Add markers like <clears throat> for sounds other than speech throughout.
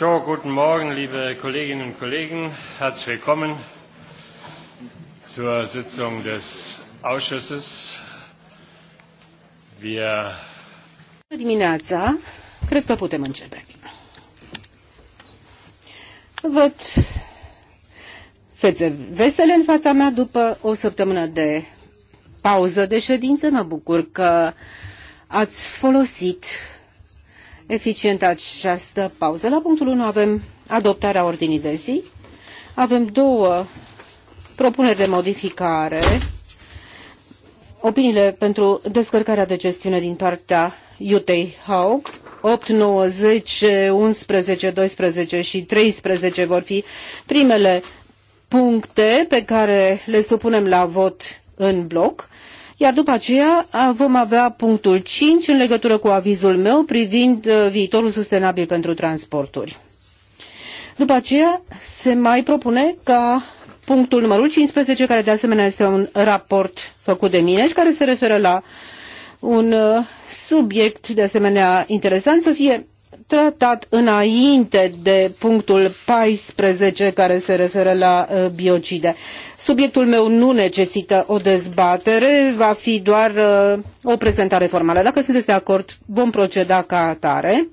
So, guten Morgen, liebe Kolleginnen und Kollegen. Herzlich willkommen zur Sitzung des Ausschusses. Wir dimineața, cred că putem începe. Văd fețe vesele în fața mea după o săptămână de pauză de ședință. Mă bucur că ați folosit eficientă această pauză. La punctul 1 avem adoptarea ordinii de zi. Avem două propuneri de modificare, opiniile pentru descărcarea de gestiune din partea Iutei Haug. 8, 9, 10, 11, 12 și 13 vor fi primele puncte pe care le supunem la vot în bloc. Iar după aceea vom avea punctul 5 în legătură cu avizul meu privind uh, viitorul sustenabil pentru transporturi. După aceea se mai propune ca punctul numărul 15, care de asemenea este un raport făcut de mine și care se referă la un uh, subiect de asemenea interesant să fie tratat înainte de punctul 14 care se referă la uh, biocide. Subiectul meu nu necesită o dezbatere, va fi doar uh, o prezentare formală. Dacă sunteți de acord, vom proceda ca atare.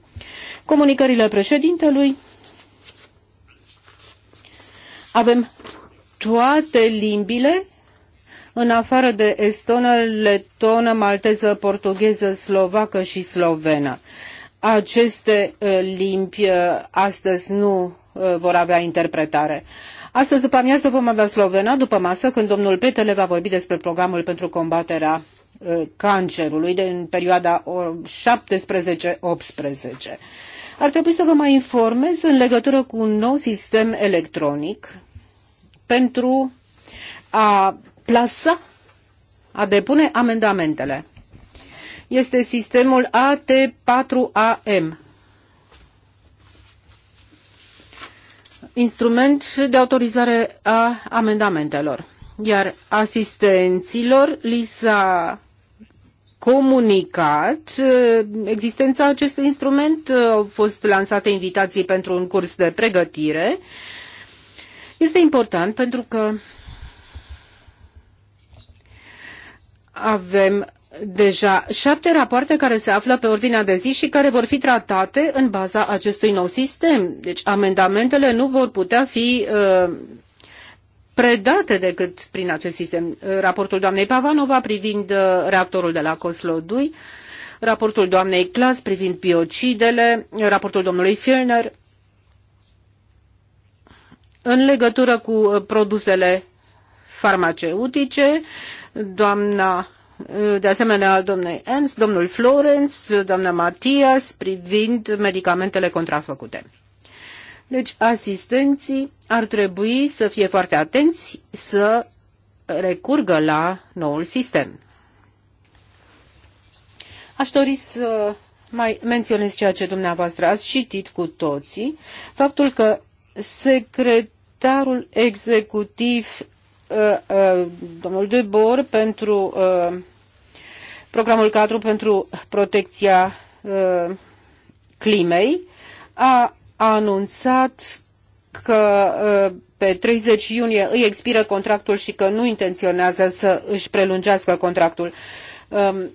Comunicările președintelui. Avem toate limbile în afară de estonă, letonă, malteză, portugheză, slovacă și slovenă aceste uh, limbi uh, astăzi nu uh, vor avea interpretare. Astăzi după amiază vom avea Slovena, după masă, când domnul Petele va vorbi despre programul pentru combaterea cancerului din perioada 17-18. Ar trebui să vă mai informez în legătură cu un nou sistem electronic pentru a plasa, a depune amendamentele este sistemul AT4AM. Instrument de autorizare a amendamentelor. Iar asistenților li s-a comunicat uh, existența acestui instrument, uh, au fost lansate invitații pentru un curs de pregătire. Este important pentru că avem deja șapte rapoarte care se află pe ordinea de zi și care vor fi tratate în baza acestui nou sistem. Deci amendamentele nu vor putea fi uh, predate decât prin acest sistem. Uh, raportul doamnei Pavanova privind uh, reactorul de la Coslodui, raportul doamnei Clas privind biocidele, raportul domnului Fierner în legătură cu uh, produsele farmaceutice, doamna de asemenea al domnului Ernst, domnul Florenz, doamna Matias, privind medicamentele contrafăcute. Deci asistenții ar trebui să fie foarte atenți să recurgă la noul sistem. Aș dori să mai menționez ceea ce dumneavoastră ați citit cu toții, faptul că secretarul executiv Uh, uh, domnul De pentru uh, programul cadru pentru protecția climei a anunțat că pe 30 iunie îi expiră contractul și că nu intenționează să își prelungească contractul. Um,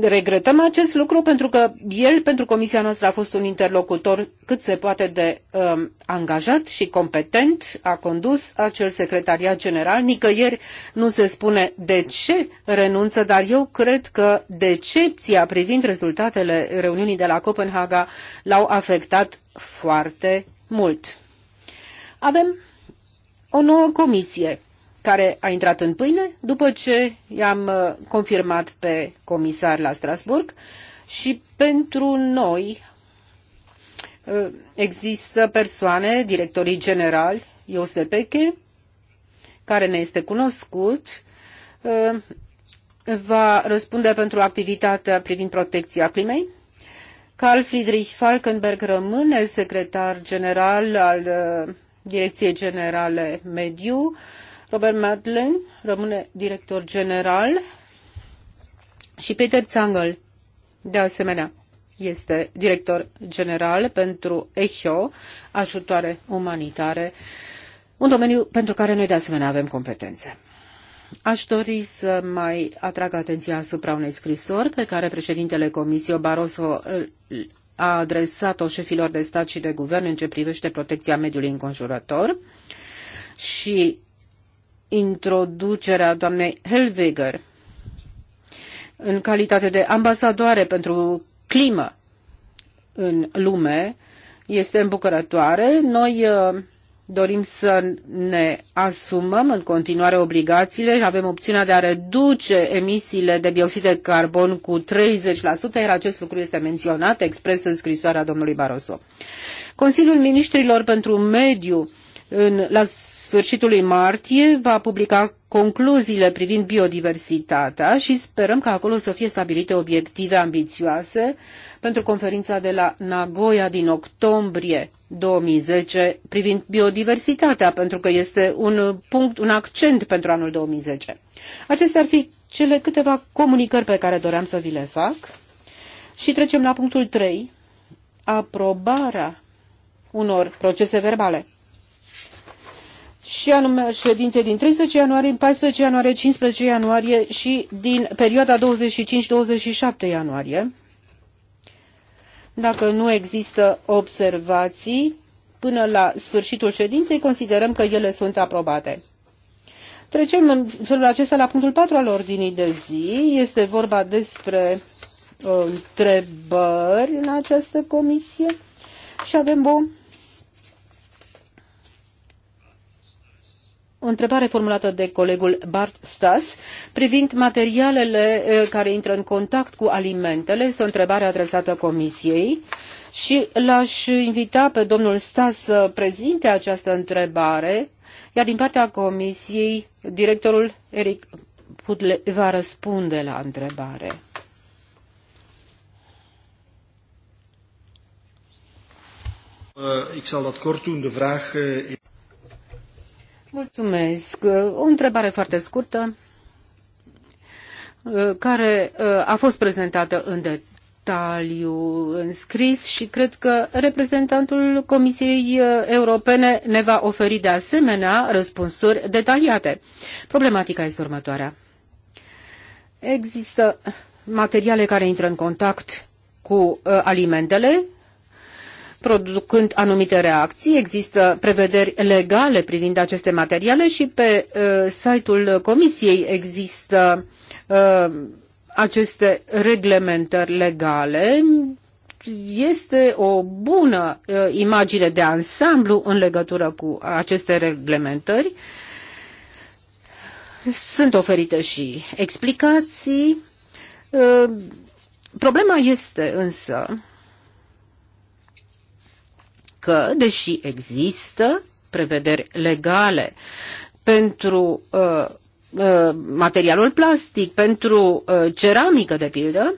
regretăm acest lucru pentru că el pentru comisia noastră a fost un interlocutor cât se poate de um, angajat și competent, a condus acel secretariat general. Nicăieri nu se spune de ce renunță, dar eu cred că decepția privind rezultatele reuniunii de la Copenhaga l-au afectat foarte mult. Avem o nouă comisie care a intrat în pâine după ce i-am uh, confirmat pe comisar la Strasburg și pentru noi uh, există persoane, directorii generali, Iosle Peche, care ne este cunoscut, uh, va răspunde pentru activitatea privind protecția climei. Carl Friedrich Falkenberg rămâne secretar general al Direcției Generale Mediu, Robert Madlen rămâne director general și Peter Zangel, de asemenea, este director general pentru EHO, ajutoare umanitare, un domeniu pentru care noi de asemenea avem competențe. Aș dori să mai atrag atenția asupra unei scrisori pe care președintele Comisiei Barroso a adresat-o șefilor de stat și de guvern în ce privește protecția mediului înconjurător și introducerea doamnei Helveger în calitate de ambasadoare pentru climă în lume este îmbucurătoare. Noi uh, dorim să ne asumăm în continuare obligațiile avem opțiunea de a reduce emisiile de dioxid de carbon cu 30%, iar acest lucru este menționat expres în scrisoarea domnului Barroso. Consiliul Ministrilor pentru Mediu la sfârșitul lui martie va publica concluziile privind biodiversitatea și sperăm că acolo să fie stabilite obiective ambițioase pentru conferința de la Nagoya din octombrie 2010 privind biodiversitatea, pentru că este un punct, un accent pentru anul 2010. Acestea ar fi cele câteva comunicări pe care doream să vi le fac. Și trecem la punctul 3, aprobarea unor procese verbale și anume ședințe din 13 ianuarie, 14 ianuarie, 15 ianuarie și din perioada 25-27 ianuarie. Dacă nu există observații, până la sfârșitul ședinței considerăm că ele sunt aprobate. Trecem în felul acesta la punctul 4 al ordinii de zi. Este vorba despre uh, întrebări în această comisie și avem o o întrebare formulată de colegul Bart Stas privind materialele eh, care intră în contact cu alimentele. Este o întrebare adresată Comisiei și l-aș invita pe domnul Stas să prezinte această întrebare, iar din partea Comisiei, directorul Eric Putle va răspunde la întrebare. Uh, ik zal dat kort doen. De vraag uh... Mulțumesc. O întrebare foarte scurtă care a fost prezentată în detaliu în scris și cred că reprezentantul Comisiei Europene ne va oferi de asemenea răspunsuri detaliate. Problematica este următoarea. Există materiale care intră în contact cu uh, alimentele producând anumite reacții. Există prevederi legale privind aceste materiale și pe uh, site-ul Comisiei există uh, aceste reglementări legale. Este o bună uh, imagine de ansamblu în legătură cu aceste reglementări. Sunt oferite și explicații. Uh, problema este însă că, deși există prevederi legale pentru uh, uh, materialul plastic, pentru uh, ceramică, de pildă,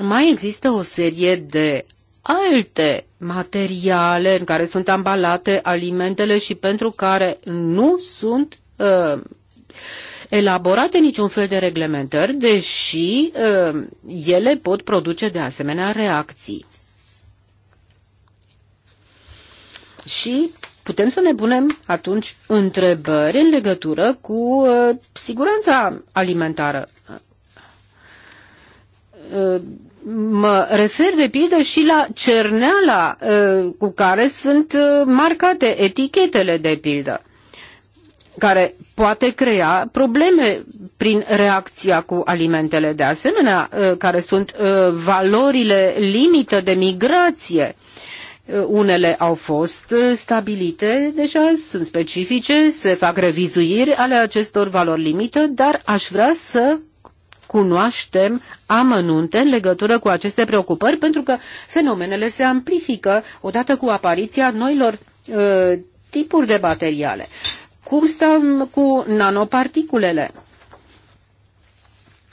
mai există o serie de alte materiale în care sunt ambalate alimentele și pentru care nu sunt uh, elaborate niciun fel de reglementări, deși ă, ele pot produce de asemenea reacții. Și putem să ne punem atunci întrebări în legătură cu ă, siguranța alimentară ă, mă refer de pildă și la cerneala cu care sunt marcate etichetele de pildă care poate crea probleme prin reacția cu alimentele. De asemenea, uh, care sunt uh, valorile limită de migrație. Uh, unele au fost stabilite deja, sunt specifice, se fac revizuiri ale acestor valori limită, dar aș vrea să cunoaștem amănunte în legătură cu aceste preocupări, pentru că fenomenele se amplifică odată cu apariția noilor uh, tipuri de materiale. Cum stăm cu nanoparticulele?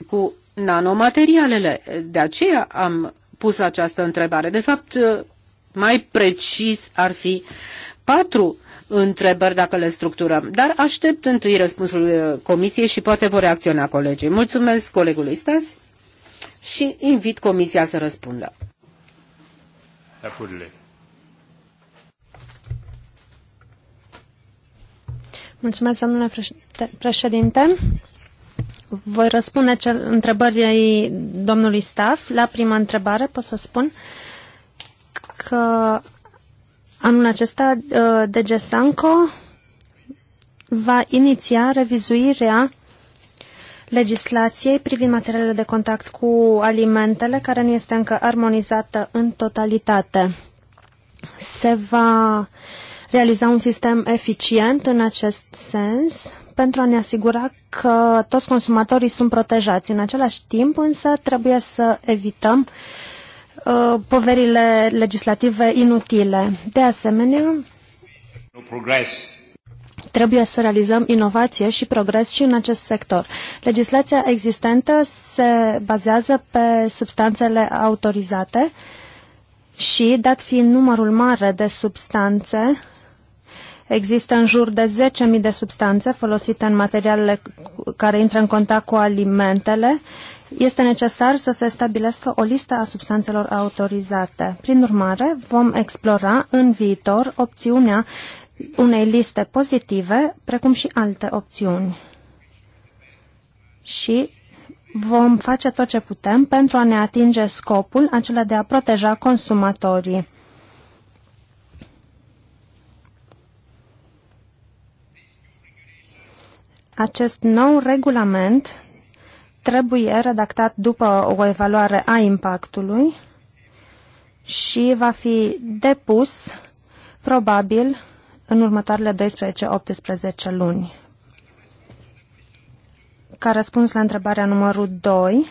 Cu nanomaterialele? De aceea am pus această întrebare. De fapt, mai precis ar fi patru întrebări dacă le structurăm. Dar aștept întâi răspunsul uh, comisiei și poate vor reacționa colegii. Mulțumesc colegului Stas și invit comisia să răspundă. Herr Pudele. Mulțumesc, domnule președinte. Voi răspunde întrebării domnului Staff. La prima întrebare pot să spun că anul acesta uh, DG Sanco va iniția revizuirea legislației privind materialele de contact cu alimentele, care nu este încă armonizată în totalitate. Se va realiza un sistem eficient în acest sens pentru a ne asigura că toți consumatorii sunt protejați. În același timp, însă, trebuie să evităm uh, poverile legislative inutile. De asemenea, trebuie să realizăm inovație și progres și în acest sector. Legislația existentă se bazează pe substanțele autorizate și, dat fiind numărul mare de substanțe Există în jur de 10.000 de substanțe folosite în materialele care intră în contact cu alimentele. Este necesar să se stabilească o listă a substanțelor autorizate. Prin urmare, vom explora în viitor opțiunea unei liste pozitive, precum și alte opțiuni. Și vom face tot ce putem pentru a ne atinge scopul acela de a proteja consumatorii. acest nou regulament trebuie redactat după o evaluare a impactului și va fi depus probabil în următoarele 12-18 luni. Ca răspuns la întrebarea numărul 2,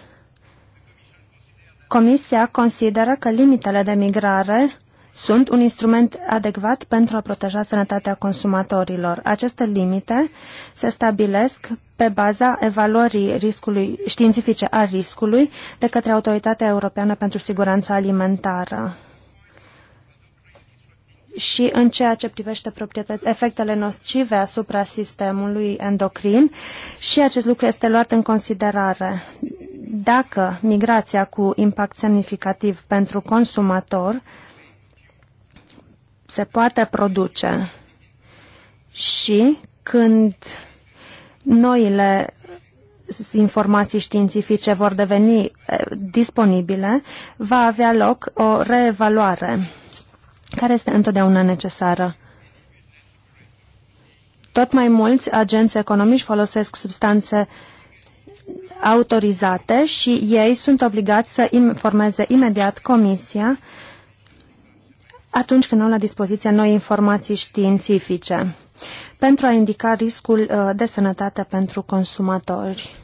Comisia consideră că limitele de migrare sunt un instrument adecvat pentru a proteja sănătatea consumatorilor. Aceste limite se stabilesc pe baza evaluării riscului științifice a riscului de către Autoritatea Europeană pentru Siguranța Alimentară. Și în ceea ce privește efectele nocive asupra sistemului endocrin, și acest lucru este luat în considerare. Dacă migrația cu impact semnificativ pentru consumator, se poate produce. Și când noile informații științifice vor deveni eh, disponibile, va avea loc o reevaluare care este întotdeauna necesară. Tot mai mulți agenți economici folosesc substanțe autorizate și ei sunt obligați să informeze imediat Comisia atunci când au la dispoziție noi informații științifice pentru a indica riscul uh, de sănătate pentru consumatori.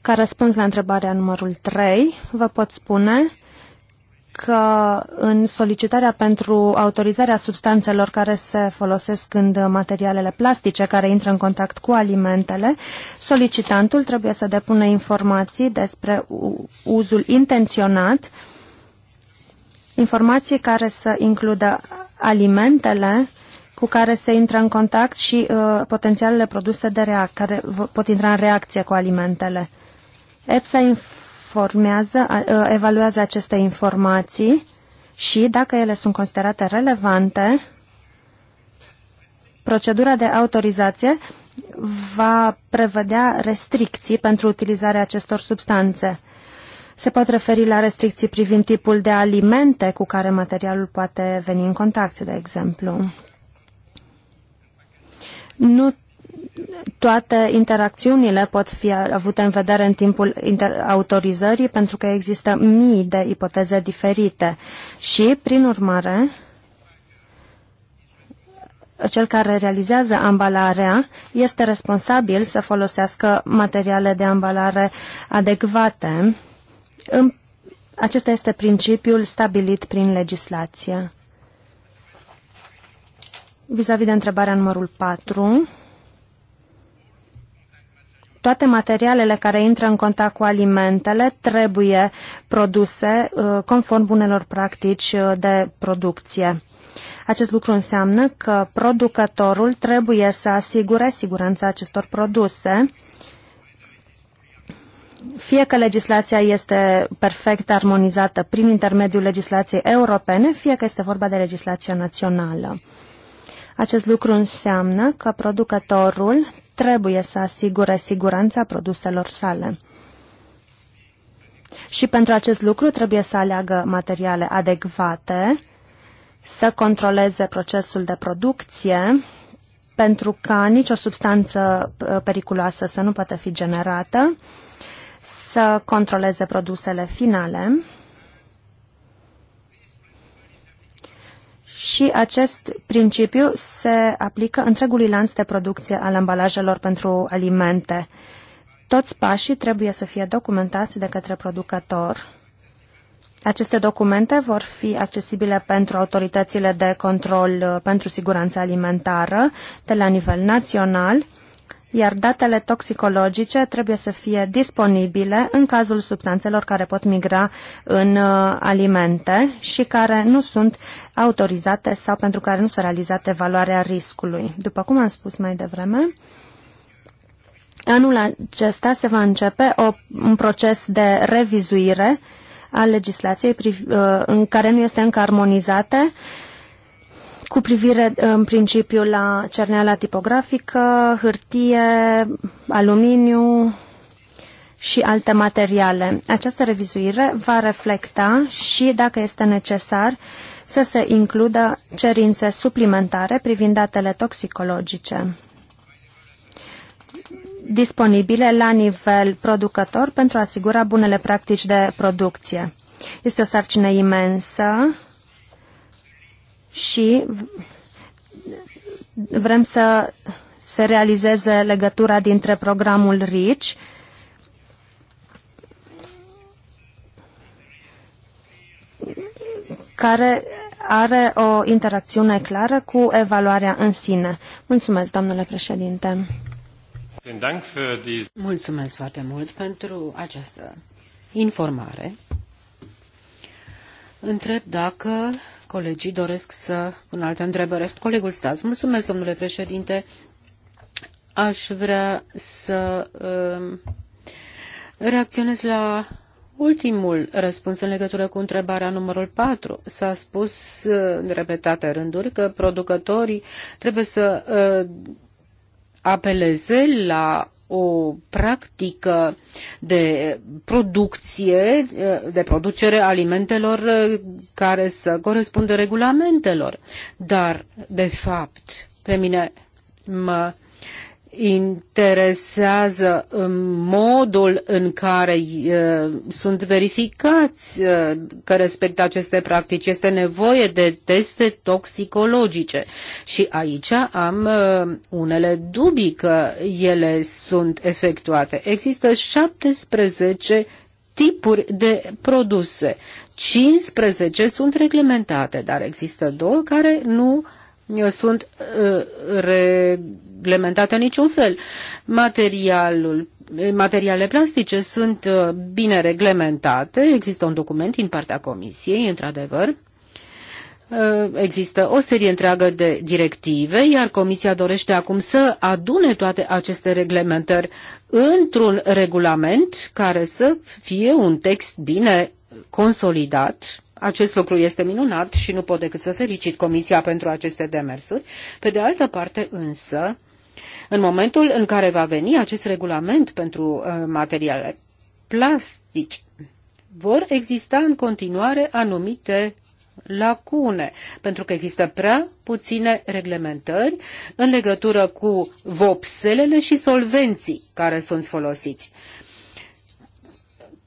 Ca răspuns la întrebarea numărul 3, vă pot spune că în solicitarea pentru autorizarea substanțelor care se folosesc în materialele plastice care intră în contact cu alimentele, solicitantul trebuie să depună informații despre uzul intenționat uh, informații care să includă alimentele cu care se intră în contact și uh, potențialele produse de reac care pot intra în reacție cu alimentele. EPSA informează, uh, evaluează aceste informații și, dacă ele sunt considerate relevante, procedura de autorizație va prevedea restricții pentru utilizarea acestor substanțe se pot referi la restricții privind tipul de alimente cu care materialul poate veni în contact, de exemplu. Nu toate interacțiunile pot fi avute în vedere în timpul autorizării, pentru că există mii de ipoteze diferite și, prin urmare, cel care realizează ambalarea este responsabil să folosească materiale de ambalare adecvate acesta este principiul stabilit prin legislație. Vis-a-vis -vis de întrebarea numărul 4, toate materialele care intră în contact cu alimentele trebuie produse uh, conform bunelor practici uh, de producție. Acest lucru înseamnă că producătorul trebuie să asigure siguranța acestor produse fie că legislația este perfect armonizată prin intermediul legislației europene, fie că este vorba de legislația națională. Acest lucru înseamnă că producătorul trebuie să asigure siguranța produselor sale. Și pentru acest lucru trebuie să aleagă materiale adecvate, să controleze procesul de producție, pentru ca nicio substanță uh, periculoasă să nu poată fi generată, să controleze produsele finale și acest principiu se aplică întregului lanț de producție al ambalajelor pentru alimente. Toți pașii trebuie să fie documentați de către producător. Aceste documente vor fi accesibile pentru autoritățile de control uh, pentru siguranța alimentară de la nivel național iar datele toxicologice trebuie să fie disponibile în cazul substanțelor care pot migra în uh, alimente și care nu sunt autorizate sau pentru care nu s-a realizat evaluarea riscului. După cum am spus mai devreme, anul acesta se va începe o, un proces de revizuire a legislației priv, uh, în care nu este încă armonizate uh, cu privire în principiu la cerneala tipografică, hârtie, aluminiu și alte materiale. Această revizuire va reflecta și, dacă este necesar, să se includă cerințe suplimentare privind datele toxicologice disponibile la nivel producător pentru a asigura bunele practici de producție. Este o sarcină imensă și vrem să se realizeze legătura dintre programul RICI care are o interacțiune clară cu evaluarea în sine. Mulțumesc, domnule președinte. Mulțumesc foarte mult pentru această informare. Întreb dacă colegii doresc să pună alte întrebări. Colegul Stas, mulțumesc, domnule președinte. Aș vrea să um, reacționez la ultimul răspuns în legătură cu întrebarea numărul 4. S-a spus uh, în repetate rânduri că producătorii trebuie să uh, apeleze la o practică de producție, de producere alimentelor care să corespundă regulamentelor. Dar, de fapt, pe mine mă interesează um, modul în care uh, sunt verificați uh, că respectă aceste practici. Este nevoie de teste toxicologice și aici am uh, unele dubii că ele sunt efectuate. Există 17 tipuri de produse. 15 sunt reglementate, dar există două care nu sunt uh, reglementate în niciun fel. Materialul materiale plastice sunt uh, bine reglementate, există un document din partea Comisiei, într-adevăr, uh, Există o serie întreagă de directive, iar Comisia dorește acum să adune toate aceste reglementări într-un regulament care să fie un text bine consolidat acest lucru este minunat și nu pot decât să felicit Comisia pentru aceste demersuri. Pe de altă parte însă, în momentul în care va veni acest regulament pentru uh, materiale plastici, vor exista în continuare anumite lacune, pentru că există prea puține reglementări în legătură cu vopselele și solvenții care sunt folosiți.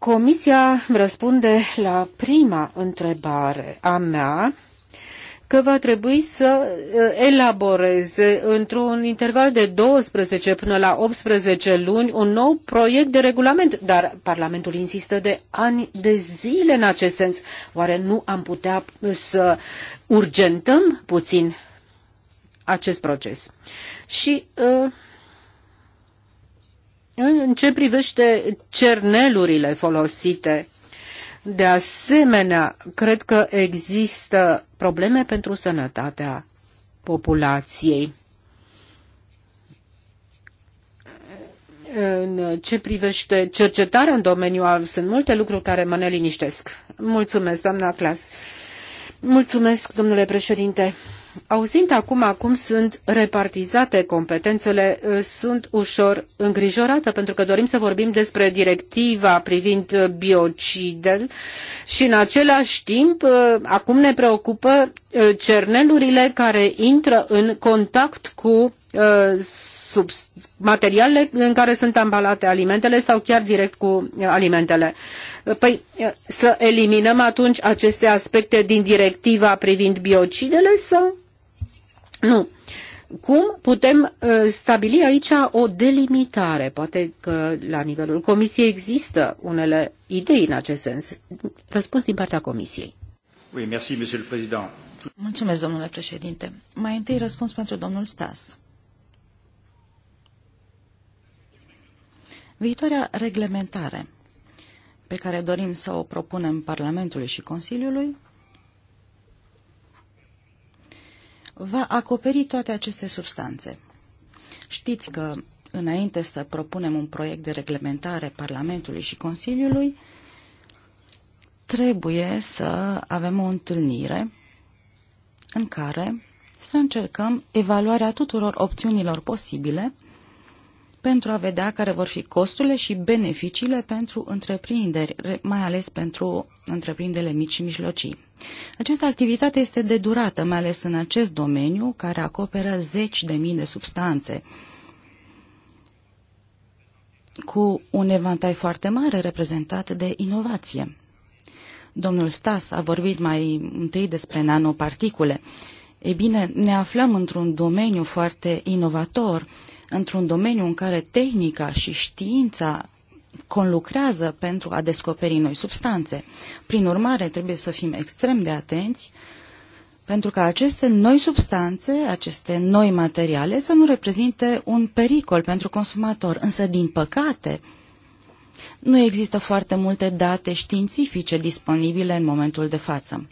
Comisia răspunde la prima întrebare a mea că va trebui să uh, elaboreze într-un interval de 12 până la 18 luni un nou proiect de regulament, dar Parlamentul insistă de ani de zile în acest sens. Oare nu am putea să urgentăm puțin acest proces? Și uh, în ce privește cernelurile folosite, de asemenea, cred că există probleme pentru sănătatea populației. În ce privește cercetarea în domeniu, sunt multe lucruri care mă neliniștesc. Mulțumesc, doamna Clas. Mulțumesc, domnule președinte. Auzind acum cum sunt repartizate competențele, uh, sunt ușor îngrijorată pentru că dorim să vorbim despre directiva privind uh, biocidel și în același timp uh, acum ne preocupă cernelurile care intră în contact cu Uh, sub materialele în care sunt ambalate alimentele sau chiar direct cu uh, alimentele. Uh, păi să eliminăm atunci aceste aspecte din directiva privind biocidele sau nu? Cum putem stabili aici o delimitare? Poate că la nivelul comisiei există unele idei în acest sens. Răspuns din partea comisiei. Oui, merci, Mulțumesc, domnule președinte. Mai întâi răspuns pentru domnul Stas. Viitoarea reglementare pe care dorim să o propunem Parlamentului și Consiliului va acoperi toate aceste substanțe. Știți că înainte să propunem un proiect de reglementare Parlamentului și Consiliului, trebuie să avem o întâlnire în care să încercăm evaluarea tuturor opțiunilor posibile pentru a vedea care vor fi costurile și beneficiile pentru întreprinderi, mai ales pentru întreprinderile mici și mijlocii. Această activitate este de durată, mai ales în acest domeniu, care acoperă zeci de mii de substanțe cu un evantai foarte mare reprezentat de inovație. Domnul Stas a vorbit mai întâi despre nanoparticule. Ei bine, ne aflăm într-un domeniu foarte inovator într-un domeniu în care tehnica și știința conlucrează pentru a descoperi noi substanțe. Prin urmare, trebuie să fim extrem de atenți pentru că aceste noi substanțe, aceste noi materiale să nu reprezinte un pericol pentru consumator. Însă, din păcate, nu există foarte multe date științifice disponibile în momentul de față.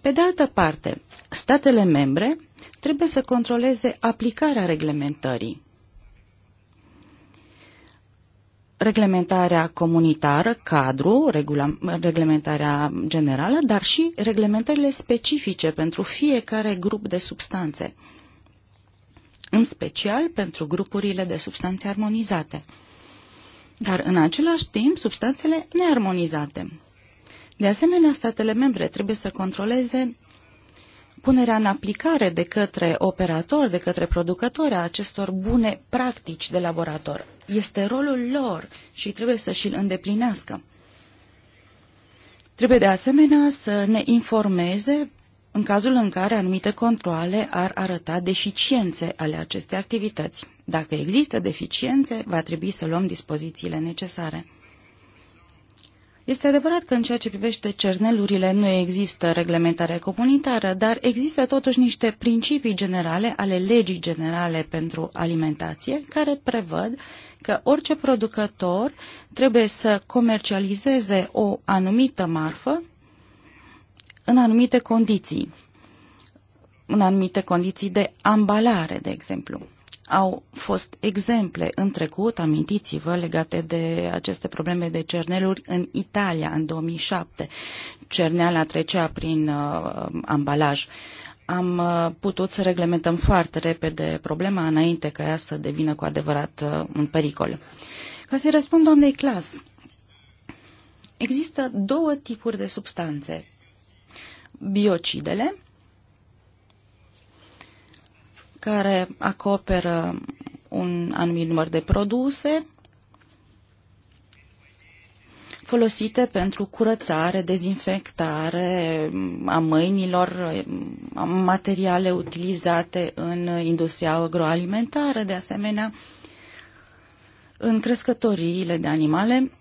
Pe de altă parte, statele membre trebuie să controleze aplicarea reglementării. reglementarea comunitară, cadru, regula, reglementarea generală, dar și reglementările specifice pentru fiecare grup de substanțe, în special pentru grupurile de substanțe armonizate, dar în același timp substanțele nearmonizate. De asemenea, statele membre trebuie să controleze punerea în aplicare de către operatori, de către producători a acestor bune practici de laborator. Este rolul lor și trebuie să și-l îndeplinească. Trebuie de asemenea să ne informeze în cazul în care anumite controle ar arăta deficiențe ale acestei activități. Dacă există deficiențe, va trebui să luăm dispozițiile necesare. Este adevărat că în ceea ce privește cernelurile nu există reglementare comunitară, dar există totuși niște principii generale ale legii generale pentru alimentație care prevăd că orice producător trebuie să comercializeze o anumită marfă în anumite condiții, în anumite condiții de ambalare, de exemplu. Au fost exemple în trecut, amintiți-vă, legate de aceste probleme de cerneluri în Italia în 2007. Cerneala trecea prin uh, ambalaj. Am uh, putut să reglementăm foarte repede problema înainte ca ea să devină cu adevărat uh, un pericol. Ca să-i răspund doamnei clas, există două tipuri de substanțe. Biocidele, care acoperă un anumit număr de produse folosite pentru curățare, dezinfectare a mâinilor, a materiale utilizate în industria agroalimentară, de asemenea, în crescătoriile de animale,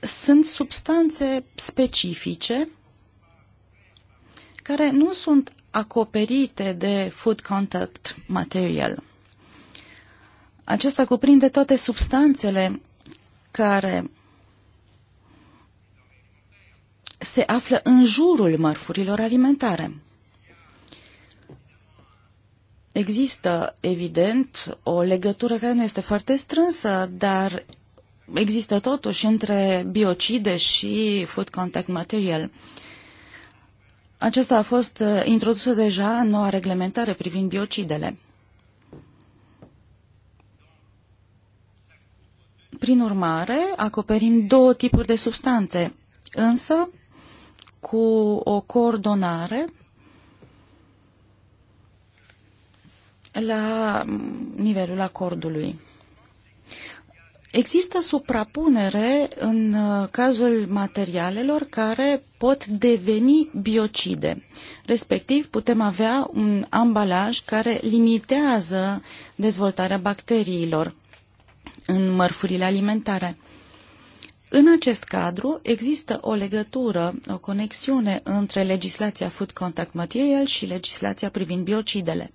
sunt substanțe specifice care nu sunt acoperite de Food Contact Material. Acesta cuprinde toate substanțele care se află în jurul mărfurilor alimentare. Există, evident, o legătură care nu este foarte strânsă, dar există totuși între biocide și food contact material. Uh, aceasta a fost uh, introdusă deja în noua reglementare privind biocidele. Prin urmare, acoperim două tipuri de substanțe, însă cu o coordonare la nivelul acordului. Există suprapunere în uh, cazul materialelor care pot deveni biocide. Respectiv, putem avea un ambalaj care limitează dezvoltarea bacteriilor în mărfurile alimentare. În acest cadru există o legătură, o conexiune între legislația Food Contact Material și legislația privind biocidele.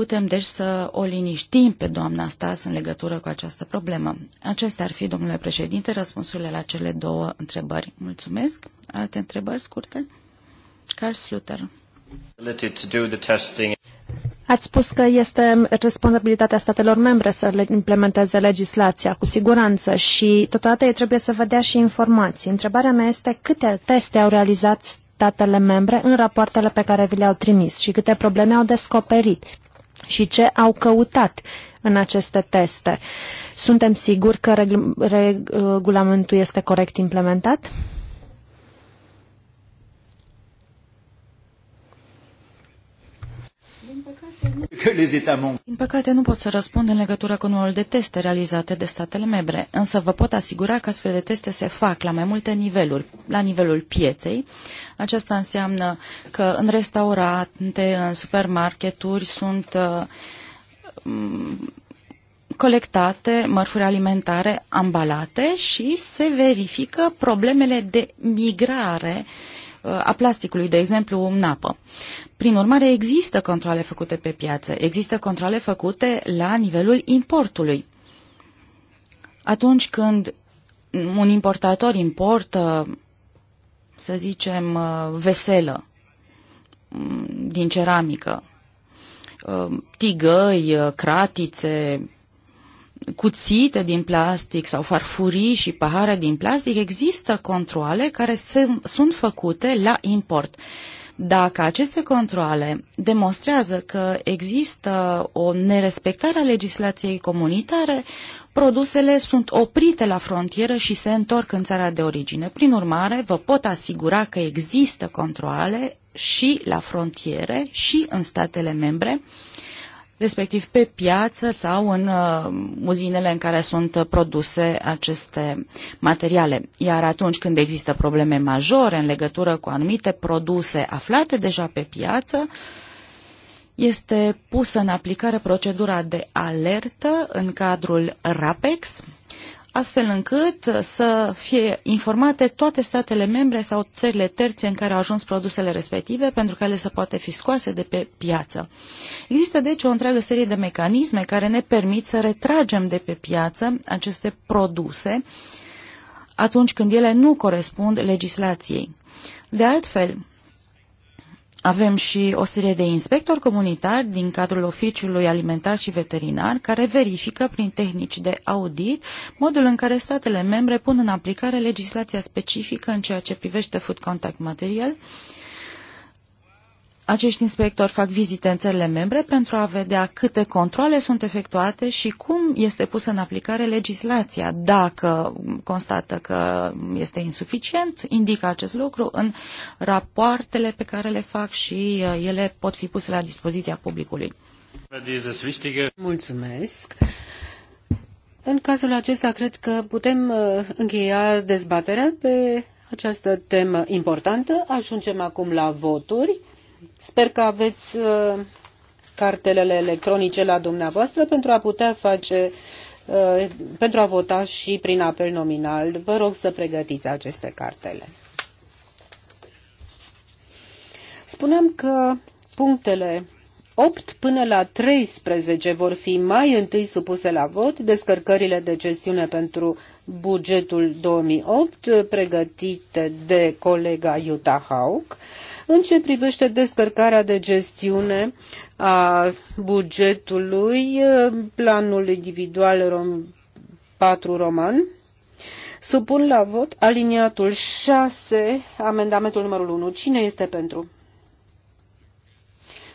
Putem deci să o liniștim pe doamna Stas în legătură cu această problemă. Acestea ar fi, domnule președinte, răspunsurile la cele două întrebări. Mulțumesc. Alte întrebări scurte? Carl Sluter. Ați spus că este responsabilitatea statelor membre să le implementeze legislația, cu siguranță, și totodată ei trebuie să vă dea și informații. Întrebarea mea este câte teste au realizat statele membre în rapoartele pe care vi le-au trimis și câte probleme au descoperit și ce au căutat în aceste teste. Suntem siguri că regulamentul este corect implementat? Din păcate, nu pot să răspund în legătură cu numărul de teste realizate de statele membre, însă vă pot asigura că astfel de teste se fac la mai multe niveluri. La nivelul pieței, aceasta înseamnă că în restaurante, în supermarketuri sunt uh, colectate mărfuri alimentare ambalate și se verifică problemele de migrare uh, Uh, a plasticului, de exemplu, în apă. Prin urmare, există controle făcute pe piață, există controle făcute la nivelul importului. Atunci când un importator importă, să zicem, uh, veselă mm, din ceramică, uh, tigăi, cratițe, cuțite din plastic sau farfurii și pahare din plastic, există controle care se, sunt făcute la import. Dacă aceste controle demonstrează că există o nerespectare a legislației comunitare, produsele sunt oprite la frontieră și se întorc în țara de origine. Prin urmare, vă pot asigura că există controle și la frontiere și în statele membre respectiv pe piață sau în uh, uzinele în care sunt produse aceste materiale. Iar atunci când există probleme majore în legătură cu anumite produse aflate deja pe piață, este pusă în aplicare procedura de alertă în cadrul RAPEX, astfel încât uh, să fie informate toate statele membre sau țările terțe în care au ajuns produsele respective, pentru că ele să poate fi scoase de pe piață. Există deci o întreagă serie de mecanisme care ne permit să retragem de pe piață aceste produse atunci când ele nu corespund legislației. De altfel, avem și o serie de inspectori comunitari din cadrul Oficiului Alimentar și Veterinar care verifică prin tehnici de audit modul în care statele membre pun în aplicare legislația specifică în ceea ce privește food contact material uh, acești inspectori fac vizite în țările membre pentru a vedea câte controle sunt efectuate și cum este pusă în aplicare legislația. Dacă constată că este insuficient, indică acest lucru în rapoartele pe care le fac și uh, ele pot fi puse la dispoziția publicului. Mulțumesc! În cazul acesta, cred că putem uh, încheia dezbaterea pe această temă importantă. Ajungem acum la voturi. Sper că aveți uh, cartelele electronice la dumneavoastră pentru a putea face uh, pentru a vota și prin apel nominal. Vă rog să pregătiți aceste cartele. Spunem că punctele 8 până la 13 vor fi mai întâi supuse la vot descărcările de gestiune pentru bugetul 2008 pregătite de colega Jutta Haug în ce privește descărcarea de gestiune a bugetului, planul individual rom 4 roman, supun la vot aliniatul 6, amendamentul numărul 1. Cine este pentru?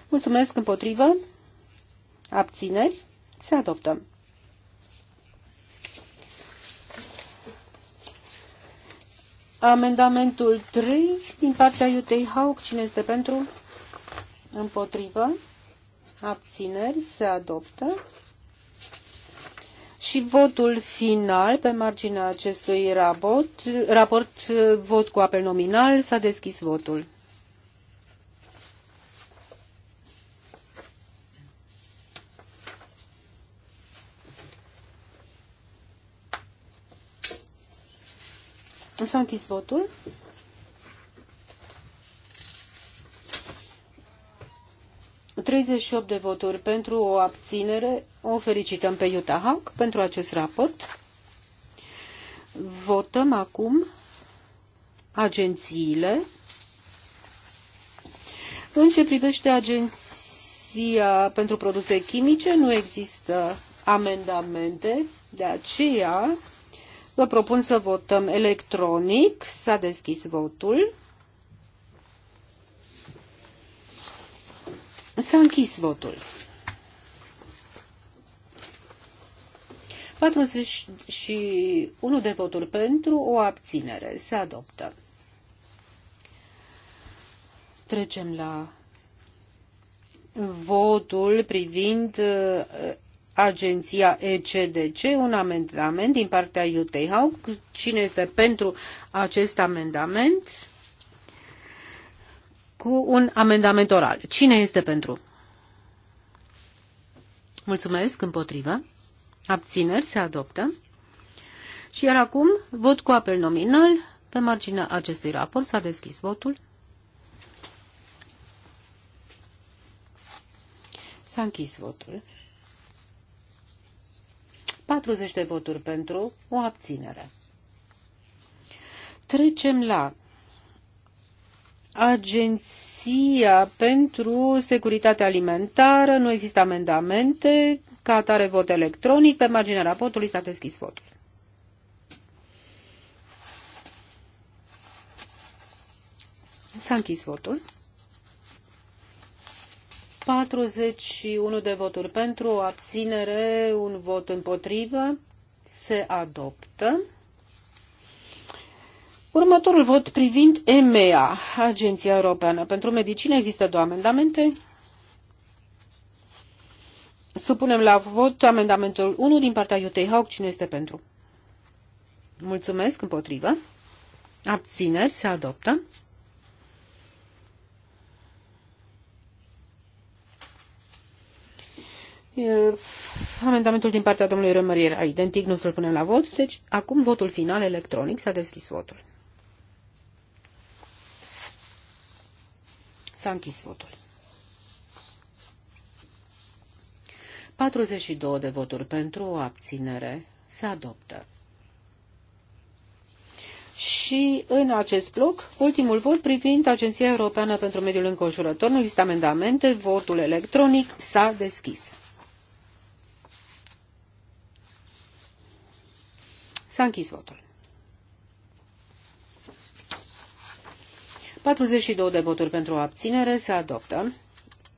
Mulțumesc împotrivă. Abțineri. Se adoptă. Amendamentul 3 din partea Iutei Hauk. Cine este pentru? Împotrivă. Abțineri. Se adoptă. Și votul final pe marginea acestui raport, raport vot cu apel nominal, s-a deschis votul. S-a închis votul. Treizeci de voturi pentru o abținere. O felicităm pe Iuta Hack pentru acest raport. Votăm acum agențiile. În ce privește agenția pentru produse chimice, nu există amendamente, de aceea Vă propun să votăm electronic. S-a deschis votul. S-a închis votul. 41 de voturi pentru, o abținere. Se adoptă. Trecem la votul privind uh, agenția ECDC, un amendament din partea Iutei Haug. Cine este pentru acest amendament? Cu un amendament oral. Cine este pentru? Mulțumesc, împotrivă. Abțineri, se adoptă. Și iar acum, vot cu apel nominal. Pe marginea acestui raport s-a deschis votul. S-a închis votul. 40 de voturi pentru, o abținere. Trecem la Agenția pentru Securitate Alimentară. Nu există amendamente. Ca atare vot electronic. Pe marginea raportului s-a deschis votul. S-a închis votul. 41 de voturi pentru, o abținere, un vot împotrivă. Se adoptă. Următorul vot privind EMEA, Agenția Europeană pentru Medicină, există două amendamente. Supunem la vot amendamentul 1 din partea Iutei Haug. Cine este pentru? Mulțumesc, împotrivă. Abțineri, se adoptă. Amendamentul din partea domnului Rămări era identic, nu să-l punem la vot, deci acum votul final electronic, s-a deschis votul. S-a închis votul. 42 de voturi pentru o abținere se adoptă. Și în acest bloc, ultimul vot privind Agenția Europeană pentru Mediul Înconjurător, nu există amendamente, votul electronic s-a deschis. S-a închis votul. 42 de voturi pentru abținere se adoptă.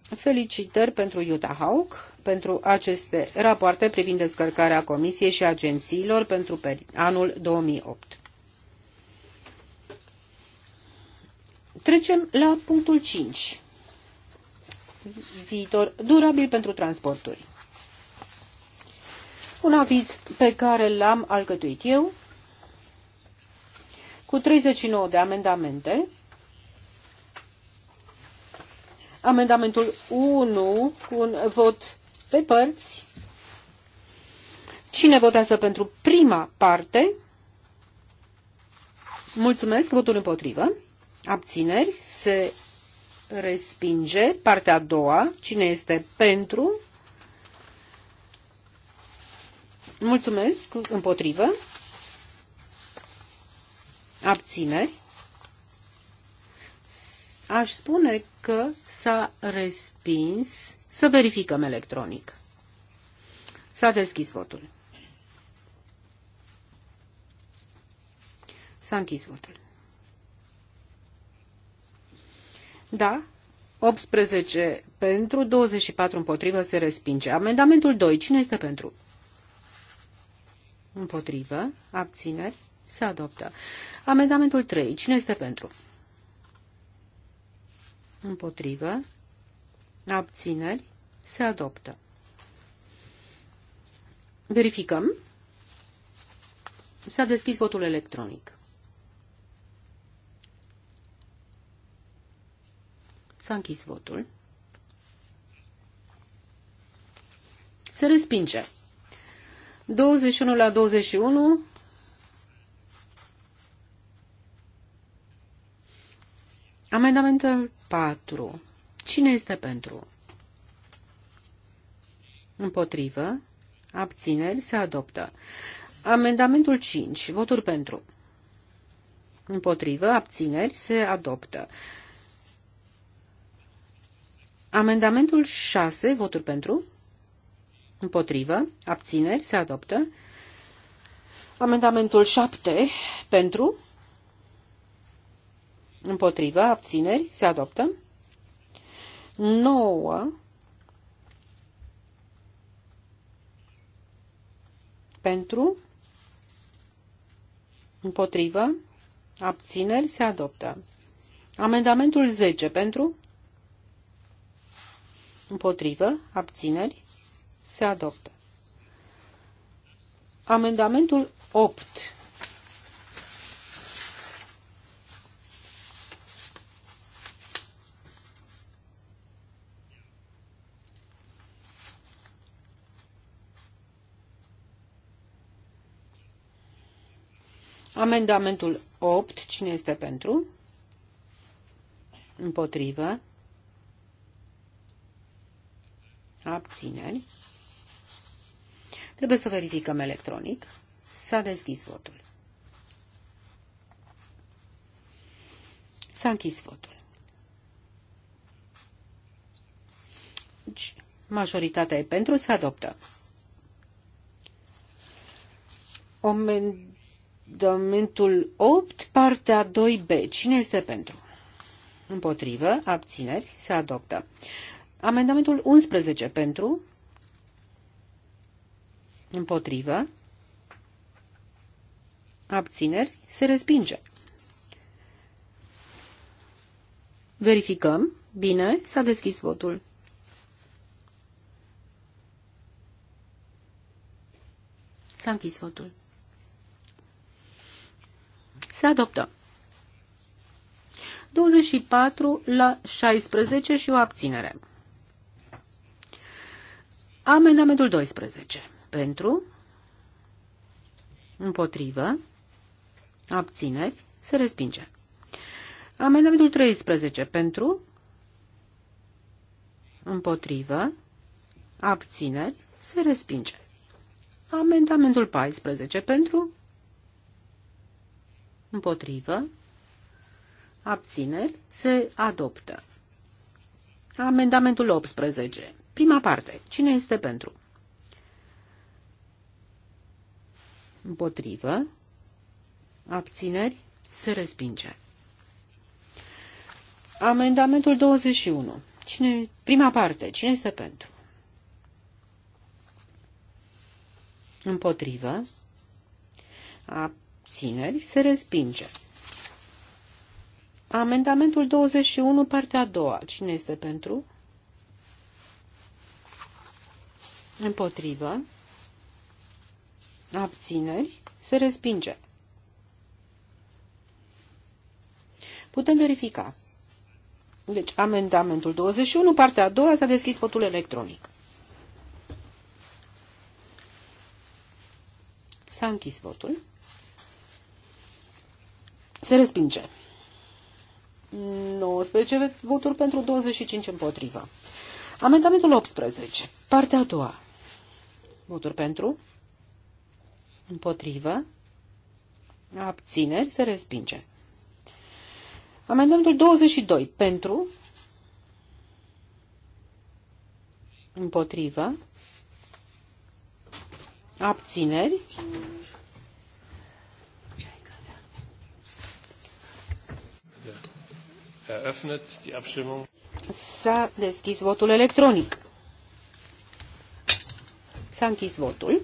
Felicitări pentru Utah Hawk pentru aceste rapoarte privind descărcarea Comisiei și agențiilor pentru anul 2008. Trecem la punctul 5. Viitor durabil pentru transporturi un aviz pe care l-am alcătuit eu cu 39 de amendamente. Amendamentul 1 cu un vot pe părți. Cine votează pentru prima parte? Mulțumesc, votul împotrivă. Abțineri, se respinge. Partea a doua, cine este pentru? Mulțumesc. Împotrivă. Abțineri. Aș spune că s-a respins. Să verificăm electronic. S-a deschis votul. S-a închis votul. Da, 18 pentru, 24 împotrivă se respinge. Amendamentul 2. Cine este pentru? Împotrivă. Abțineri. Se adoptă. Amendamentul 3. Cine este pentru? Împotrivă. Abțineri. Se adoptă. Verificăm. S-a deschis votul electronic. S-a închis votul. Se respinge. 21 la 21. Amendamentul 4. Cine este pentru? Împotrivă. Abțineri. Se adoptă. Amendamentul 5. Voturi pentru. Împotrivă. Abțineri. Se adoptă. Amendamentul 6. Voturi pentru. Împotrivă. Abțineri. Se adoptă. Amendamentul 7. Pentru. Împotrivă. Abțineri. Se adoptă. 9. Pentru. Împotrivă. Abțineri. Se adoptă. Amendamentul 10. Pentru. Împotrivă. Abțineri. Se adoptă. Amendamentul 8. Amendamentul 8, cine este pentru? Împotrivă. Abțineri. Trebuie să verificăm electronic. S-a deschis votul. S-a închis votul. Deci, majoritatea e pentru, se adoptă. Amendamentul 8, partea 2b. Cine este pentru? Împotrivă, abțineri, se adoptă. Amendamentul 11 pentru, Împotrivă. Abțineri. Se respinge. Verificăm. Bine, s-a deschis votul. S-a închis votul. Se adoptă. 24 la 16 și o abținere. Amendamentul 12 pentru, împotrivă, abțineri, se respinge. Amendamentul 13 pentru, împotrivă, abțineri, se respinge. Amendamentul 14 pentru, împotrivă, abțineri, se adoptă. Amendamentul 18. Prima parte. Cine este pentru? Împotrivă. Abțineri. Se respinge. Amendamentul 21. Cine, prima parte. Cine este pentru? Împotrivă. Abțineri. Se respinge. Amendamentul 21, partea a doua. Cine este pentru? Împotrivă abțineri, se respinge. Putem verifica. Deci, amendamentul 21, partea a doua, s-a deschis votul electronic. S-a închis votul. Se respinge. 19 voturi pentru 25 împotriva. Amendamentul 18. Partea a doua. Voturi pentru, Împotrivă. Abțineri se respinge. Amendamentul 22. Pentru. Împotrivă. Abțineri. S-a deschis votul electronic. S-a închis votul.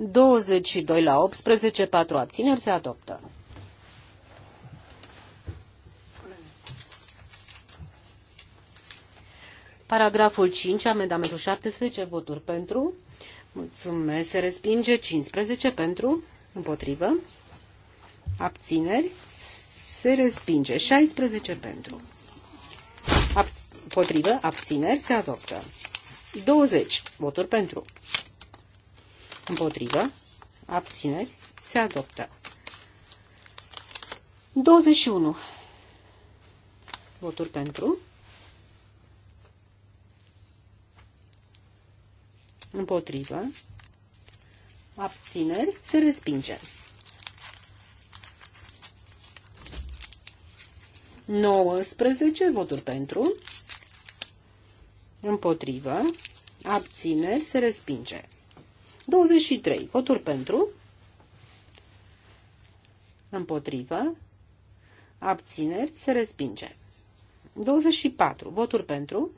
22 la 18, 4 abțineri se adoptă. Paragraful 5, amendamentul 17, voturi pentru. Mulțumesc, se respinge 15 pentru, împotrivă. Abțineri, se respinge 16 pentru. Ab- potrivă, abțineri, se adoptă. 20, voturi pentru. Împotrivă. Abțineri. Se adoptă. 21. Voturi pentru. Împotrivă. Abțineri. Se respinge. 19 voturi pentru, împotrivă, abțineri, se respinge. 23. Voturi pentru. Împotrivă. Abțineri. Se respinge. 24. Voturi pentru.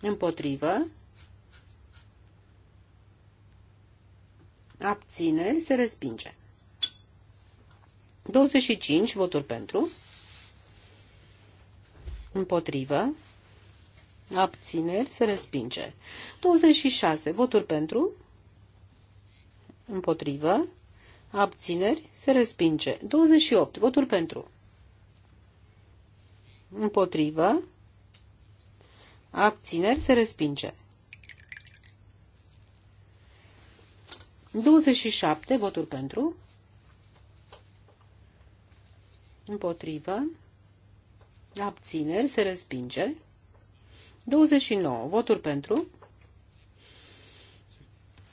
Împotrivă. Abțineri. Se respinge. 25. Voturi pentru. Împotrivă. Abțineri se respinge. 26. Voturi pentru. Împotrivă. Abțineri se respinge. 28. Voturi pentru. Împotrivă. Abțineri se respinge. 27. Voturi pentru. Împotrivă. Abțineri se respinge. 29. Voturi pentru.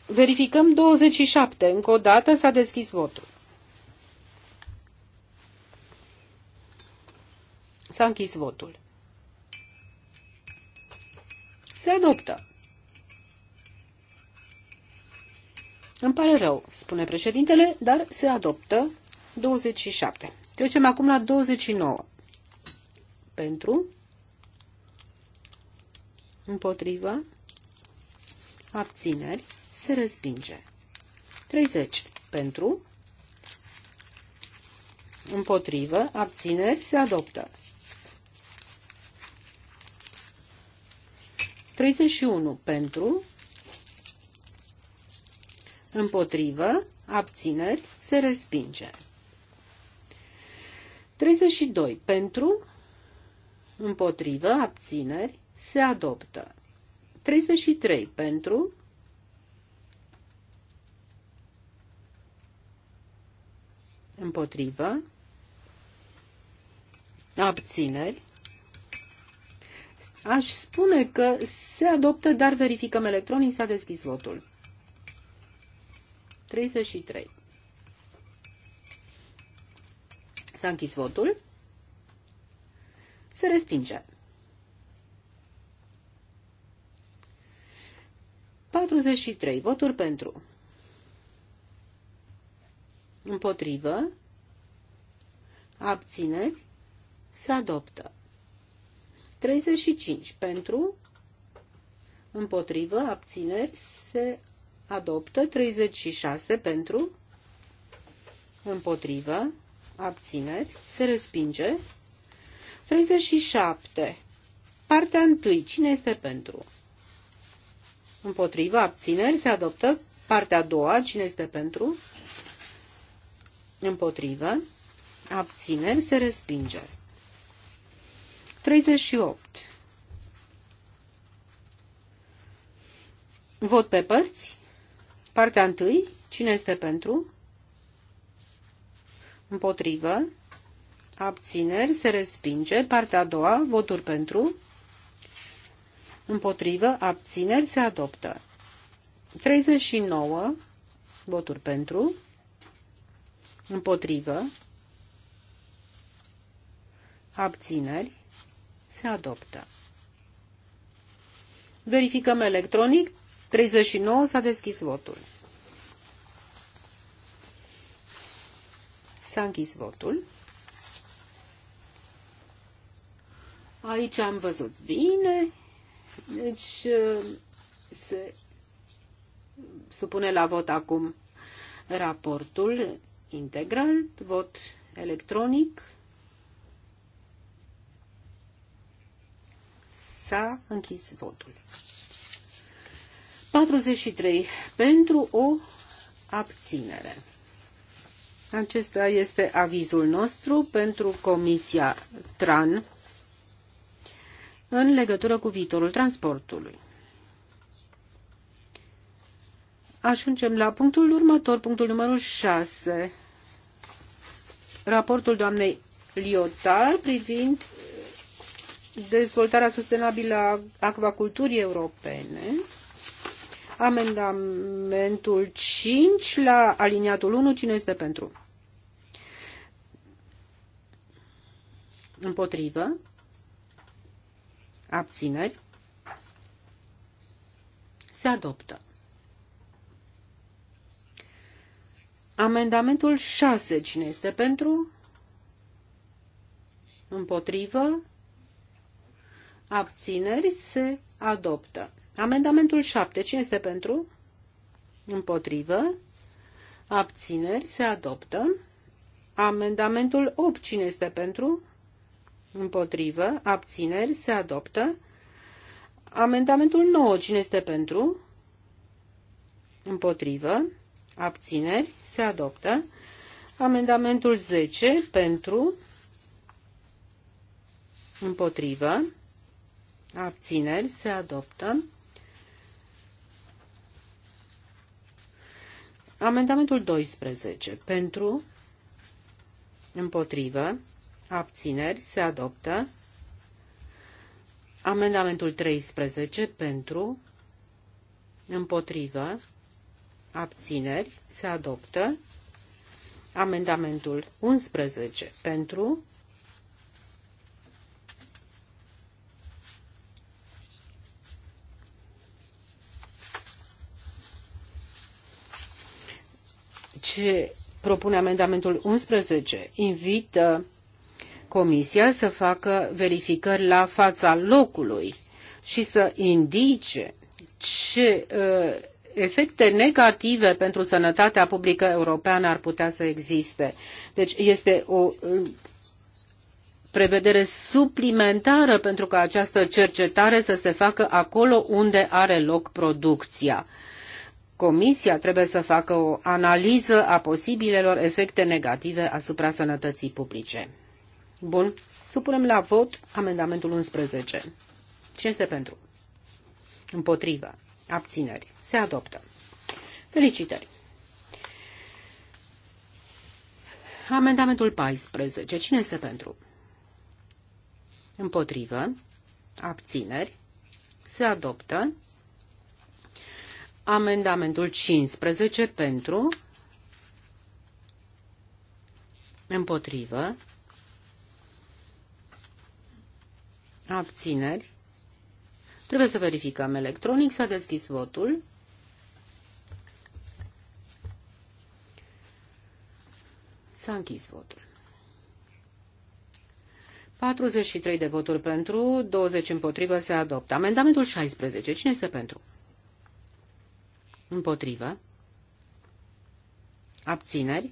Verificăm 27. Încă o dată s-a deschis votul. S-a închis votul. Se adoptă. Îmi pare rău, spune președintele, dar se adoptă 27. Trecem acum la 29. Pentru, Împotrivă. Abțineri. Se respinge. 30. Pentru. Împotrivă. Abțineri. Se adoptă. 31. Pentru. Împotrivă. Abțineri. Se respinge. 32. Pentru. Împotrivă. Abțineri se adoptă. 33 pentru, împotrivă, abțineri. Aș spune că se adoptă, dar verificăm electronic, s-a deschis votul. 33. S-a închis votul. Se respinge. 43. Voturi pentru. Împotrivă. Abțineri. Se adoptă. 35. Pentru. Împotrivă. Abțineri. Se adoptă. 36. Pentru. Împotrivă. Abțineri. Se respinge. 37. Partea întâi. Cine este pentru? Împotriva abțineri se adoptă. Partea a doua, cine este pentru? Împotrivă. Abțineri se respinge. 38. Vot pe părți. Partea întâi, cine este pentru? Împotrivă. Abțineri se respinge. Partea a doua, voturi pentru împotrivă, abțineri, se adoptă. 39 voturi pentru, împotrivă, abțineri, se adoptă. Verificăm electronic. 39 s-a deschis votul. S-a închis votul. Aici am văzut bine. Deci uh, se supune la vot acum raportul integral, vot electronic. S-a închis votul. 43. Pentru o abținere. Acesta este avizul nostru pentru Comisia TRAN în legătură cu viitorul transportului. Ajungem la punctul următor, punctul numărul 6. Raportul doamnei Liotar privind dezvoltarea sustenabilă a acvaculturii europene. Amendamentul 5 la aliniatul 1. Cine este pentru? Împotrivă abțineri, se adoptă. Amendamentul 6, cine este pentru? Împotrivă? Abțineri se adoptă. Amendamentul 7, cine este pentru? Împotrivă? Abțineri se adoptă. Amendamentul 8, cine este pentru? Împotrivă? Împotrivă. Abțineri. Se adoptă. Amendamentul 9. Cine este pentru? Împotrivă. Abțineri. Se adoptă. Amendamentul 10. Pentru. Împotrivă. Abțineri. Se adoptă. Amendamentul 12. Pentru. Împotrivă abțineri, se adoptă. Amendamentul 13 pentru, împotrivă, abțineri, se adoptă. Amendamentul 11 pentru, ce propune amendamentul 11 invită Comisia să facă verificări la fața locului și să indice ce uh, efecte negative pentru sănătatea publică europeană ar putea să existe. Deci este o uh, prevedere suplimentară pentru ca această cercetare să se facă acolo unde are loc producția. Comisia trebuie să facă o analiză a posibilelor efecte negative asupra sănătății publice. Bun. Supunem la vot amendamentul 11. Ce este pentru? Împotrivă. Abțineri. Se adoptă. Felicitări. Amendamentul 14. Cine este pentru? Împotrivă. Abțineri. Se adoptă. Amendamentul 15 pentru. Împotrivă. abțineri. Trebuie să verificăm electronic. S-a deschis votul. S-a închis votul. 43 de voturi pentru, 20 împotrivă se adoptă. Amendamentul 16. Cine este pentru? Împotrivă. Abțineri.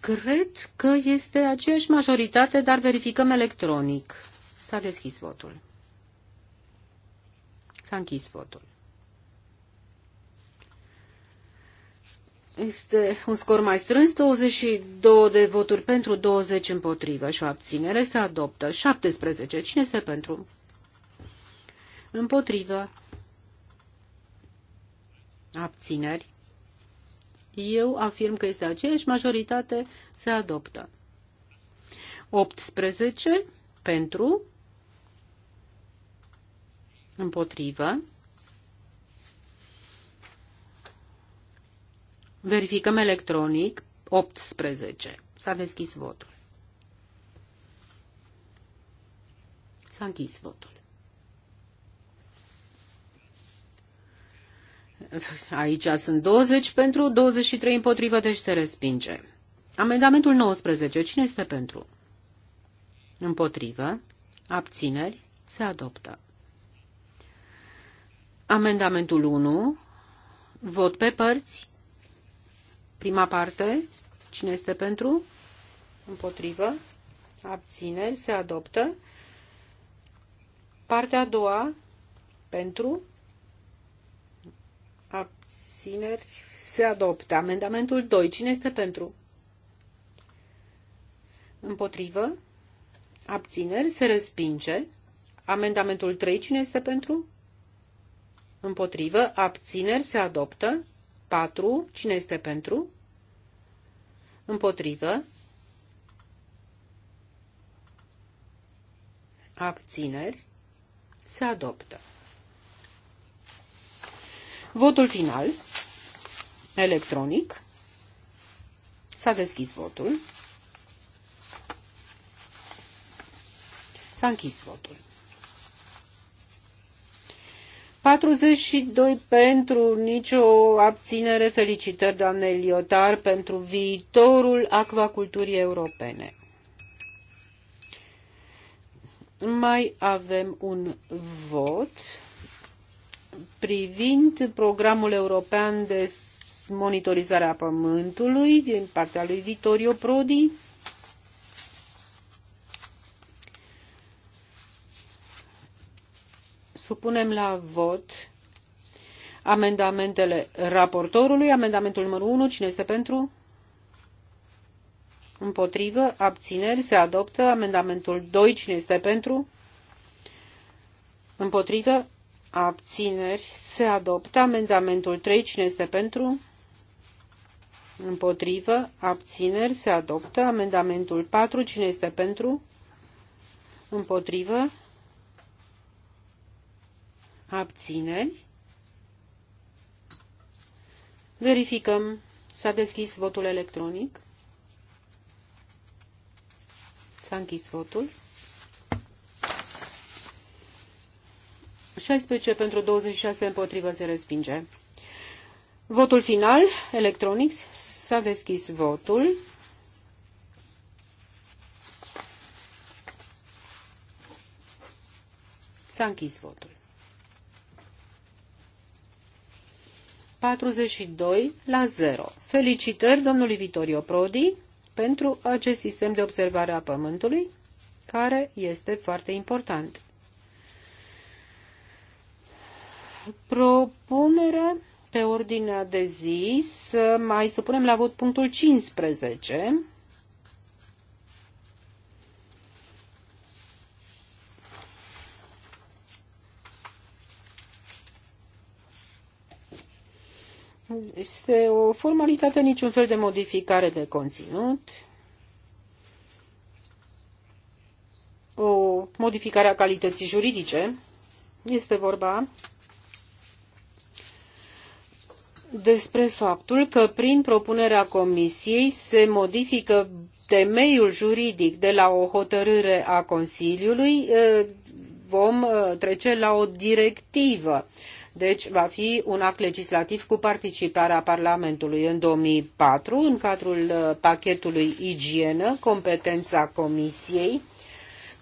Cred că este aceeași majoritate, dar verificăm electronic. S-a deschis votul. S-a închis votul. Este un scor mai strâns, 22 de voturi pentru, 20 împotrivă și o abținere se adoptă. 17. Cine este pentru? Împotrivă. Abțineri eu afirm că este aceeași majoritate, se adoptă. 18 pentru, împotrivă. Verificăm electronic 18. S-a deschis votul. S-a închis votul. Aici sunt 20 pentru, 23 împotrivă, deci se respinge. Amendamentul 19. Cine este pentru? Împotrivă. Abțineri. Se adoptă. Amendamentul 1. Vot pe părți. Prima parte. Cine este pentru? Împotrivă. Abțineri. Se adoptă. Partea a doua. Pentru abțineri, se adoptă. Amendamentul 2. Cine este pentru? Împotrivă, abțineri, se respinge. Amendamentul 3. Cine este pentru? Împotrivă, abțineri, se adoptă. 4. Cine este pentru? Împotrivă, abțineri, se adoptă. Votul final, electronic. S-a deschis votul. S-a închis votul. 42 pentru nicio abținere. Felicitări, doamne Liotar, pentru viitorul acvaculturii europene. Mai avem un vot privind programul european de monitorizare a pământului din partea lui Vittorio Prodi. Supunem la vot amendamentele raportorului. Amendamentul numărul 1, cine este pentru? Împotrivă, abțineri, se adoptă. Amendamentul 2, cine este pentru? Împotrivă, abțineri, se adoptă. Amendamentul 3, cine este pentru? Împotrivă, abțineri, se adoptă. Amendamentul 4, cine este pentru? Împotrivă, abțineri. Verificăm. S-a deschis votul electronic. S-a închis votul. 16 pentru 26 împotrivă se respinge. Votul final, Electronics s-a deschis votul. S-a închis votul. 42 la 0. Felicitări domnului Vitorio Prodi pentru acest sistem de observare a Pământului, care este foarte important. propunere pe ordinea de zi să mai supunem la vot punctul 15. Este o formalitate, niciun fel de modificare de conținut. O modificare a calității juridice. Este vorba despre faptul că prin propunerea Comisiei se modifică temeiul juridic de la o hotărâre a Consiliului, vom trece la o directivă. Deci va fi un act legislativ cu participarea Parlamentului în 2004, în cadrul pachetului igienă, competența Comisiei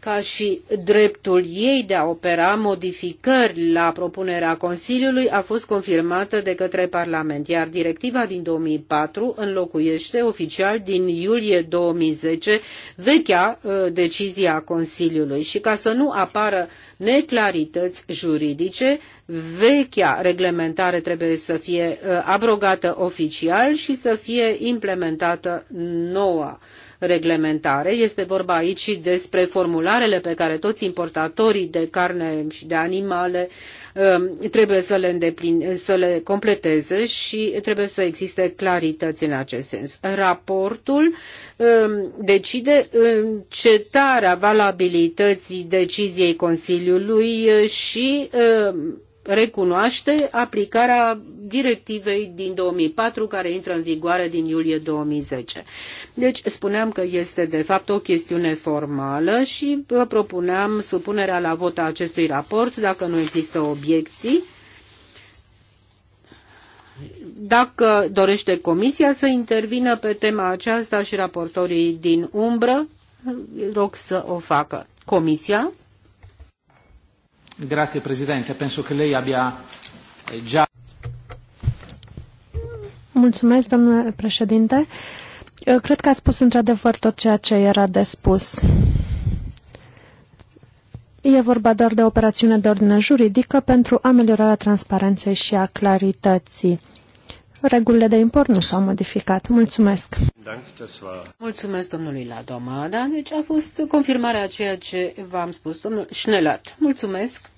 ca și dreptul ei de a opera modificări la propunerea Consiliului a fost confirmată de către Parlament, iar directiva din 2004 înlocuiește oficial din iulie 2010 vechea uh, decizie a Consiliului și ca să nu apară neclarități juridice, vechea reglementare trebuie să fie uh, abrogată oficial și să fie implementată noua reglementare. Este vorba aici și despre formularele pe care toți importatorii de carne și de animale um, trebuie să le, să le completeze și trebuie să existe clarități în acest sens. Raportul um, decide încetarea valabilității deciziei Consiliului și um, recunoaște aplicarea directivei din 2004 care intră în vigoare din iulie 2010. Deci spuneam că este de fapt o chestiune formală și vă propuneam supunerea la vot a acestui raport dacă nu există obiecții. Dacă dorește Comisia să intervină pe tema aceasta și raportorii din umbră, rog să o facă. Comisia? Grazie Presidente, penso che lei abbia eh, già... Mulțumesc, domnule președinte. Eu cred că a spus într-adevăr tot ceea ce era de spus. E vorba doar de operațiune de ordine juridică pentru ameliorarea transparenței și a clarității regulile de import nu s-au modificat. Mulțumesc! Mulțumesc domnului Ladomada. Deci a fost confirmarea a ceea ce v-am spus, domnul Schnelat. Mulțumesc!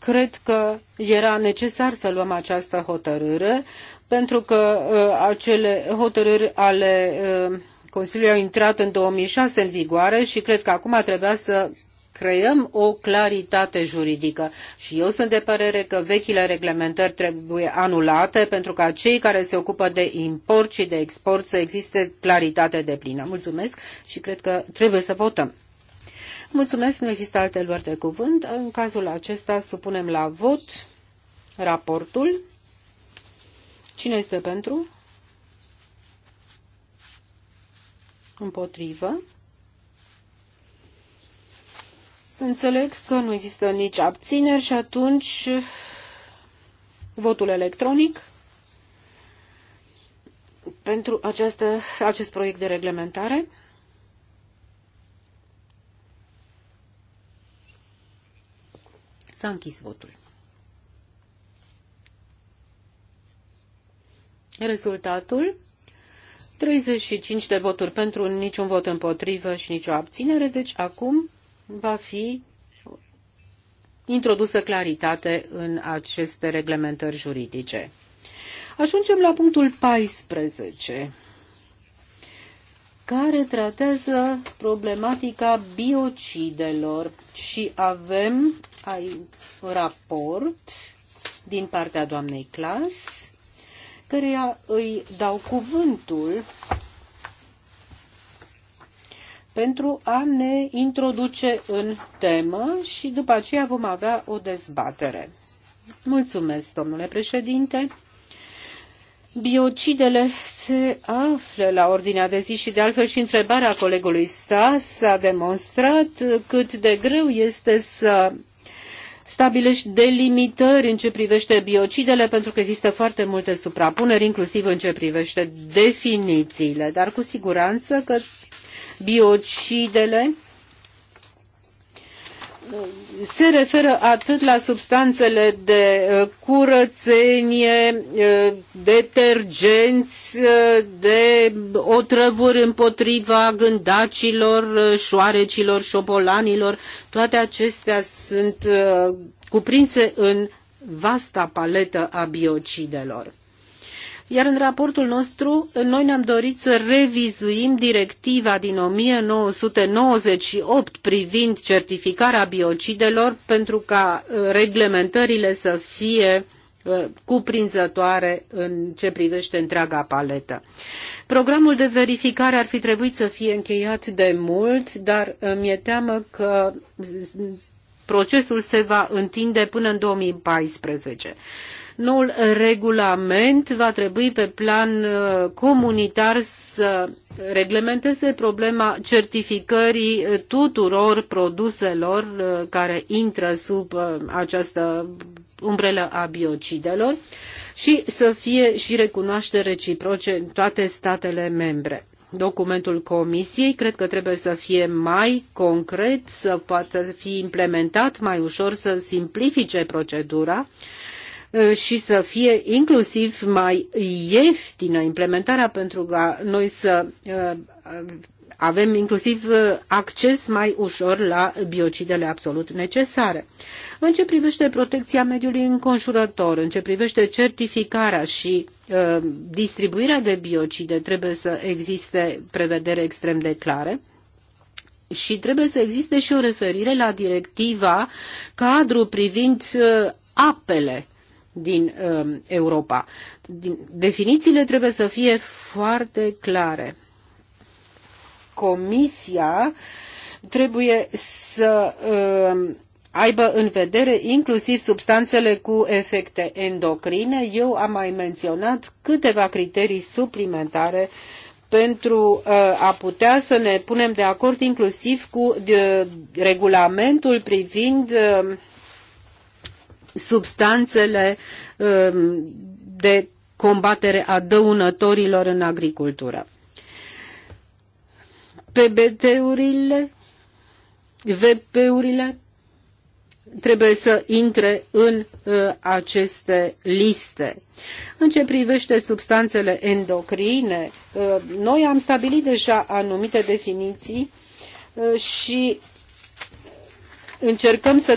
Cred că era necesar să luăm această hotărâre, pentru că uh, acele hotărâri ale uh, Consiliului au intrat în 2006 în vigoare și cred că acum trebuia să creăm o claritate juridică. Și eu sunt de părere că vechile reglementări trebuie anulate pentru ca cei care se ocupă de import și de export să existe claritate de plină. Mulțumesc și cred că trebuie să votăm. Mulțumesc, nu există alte luări de cuvânt. În cazul acesta supunem la vot raportul. Cine este pentru? Împotrivă. Înțeleg că nu există nici abțineri și atunci votul electronic pentru această, acest proiect de reglementare. S-a închis votul. Rezultatul 35 de voturi pentru, niciun vot împotrivă și nicio abținere, deci acum va fi introdusă claritate în aceste reglementări juridice. Ajungem la punctul 14, care tratează problematica biocidelor și avem ai, raport din partea doamnei Clas, căreia îi dau cuvântul pentru a ne introduce în temă și după aceea vom avea o dezbatere. Mulțumesc, domnule președinte. Biocidele se află la ordinea de zi și de altfel și întrebarea colegului Stas a demonstrat cât de greu este să stabilești delimitări în ce privește biocidele, pentru că există foarte multe suprapuneri, inclusiv în ce privește definițiile, dar cu siguranță că biocidele se referă atât la substanțele de uh, curățenie, uh, detergenți, uh, de otrăvuri împotriva gândacilor, șoarecilor, șobolanilor. Toate acestea sunt cuprinse în vasta paletă a biocidelor. Iar în raportul nostru, noi ne-am dorit să revizuim directiva din 1998 privind certificarea biocidelor pentru ca uh, reglementările să fie uh, cuprinzătoare în ce privește întreaga paletă. Programul de verificare ar fi trebuit să fie încheiat de mult, dar uh, mi-e teamă că procesul se va întinde până în 2014. Noul regulament va trebui pe plan uh, comunitar să reglementeze problema certificării uh, tuturor produselor uh, care intră sub această umbrelă a biocidelor și să fie și recunoaște reciproce în toate statele membre. Documentul Comisiei cred că trebuie să fie mai concret, să poată fi implementat mai ușor, să simplifice procedura Uh, și să fie inclusiv mai ieftină implementarea pentru ca noi să uh, avem inclusiv uh, acces mai ușor la biocidele absolut necesare. În ce privește protecția mediului înconjurător, în ce privește certificarea și uh, distribuirea de biocide, trebuie să existe prevedere extrem de clare și trebuie să existe și o referire la directiva cadru privind uh, apele din uh, Europa. Din, definițiile trebuie să fie foarte clare. Comisia trebuie să uh, aibă în vedere inclusiv substanțele cu efecte endocrine. Eu am mai menționat câteva criterii suplimentare pentru uh, a putea să ne punem de acord inclusiv cu uh, regulamentul privind um, substanțele um, de combatere a dăunătorilor în agricultură. PBT-urile, VP-urile trebuie să intre în uh, aceste liste. În ce privește substanțele endocrine, uh, noi am stabilit deja anumite definiții uh, și încercăm să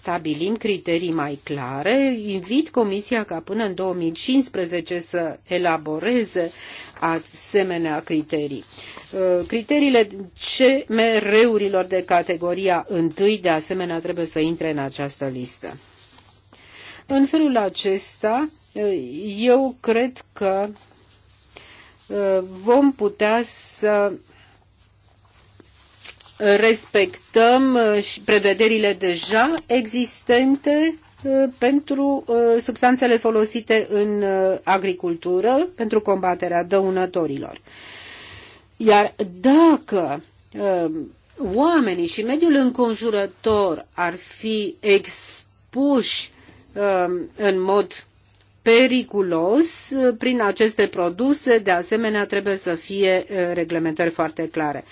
stabilim criterii mai clare. Invit Comisia ca până în 2015 să elaboreze asemenea criterii. Uh, criteriile CMR-urilor de categoria 1 de asemenea trebuie să intre în această listă. În felul acesta, uh, eu cred că uh, vom putea să respectăm uh, și prevederile deja existente uh, pentru uh, substanțele folosite în agricultură pentru combaterea dăunătorilor. Iar dacă oamenii și mediul înconjurător ar fi expuși în mod periculos prin aceste produse, de asemenea trebuie să fie uh, reglementări foarte clare.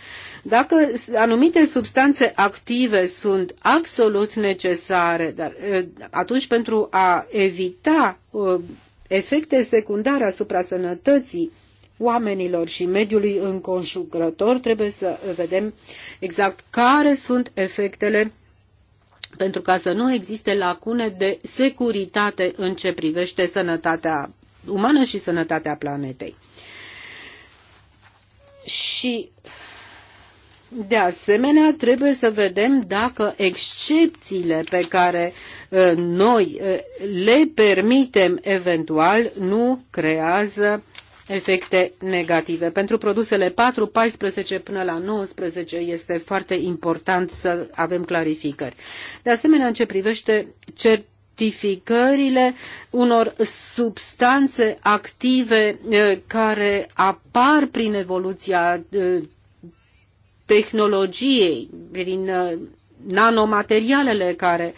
Dacă anumite substanțe active sunt absolut necesare, dar uh, atunci pentru a evita uh, efecte secundare asupra sănătății oamenilor și mediului înconjurător, trebuie să vedem exact care sunt efectele pentru ca să nu existe lacune de securitate în ce privește sănătatea umană și sănătatea planetei. Și de asemenea, trebuie să vedem dacă excepțiile pe care uh, noi uh, le permitem eventual nu creează efecte negative. Pentru produsele 4, 14 până la 19 este foarte important să avem clarificări. De asemenea, în ce privește certificările unor substanțe active eh, care apar prin evoluția eh, tehnologiei, prin eh, nanomaterialele care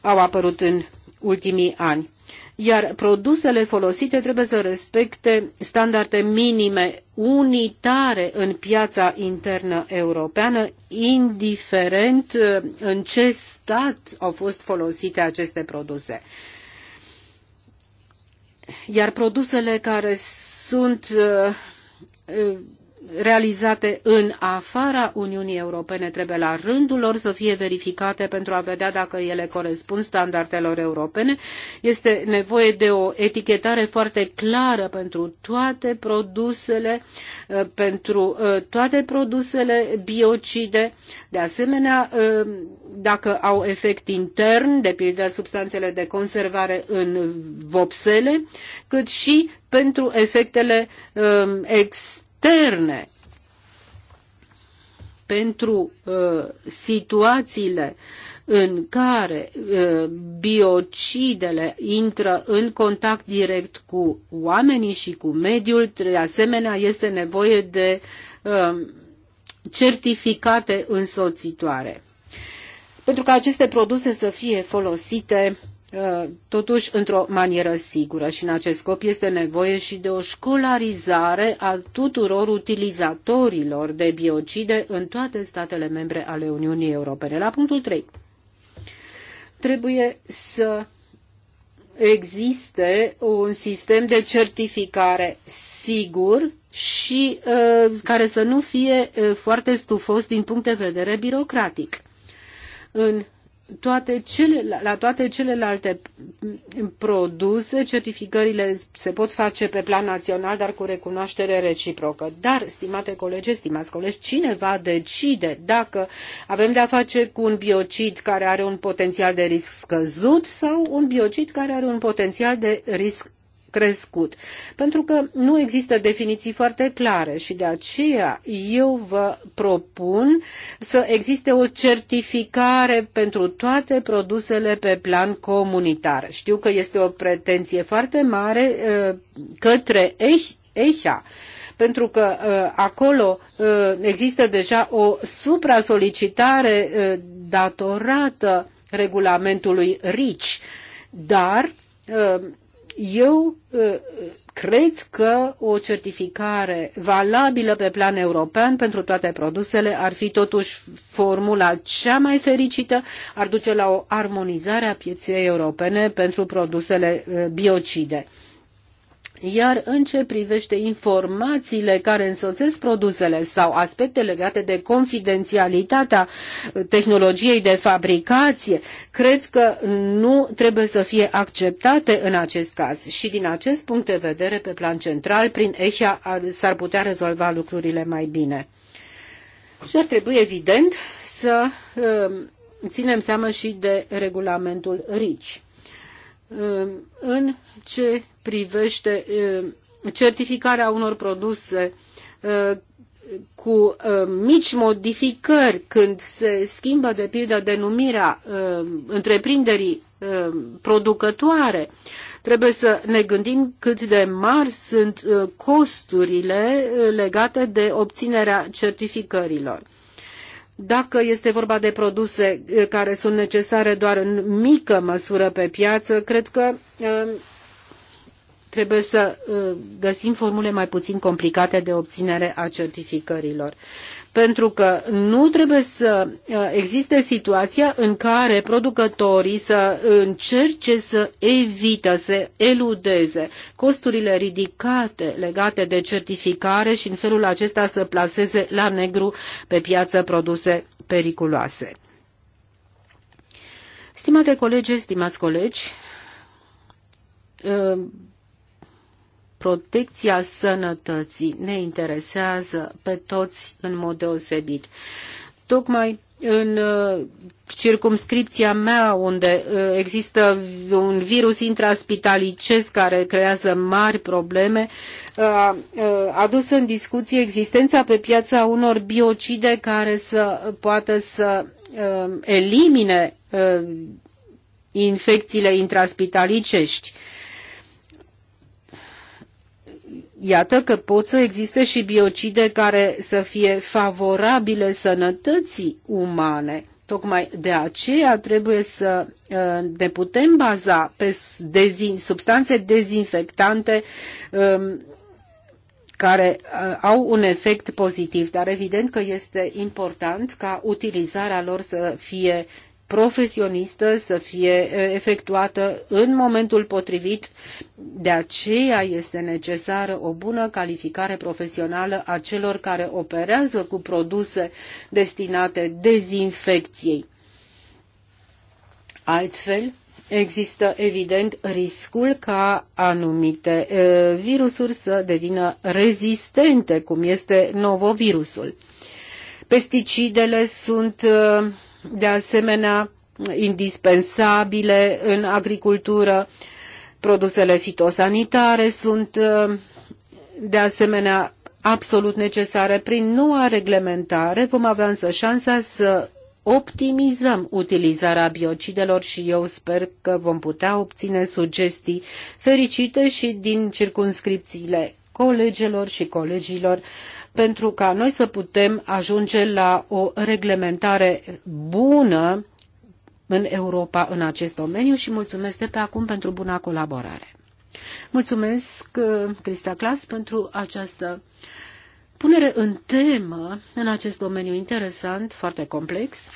au apărut în ultimii ani iar produsele folosite trebuie să respecte standarde minime unitare în piața internă europeană, indiferent uh, în ce stat au fost folosite aceste produse iar produsele care sunt uh, uh, realizate în afara Uniunii Europene trebuie la rândul lor să fie verificate pentru a vedea dacă ele corespund standardelor europene. Este nevoie de o etichetare foarte clară pentru toate produsele, uh, pentru uh, toate produsele biocide. De asemenea, uh, dacă au efect intern, de pildă substanțele de conservare în vopsele, cât și pentru efectele externe interne pentru uh, situațiile în care uh, biocidele intră în contact direct cu oamenii și cu mediul, de asemenea este nevoie de uh, certificate însoțitoare. Pentru ca aceste produse să fie folosite Uh, totuși într-o manieră sigură și în acest scop este nevoie și de o școlarizare a tuturor utilizatorilor de biocide în toate statele membre ale Uniunii Europene. La punctul 3. Trebuie să existe un sistem de certificare sigur și uh, care să nu fie uh, foarte stufos din punct de vedere birocratic. În toate cele, la toate celelalte produse, certificările se pot face pe plan național, dar cu recunoaștere reciprocă. Dar, stimate colegi, stimați colegi, cine va decide dacă avem de-a face cu un biocid care are un potențial de risc scăzut sau un biocid care are un potențial de risc crescut. Pentru că nu există definiții foarte clare și de aceea eu vă propun să existe o certificare pentru toate produsele pe plan comunitar. Știu că este o pretenție foarte mare uh, către EHA pentru că uh, acolo uh, există deja o supra-solicitare uh, datorată regulamentului RICI, dar uh, eu uh, cred că o certificare valabilă pe plan european pentru toate produsele ar fi totuși formula cea mai fericită, ar duce la o armonizare a pieței europene pentru produsele uh, biocide. Iar în ce privește informațiile care însoțesc produsele sau aspecte legate de confidențialitatea tehnologiei de fabricație, cred că nu trebuie să fie acceptate în acest caz. Și din acest punct de vedere, pe plan central, prin EHA s-ar putea rezolva lucrurile mai bine. Și ar trebui, evident, să um, ținem seama și de regulamentul RICI. Um, în ce privește certificarea unor produse cu mici modificări când se schimbă de pildă denumirea întreprinderii producătoare. Trebuie să ne gândim cât de mari sunt costurile legate de obținerea certificărilor. Dacă este vorba de produse care sunt necesare doar în mică măsură pe piață, cred că trebuie să uh, găsim formule mai puțin complicate de obținere a certificărilor. Pentru că nu trebuie să uh, existe situația în care producătorii să încerce să evită, să eludeze costurile ridicate legate de certificare și în felul acesta să plaseze la negru pe piață produse periculoase. Stimate colegi, stimați colegi, uh, protecția sănătății ne interesează pe toți în mod deosebit. Tocmai în uh, circumscripția mea, unde uh, există un virus intraspitalicesc care creează mari probleme, a adus în discuție existența pe piața unor biocide care să poată să uh, elimine infecțiile intraspitalicești. Iată că pot să existe și biocide care să fie favorabile sănătății umane. Tocmai de aceea trebuie să uh, ne putem baza pe dezin, substanțe dezinfectante um, care uh, au un efect pozitiv, dar evident că este important ca utilizarea lor să fie profesionistă să fie efectuată în momentul potrivit. De aceea este necesară o bună calificare profesională a celor care operează cu produse destinate dezinfecției. Altfel, există evident riscul ca anumite e, virusuri să devină rezistente, cum este novovirusul. Pesticidele sunt e, de asemenea indispensabile în agricultură. Produsele fitosanitare sunt uh, de asemenea absolut necesare. Prin noua reglementare vom avea însă șansa să optimizăm utilizarea biocidelor și eu sper că vom putea obține sugestii fericite și din circunscripțiile colegelor și colegilor pentru ca noi să putem ajunge la o reglementare bună în Europa în acest domeniu și mulțumesc de pe acum pentru buna colaborare. Mulțumesc, uh, Crista Clas, pentru această punere în temă în acest domeniu interesant, foarte complex.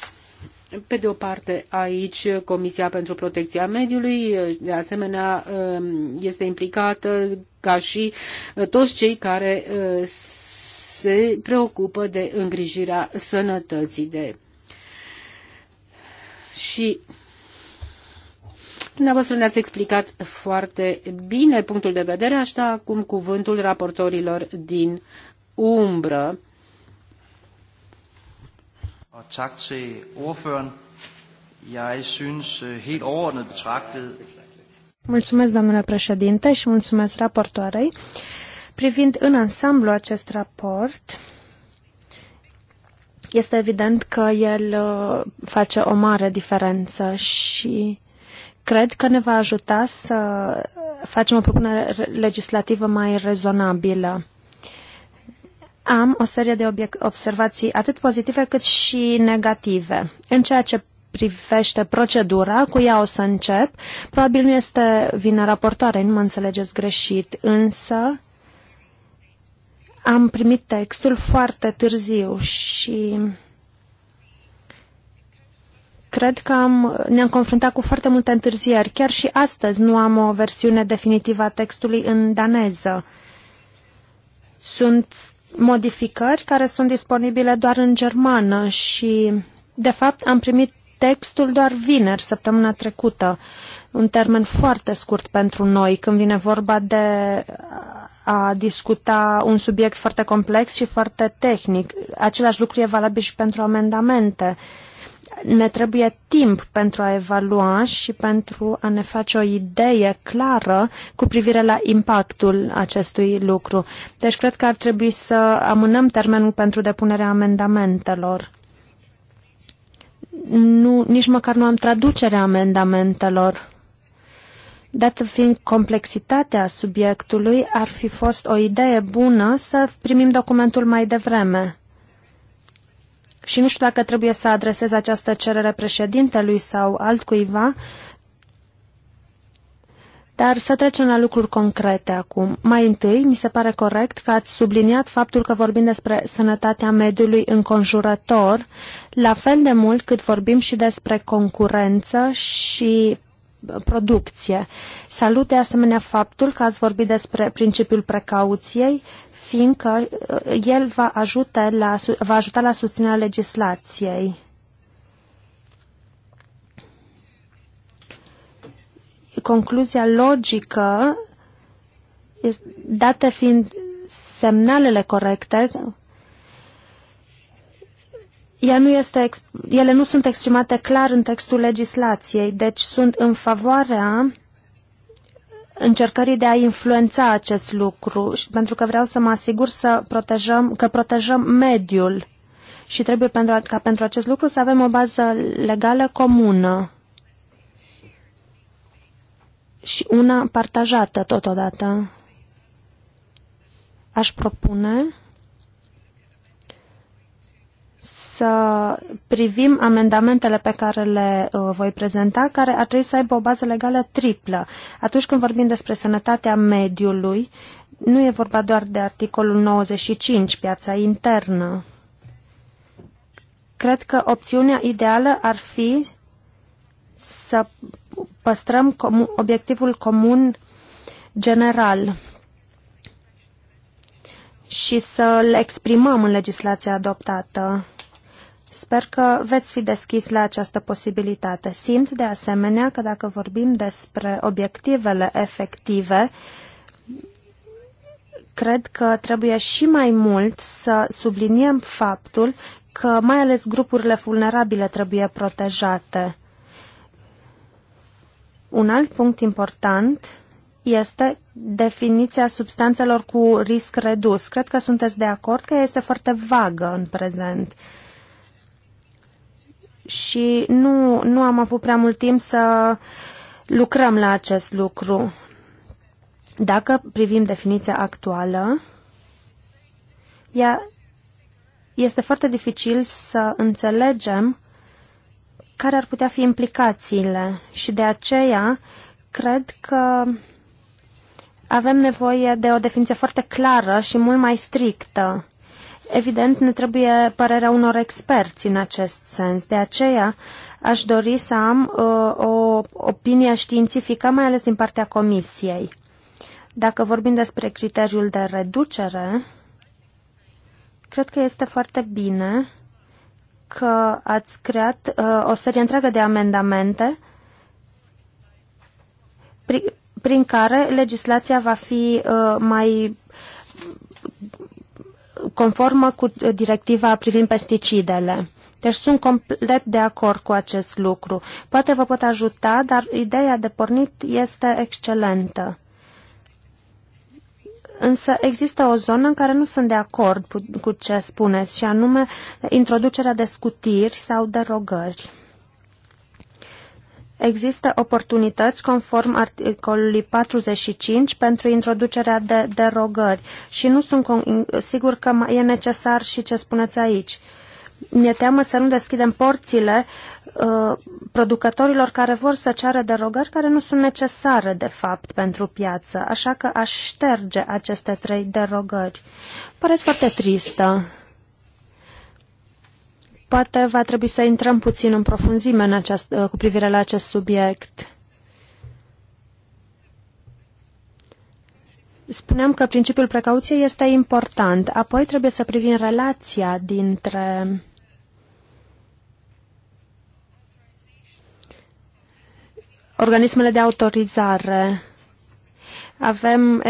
Pe de o parte, aici Comisia pentru Protecția Mediului, de asemenea, um, este implicată ca și uh, toți cei care uh, se preocupă de îngrijirea sănătății de și Dumneavoastră ne-ați explicat foarte bine punctul de vedere, așa da cum cuvântul raportorilor din umbră. Øh, mulțumesc, domnule președinte, și mulțumesc raportoarei. Privind în ansamblu acest raport, este evident că el uh, face o mare diferență și cred că ne va ajuta să facem o propunere legislativă mai rezonabilă. Am o serie de observații atât pozitive cât și negative. În ceea ce privește procedura, cu ea o să încep. Probabil nu este vina raportoare, nu mă înțelegeți greșit, însă am primit textul foarte târziu și cred că am, ne-am confruntat cu foarte multe întârzieri. Chiar și astăzi nu am o versiune definitivă a textului în daneză. Sunt modificări care sunt disponibile doar în germană și, de fapt, am primit textul doar vineri, săptămâna trecută. Un termen foarte scurt pentru noi când vine vorba de a discuta un subiect foarte complex și foarte tehnic. Același lucru e valabil și pentru amendamente. Ne trebuie timp pentru a evalua și pentru a ne face o idee clară cu privire la impactul acestui lucru. Deci cred că ar trebui să amânăm termenul pentru depunerea amendamentelor. Nu, nici măcar nu am traducerea amendamentelor. Dată fiind complexitatea subiectului, ar fi fost o idee bună să primim documentul mai devreme. Și nu știu dacă trebuie să adresez această cerere președintelui sau altcuiva, dar să trecem la lucruri concrete acum. Mai întâi, mi se pare corect că ați subliniat faptul că vorbim despre sănătatea mediului înconjurător, la fel de mult cât vorbim și despre concurență și producție. Salut de asemenea faptul că ați vorbit despre principiul precauției, fiindcă uh, el va, ajute la, va ajuta la susținerea legislației. Concluzia logică, date fiind semnalele corecte ea nu este, ele nu sunt exprimate clar în textul legislației, deci sunt în favoarea încercării de a influența acest lucru, pentru că vreau să mă asigur să protejăm, că protejăm mediul și trebuie pentru, ca pentru acest lucru să avem o bază legală comună și una partajată totodată. Aș propune să privim amendamentele pe care le uh, voi prezenta, care ar trebui să aibă o bază legală triplă. Atunci când vorbim despre sănătatea mediului, nu e vorba doar de articolul 95, piața internă. Cred că opțiunea ideală ar fi să păstrăm com obiectivul comun general și să-l exprimăm în legislația adoptată. Sper că veți fi deschis la această posibilitate. Simt, de asemenea, că dacă vorbim despre obiectivele efective, cred că trebuie și mai mult să subliniem faptul că mai ales grupurile vulnerabile trebuie protejate. Un alt punct important este definiția substanțelor cu risc redus. Cred că sunteți de acord că este foarte vagă în prezent. Uh, și nu, nu am avut prea mult timp să lucrăm la acest lucru. Dacă privim definiția actuală, ea este foarte dificil să înțelegem care ar putea fi implicațiile și de aceea cred că avem nevoie de o definiție foarte clară și mult mai strictă. Evident, ne trebuie părerea unor experți în acest sens. De aceea aș dori să am uh, o opinie științifică, mai ales din partea Comisiei. Dacă vorbim despre criteriul de reducere, cred că este foarte bine că ați creat uh, o serie întreagă de amendamente prin, prin care legislația va fi uh, mai conformă cu directiva privind pesticidele. Deci sunt complet de acord cu acest lucru. Poate vă pot ajuta, dar ideea de pornit este excelentă. Însă există o zonă în care nu sunt de acord cu ce spuneți, și anume introducerea de scutiri sau derogări există oportunități conform articolului 45 pentru introducerea de derogări și nu sunt sigur că e necesar și ce spuneți aici. Mi-e teamă să nu deschidem porțile uh, producătorilor care vor să ceară derogări care nu sunt necesare, de fapt, pentru piață. Așa că aș șterge aceste trei derogări. Păreți foarte tristă poate va trebui să intrăm puțin în profunzime în aceast, cu privire la acest subiect. Spuneam că principiul precauției este important. Apoi trebuie să privim relația dintre organismele de autorizare. Avem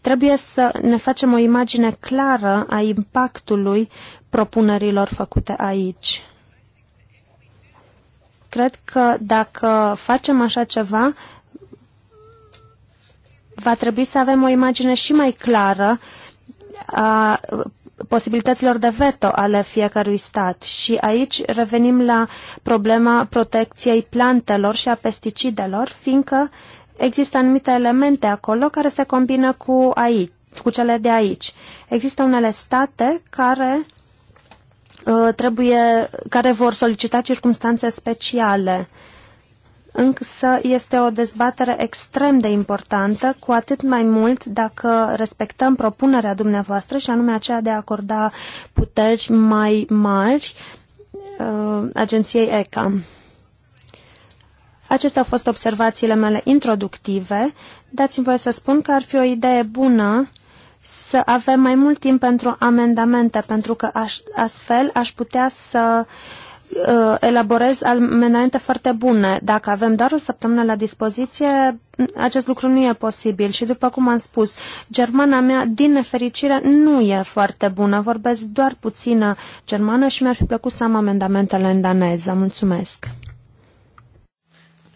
trebuie să ne facem o imagine clară a impactului propunerilor făcute aici. Cred că dacă facem așa ceva, va trebui să avem o imagine și mai clară a posibilităților de veto ale fiecărui stat. Și aici revenim la problema protecției plantelor și a pesticidelor, fiindcă există anumite elemente acolo care se combină cu aici cu cele de aici. Există unele state care Uh, trebuie, care vor solicita circunstanțe speciale. Însă este o dezbatere extrem de importantă, cu atât mai mult dacă respectăm propunerea dumneavoastră și anume aceea de a acorda puteri mai mari uh, agenției ECA. Acestea au fost observațiile mele introductive. Dați-mi voie să spun că ar fi o idee bună uh, să avem mai mult timp pentru amendamente, pentru că aș, astfel aș putea să uh, elaborez amendamente foarte bune. Dacă avem doar o săptămână la dispoziție, acest lucru nu e posibil. Și după cum am spus, germana mea, din nefericire, nu e foarte bună. Vorbesc doar puțină germană și mi-ar fi plăcut să am amendamentele în daneză. Mulțumesc!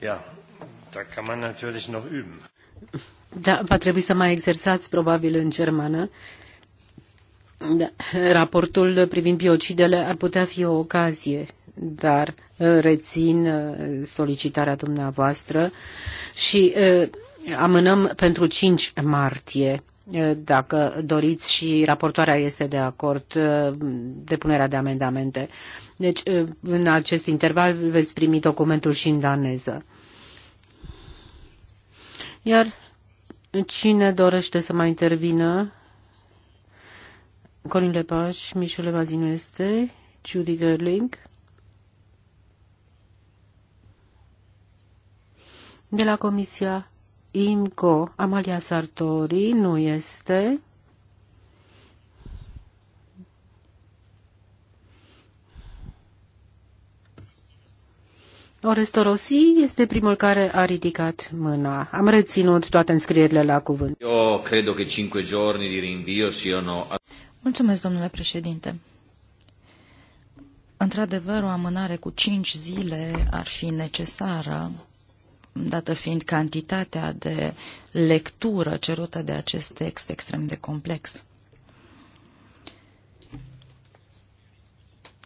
Ja, da kann man natürlich noch üben. Da, va trebui să mai exersați probabil în germană. Da. Raportul privind biocidele ar putea fi o ocazie, dar uh, rețin uh, solicitarea dumneavoastră și uh, amânăm pentru 5 martie dacă doriți și raportoarea este de acord, depunerea de amendamente. Deci, în acest interval veți primi documentul și în daneză. Iar Cine dorește să mai intervină? Colin Lepaș, Mișule Bazinu este, Judy Gerling. De la Comisia IMCO, Amalia Sartori nu este. Orestorosi este primul care a ridicat mâna. Am reținut toate înscrierile la cuvânt. Eu cred că 5 giorni di rinvio siano... Mulțumesc, domnule președinte. Într-adevăr, o amânare cu 5 zile ar fi necesară, dată fiind cantitatea de lectură cerută de acest text extrem de complex.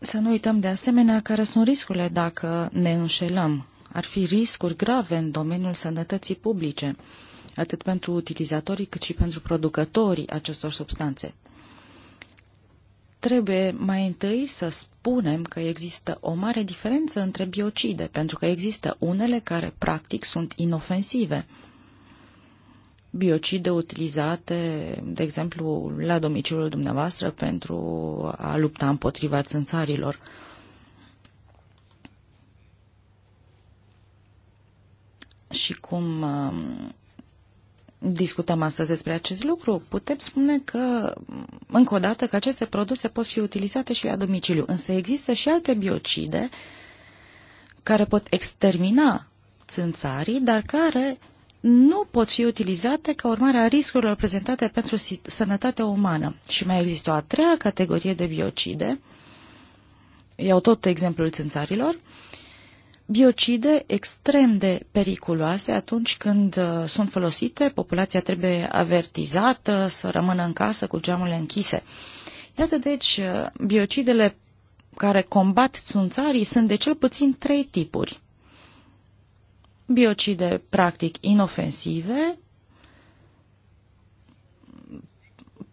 Să nu uităm de asemenea care sunt riscurile dacă ne înșelăm. Ar fi riscuri grave în domeniul sănătății publice, atât pentru utilizatorii cât și pentru producătorii acestor substanțe. Trebuie mai întâi să spunem că există o mare diferență între biocide, pentru că există unele care practic sunt inofensive – biocide utilizate, de exemplu, la domiciliul dumneavoastră pentru a lupta împotriva țânțarilor. Și cum um, discutăm astăzi despre acest lucru, putem spune că, um, încă o dată, că aceste produse pot fi utilizate și la domiciliu. Însă există și alte biocide care pot extermina țânțarii, dar care nu pot fi utilizate ca urmare a riscurilor prezentate pentru sănătatea umană. Și mai există o a treia categorie de biocide, iau tot exemplul țânțarilor, biocide extrem de periculoase atunci când uh, sunt folosite, populația trebuie avertizată să rămână în casă cu geamurile închise. Iată deci, uh, biocidele care combat țunțarii sunt de cel puțin trei tipuri biocide practic inofensive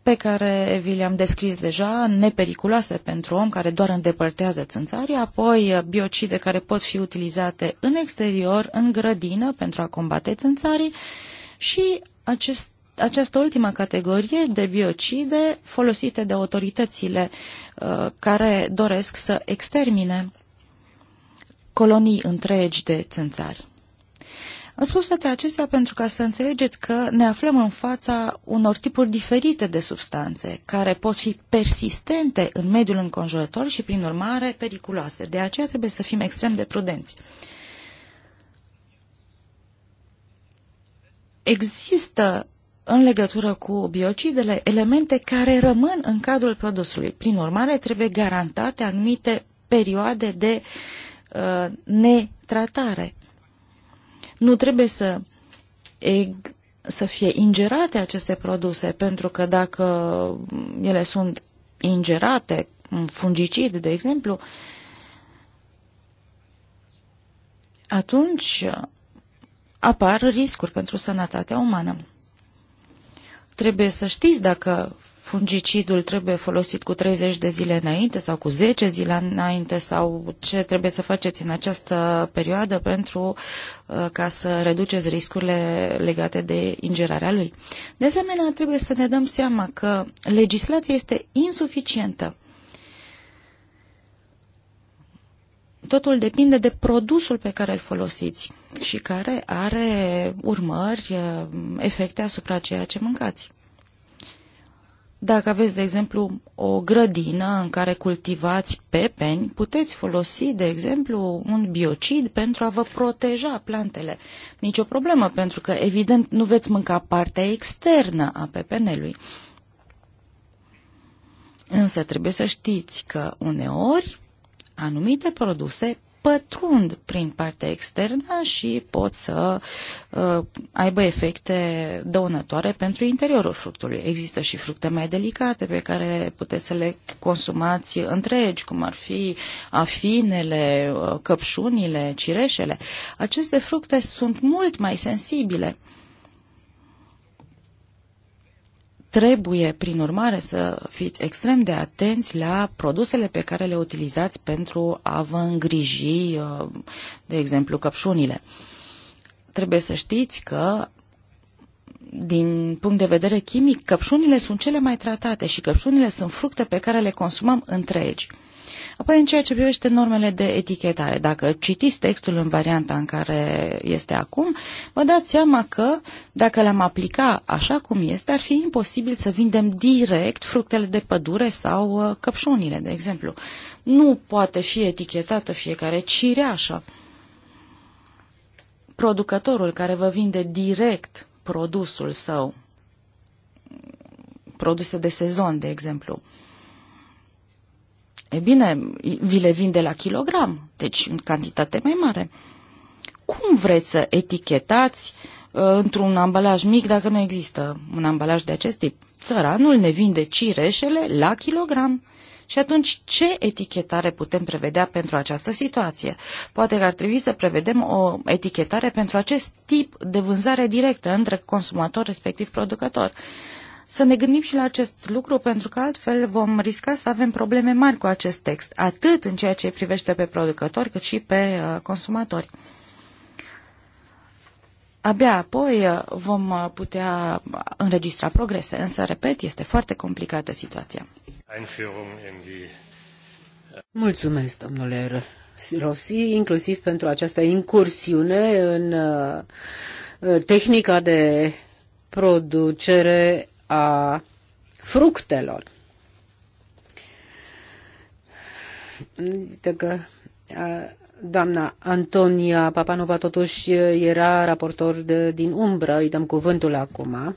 pe care vi le-am descris deja, nepericuloase pentru om, care doar îndepărtează țânțarii, apoi biocide care pot fi utilizate în exterior, în grădină, pentru a combate țânțarii și acest, această ultimă categorie de biocide folosite de autoritățile uh, care doresc să extermine colonii întregi de țânțari. Am spus toate acestea pentru ca să înțelegeți că ne aflăm în fața unor tipuri diferite de substanțe, care pot fi persistente în mediul înconjurător și, prin urmare, periculoase. De aceea trebuie să fim extrem de prudenți. Există în legătură cu biocidele elemente care rămân în cadrul produsului. Prin urmare, trebuie garantate anumite perioade de uh, netratare. Nu trebuie să, să fie ingerate aceste produse, pentru că dacă ele sunt ingerate, un fungicid, de exemplu, atunci apar riscuri pentru sănătatea umană. Trebuie să știți dacă fungicidul trebuie folosit cu 30 de zile înainte sau cu 10 zile înainte sau ce trebuie să faceți în această perioadă pentru uh, ca să reduceți riscurile legate de ingerarea lui. De asemenea, trebuie să ne dăm seama că legislația este insuficientă. totul depinde de produsul pe care îl folosiți și care are urmări, uh, efecte asupra ceea ce mâncați. Dacă aveți, de exemplu, o grădină în care cultivați pepeni, puteți folosi, de exemplu, un biocid pentru a vă proteja plantele. Nici o problemă, pentru că, evident, nu veți mânca partea externă a pepenelui. Însă trebuie să știți că uneori anumite produse pătrund prin partea externă și pot să uh, aibă efecte dăunătoare pentru interiorul fructului. Există și fructe mai delicate pe care puteți să le consumați întregi, cum ar fi afinele, uh, căpșunile, cireșele. Aceste fructe sunt mult mai sensibile Trebuie, prin urmare, să fiți extrem de atenți la produsele pe care le utilizați pentru a vă îngriji, uh, de exemplu, căpșunile. Trebuie să știți că din punct de vedere chimic, căpșunile sunt cele mai tratate și căpșunile sunt fructe pe care le consumăm întregi. Apoi, în ceea ce privește normele de etichetare, dacă citiți textul în varianta în care este acum, vă dați seama că, dacă l am aplica așa cum este, ar fi imposibil să vindem direct fructele de pădure sau uh, căpșunile, de exemplu. Nu poate fi etichetată fiecare cireașă. Producătorul care vă vinde direct produsul său, produse de sezon, de exemplu, E bine, vi le vin de la kilogram, deci în cantitate mai mare. Cum vreți să etichetați uh, într-un ambalaj mic dacă nu există un ambalaj de acest tip? Țăranul ne vinde cireșele la kilogram. Și atunci, ce etichetare putem prevedea pentru această situație? Poate că ar trebui să prevedem o etichetare pentru acest tip de vânzare directă între consumator respectiv producător să ne gândim și la acest lucru, pentru că altfel vom risca să avem probleme mari cu acest text, atât în ceea ce privește pe producători, cât și pe uh, consumatori. Abia apoi uh, vom uh, putea înregistra progrese, însă, repet, este foarte complicată situația. Mulțumesc, domnule Rossi, inclusiv pentru această incursiune în tehnica de producere a fructelor. Adică că doamna Antonia Papanova totuși era raportor de, din umbră, îi dăm cuvântul acum.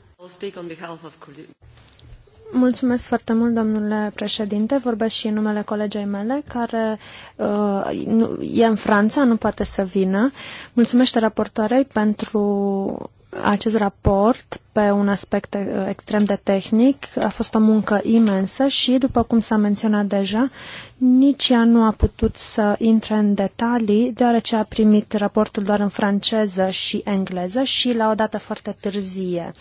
Mulțumesc foarte mult, domnule președinte. Vorbesc și în numele colegei mele, care uh, e în Franța, nu poate să vină. Mulțumesc raportoarei pentru acest raport pe un aspect uh, extrem de tehnic. A fost o muncă imensă și, după cum s-a menționat deja, nici ea nu a putut să intre în detalii, deoarece a primit raportul doar în franceză și engleză și la o dată foarte târzie.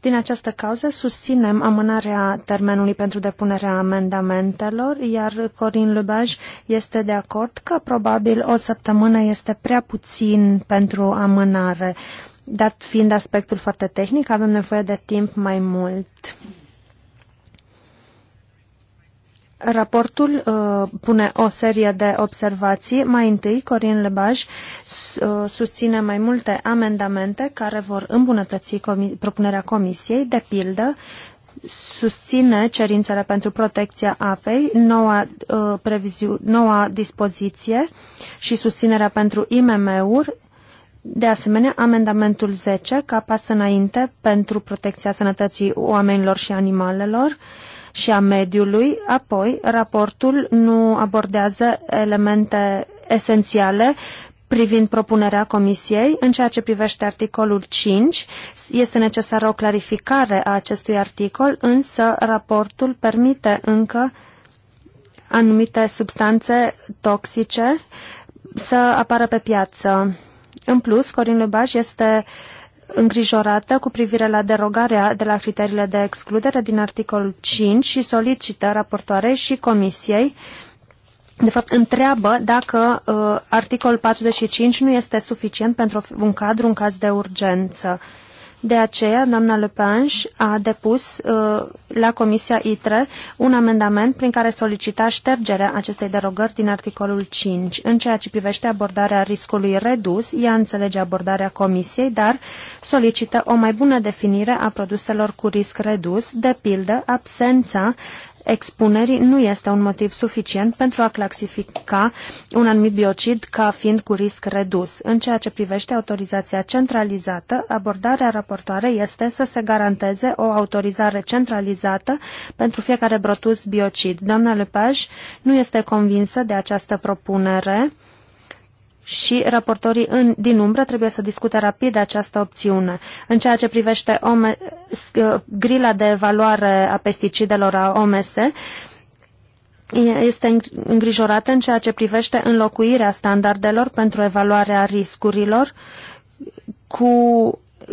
Din această cauză susținem amânarea termenului pentru depunerea amendamentelor, iar Corin Lubaj este de acord că probabil o săptămână este prea puțin pentru amânare. Uh, Dat fiind aspectul foarte tehnic, avem nevoie de timp mai mult. Raportul uh, pune o serie de observații. Mai întâi, Corin Lebaj uh, susține mai multe amendamente care vor îmbunătăți comi propunerea comisiei, de pildă, susține cerințele pentru protecția apei, noua, uh, noua dispoziție și susținerea pentru IMM-uri, de asemenea, amendamentul 10, ca pas înainte pentru protecția sănătății oamenilor și animalelor și a mediului, apoi raportul nu abordează elemente esențiale privind propunerea Comisiei, în ceea ce privește articolul 5, este necesară o clarificare a acestui articol, însă raportul permite încă anumite substanțe toxice să apară pe piață. În plus, Corin Lebaj este îngrijorată cu privire la derogarea de la criteriile de excludere din articolul 5 și solicită raportoarei și comisiei de fapt, întreabă dacă uh, articolul 45 nu este suficient pentru un cadru în caz de urgență. Uh, de aceea, doamna Lepage a depus uh, la Comisia ITRE un amendament prin care solicita ștergerea acestei derogări din articolul 5. În ceea ce privește abordarea riscului redus, ea înțelege abordarea Comisiei, dar solicită o mai bună definire a produselor cu risc redus, de pildă absența expunerii nu este un motiv suficient pentru a clasifica un anumit biocid ca fiind cu risc redus. În ceea ce privește autorizația centralizată, abordarea raportoare este să se garanteze o autorizare centralizată pentru fiecare brotus biocid. Doamna Lepage nu este convinsă de această propunere și raportorii în, din umbră trebuie să discute rapid această opțiune. În ceea ce privește OME, uh, grila de evaluare a pesticidelor a OMS, este îngrijorată în ceea ce privește înlocuirea standardelor pentru evaluarea riscurilor cu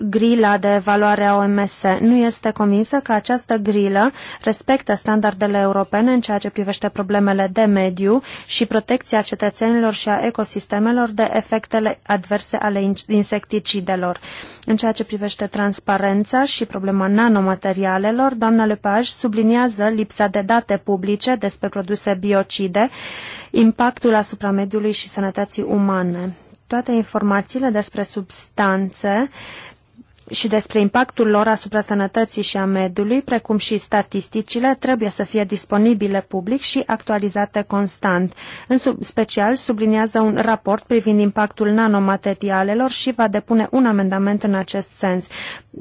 grila de evaluare a OMS. Nu este convinsă că această grilă respectă standardele europene în ceea ce privește problemele de mediu și protecția cetățenilor și a ecosistemelor de efectele adverse ale insecticidelor. În ceea ce privește transparența și problema nanomaterialelor, doamna Lepage subliniază lipsa de date publice despre produse biocide, impactul asupra mediului și sănătății umane toate informațiile despre substanțe și despre impactul lor asupra sănătății și a mediului, precum și statisticile, trebuie să fie disponibile public și actualizate constant. În sub special, subliniază un raport privind impactul nanomaterialelor și va depune un amendament în acest sens.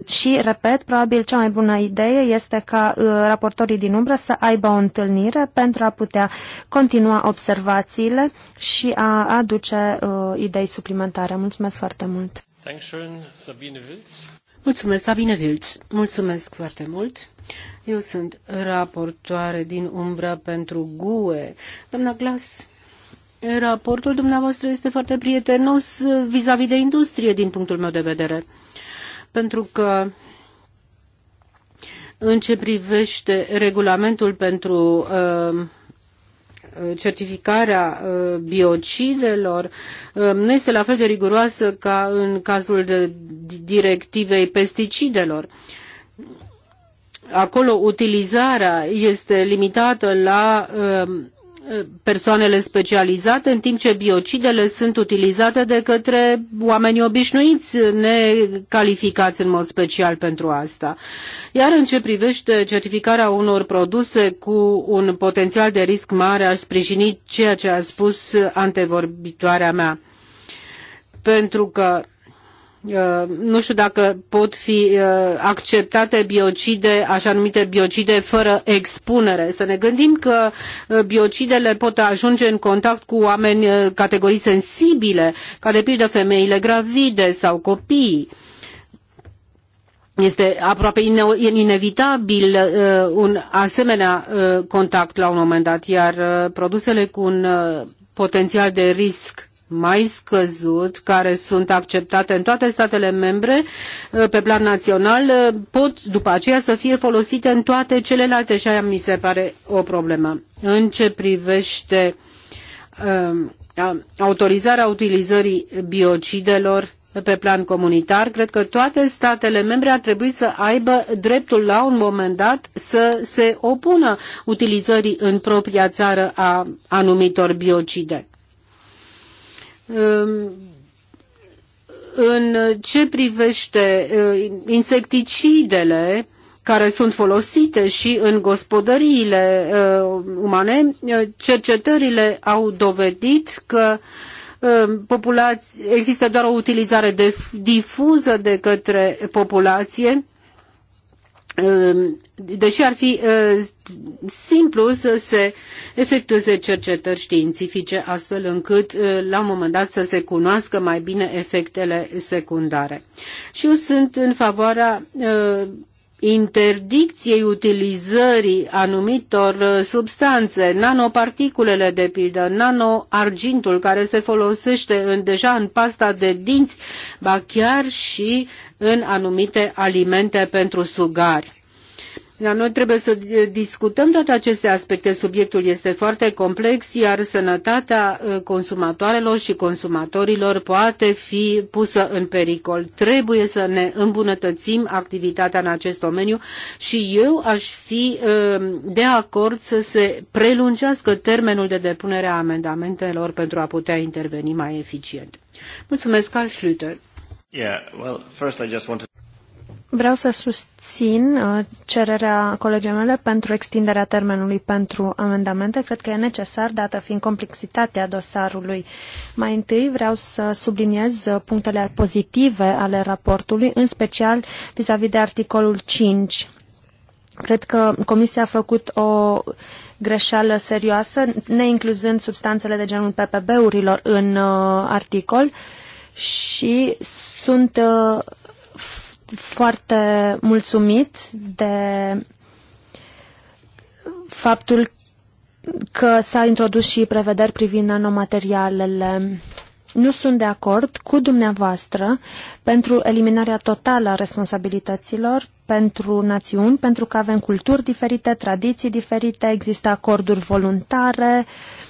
Și, repet, probabil cea mai bună idee este ca uh, raportorii din umbră să aibă o întâlnire pentru a putea continua observațiile și a aduce uh, idei suplimentare. Mulțumesc foarte mult! Dankeschön, Sabine Wilz. Mulțumesc, Sabine Vilț. Mulțumesc foarte mult. Eu sunt raportoare din umbra pentru GUE. Doamna Glas, raportul dumneavoastră este foarte prietenos vis-a-vis -vis de industrie din punctul meu de vedere. Pentru că în ce privește regulamentul pentru uh, certificarea uh, biocidelor uh, nu este la fel de riguroasă ca în cazul de directivei pesticidelor. Acolo utilizarea este limitată la uh, persoanele specializate, în timp ce biocidele sunt utilizate de către oamenii obișnuiți, necalificați în mod special pentru asta. Iar în ce privește certificarea unor produse cu un potențial de risc mare, aș sprijini ceea ce a spus antevorbitoarea mea. Pentru că Uh, nu știu dacă pot fi uh, acceptate biocide, așa numite biocide fără expunere. Să ne gândim că uh, biocidele pot ajunge în contact cu oameni categorii sensibile, ca de pildă femeile gravide sau copiii. Este aproape inevitabil un asemenea contact la un moment dat, iar produsele cu un potențial de risc mai scăzut, care sunt acceptate în toate statele membre uh, pe plan național, uh, pot după aceea să fie folosite în toate celelalte și aia mi se pare o problemă. În ce privește uh, autorizarea utilizării biocidelor pe plan comunitar, cred că toate statele membre ar trebui să aibă dreptul la un moment dat să se opună utilizării în propria țară a anumitor biocide în ce privește uh, insecticidele care sunt folosite și în gospodăriile uh, umane, uh, cercetările au dovedit că există doar o utilizare difuză de către populație Ehm, deși ar fi ehm, simplu să se efectueze cercetări științifice astfel încât ehm, la un moment dat să se cunoască mai bine efectele secundare. Și eu sunt în favoarea interdicției utilizării anumitor uh, substanțe, nanoparticulele de pildă, nanoargintul care se folosește în, deja în pasta de dinți, ba chiar și în anumite alimente pentru sugari. Da, noi trebuie să eh, discutăm toate aceste aspecte. Subiectul este foarte complex, iar sănătatea eh, consumatoarelor și consumatorilor poate fi pusă în pericol. Trebuie să ne îmbunătățim activitatea în acest domeniu și eu aș fi eh, de acord să se prelungească termenul de depunere a amendamentelor pentru a putea interveni mai eficient. Mulțumesc, Carl Schlüter. Yeah, well, first I just wanted... Vreau să susțin uh, cererea colegii mele pentru extinderea termenului pentru amendamente. Cred că e necesar, dată fiind complexitatea dosarului. Mai întâi vreau să subliniez uh, punctele pozitive ale raportului, în special vis-a-vis -vis de articolul 5. Cred că Comisia a făcut o greșeală serioasă, neincluzând substanțele de genul PPB-urilor în uh, articol și sunt uh, foarte mulțumit de faptul că s-a introdus și prevederi privind nanomaterialele. Nu sunt de acord cu dumneavoastră pentru eliminarea totală a responsabilităților pentru națiuni, pentru că avem culturi diferite, tradiții diferite, există acorduri voluntare, uh,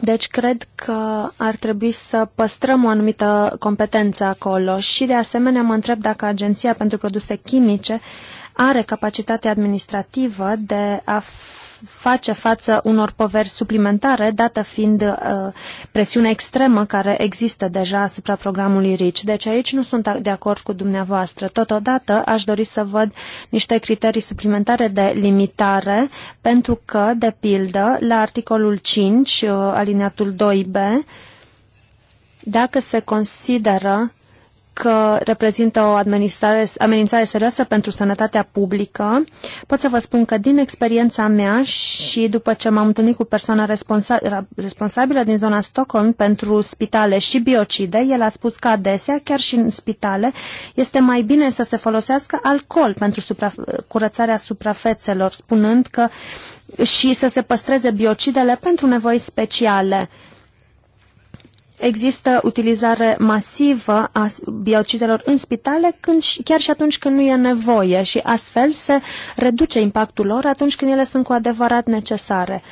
deci cred că ar trebui să păstrăm o anumită competență acolo și de asemenea mă întreb dacă Agenția pentru Produse Chimice are capacitatea administrativă de a face față unor poveri suplimentare, dată fiind uh, presiunea extremă care există deja asupra programului RICI. Deci aici nu sunt de acord cu dumneavoastră. Totodată aș dori să văd niște criterii suplimentare de limitare, pentru că, de pildă, la articolul 5, uh, alineatul 2b, dacă se consideră că reprezintă o administrare, amenințare serioasă pentru sănătatea publică. Pot să vă spun că din experiența mea și după ce m-am întâlnit cu persoana responsa responsabilă din zona Stockholm pentru spitale și biocide, el a spus că adesea, chiar și în spitale, este mai bine să se folosească alcool pentru supra- curățarea suprafețelor, spunând că și să se păstreze biocidele pentru nevoi speciale există utilizare masivă a biocidelor în spitale când, chiar și atunci când nu e nevoie și astfel se reduce impactul lor atunci când ele sunt cu adevărat necesare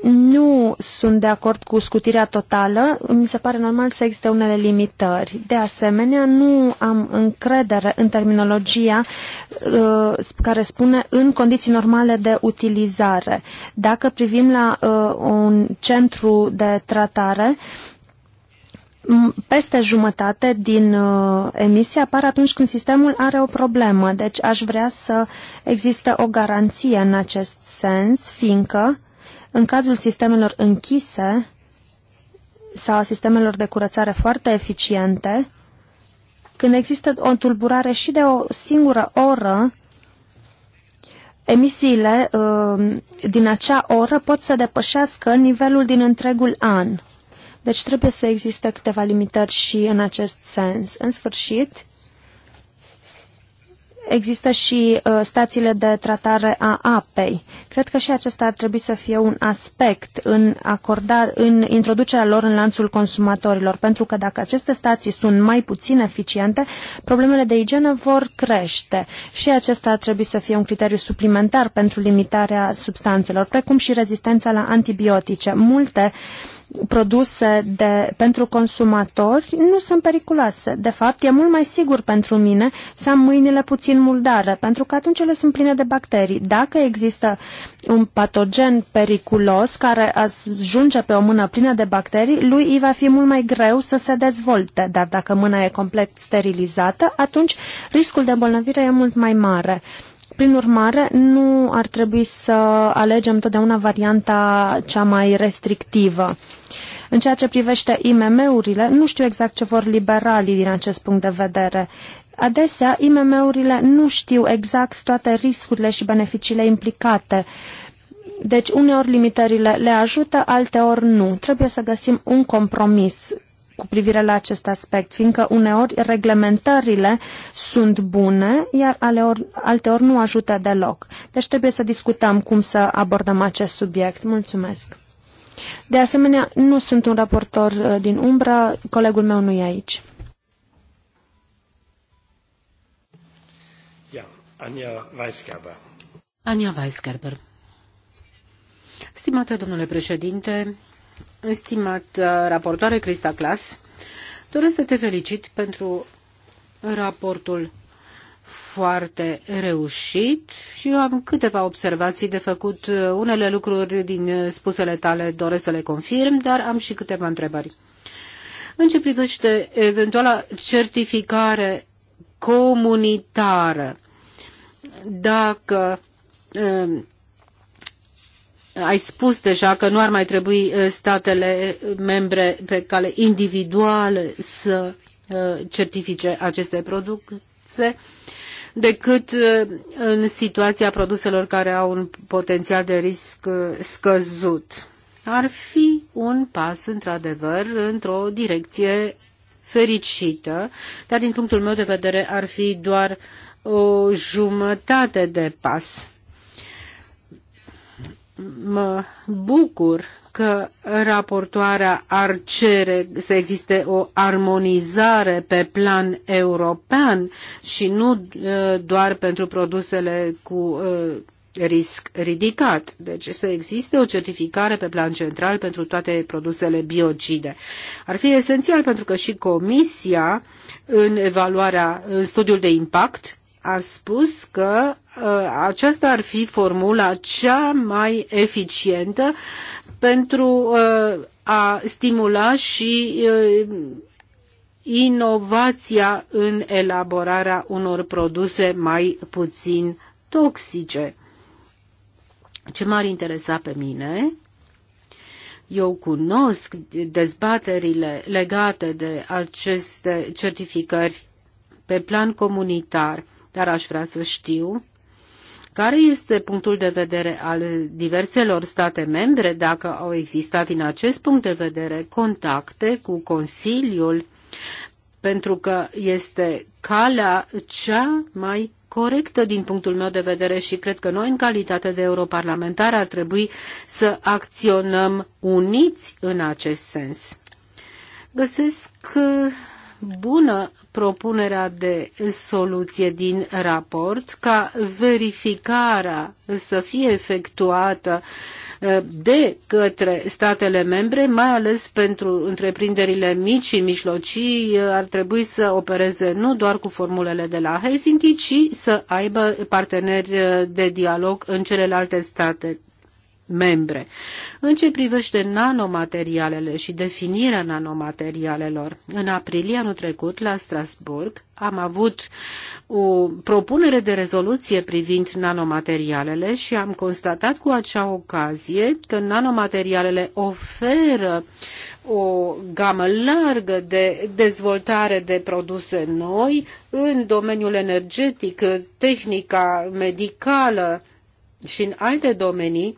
nu sunt de acord cu scutirea totală, mi se pare normal să existe unele limitări. De asemenea, nu am încredere în terminologia uh, care spune în condiții normale de utilizare. Dacă privim la uh, un centru de tratare, peste jumătate din uh, emisie apar atunci când sistemul are o problemă. Deci aș vrea să existe o garanție în acest sens, fiindcă uh, în cazul sistemelor închise sau a sistemelor de curățare foarte eficiente, când există o tulburare și de o singură oră, emisiile um, din acea oră pot să depășească nivelul din întregul an. Deci trebuie să existe câteva limitări și în acest sens. În sfârșit, Există și uh, stațiile de tratare a apei. Cred că și acesta ar trebui să fie un aspect în, acorda, în introducerea lor în lanțul consumatorilor, pentru că dacă aceste stații sunt mai puțin eficiente, problemele de igienă vor crește. Și acesta ar trebui să fie un criteriu suplimentar pentru limitarea substanțelor, precum și rezistența la antibiotice. Multe uh, produse de, pentru consumatori nu sunt periculoase. De fapt, e mult mai sigur pentru mine să am mâinile puțin muldare, pentru că atunci ele sunt pline de bacterii. Dacă există un patogen periculos care ajunge pe o mână plină de bacterii, lui îi va fi mult mai greu să se dezvolte, dar dacă mâna e complet sterilizată, atunci riscul de îmbolnăvire e mult mai mare. Prin urmare, nu ar trebui să alegem totdeauna varianta cea mai restrictivă. În ceea ce privește IMM-urile, nu știu exact ce vor liberalii din acest punct de vedere. Adesea, IMM-urile nu știu exact toate riscurile și beneficiile implicate. Deci, uneori limitările le ajută, alteori nu. Trebuie să găsim un compromis cu privire la acest aspect, fiindcă uneori reglementările sunt bune, iar aleori, alteori nu ajută deloc. Deci trebuie să discutăm cum să abordăm acest subiect. Mulțumesc! De asemenea, nu sunt un raportor uh, din umbră, colegul meu nu e aici. Ania Weisgerber. Stimate domnule președinte, Stimat uh, raportoare Crista Clas, doresc să te felicit pentru raportul foarte reușit și eu am câteva observații de făcut. Uh, unele lucruri din uh, spusele tale doresc să le confirm, dar am și câteva întrebări. În ce privește eventuala certificare comunitară, dacă ai spus deja că nu ar mai trebui uh, statele uh, membre pe cale individuală să uh, certifice aceste produse decât în situația produselor care au un potențial de risc scăzut. Ar fi un pas, într-adevăr, într-o direcție fericită, dar din punctul meu de vedere ar fi doar o jumătate de pas mă bucur că raportoarea ar cere să existe o armonizare pe plan european și nu uh, doar pentru produsele cu uh, risc ridicat. Deci să existe o certificare pe plan central pentru toate produsele biocide. Ar fi esențial pentru că și Comisia, în evaluarea, în studiul de impact, a spus că uh, aceasta ar fi formula cea mai eficientă pentru uh, a stimula și uh, inovația în elaborarea unor produse mai puțin toxice. Ce m-ar interesa pe mine eu cunosc dezbaterile legate de aceste certificări pe plan comunitar dar aș vrea să știu care este punctul de vedere al diverselor state membre, dacă au existat din acest punct de vedere contacte cu Consiliul, pentru că este calea cea mai corectă din punctul meu de vedere și cred că noi, în calitate de europarlamentari, ar trebui să acționăm uniți în acest sens. Găsesc bună propunerea de soluție din raport ca verificarea să fie efectuată eh, de către statele membre, mai ales pentru întreprinderile mici și mijlocii, eh, ar trebui să opereze nu doar cu formulele de la Helsinki, ci să aibă parteneri eh, de dialog în celelalte state membre. În ce privește nanomaterialele și definirea nanomaterialelor, în aprilie anul trecut, la Strasburg, am avut o propunere de rezoluție privind nanomaterialele și am constatat cu acea ocazie că nanomaterialele oferă o gamă largă de dezvoltare de produse noi în domeniul energetic, tehnica medicală și în alte domenii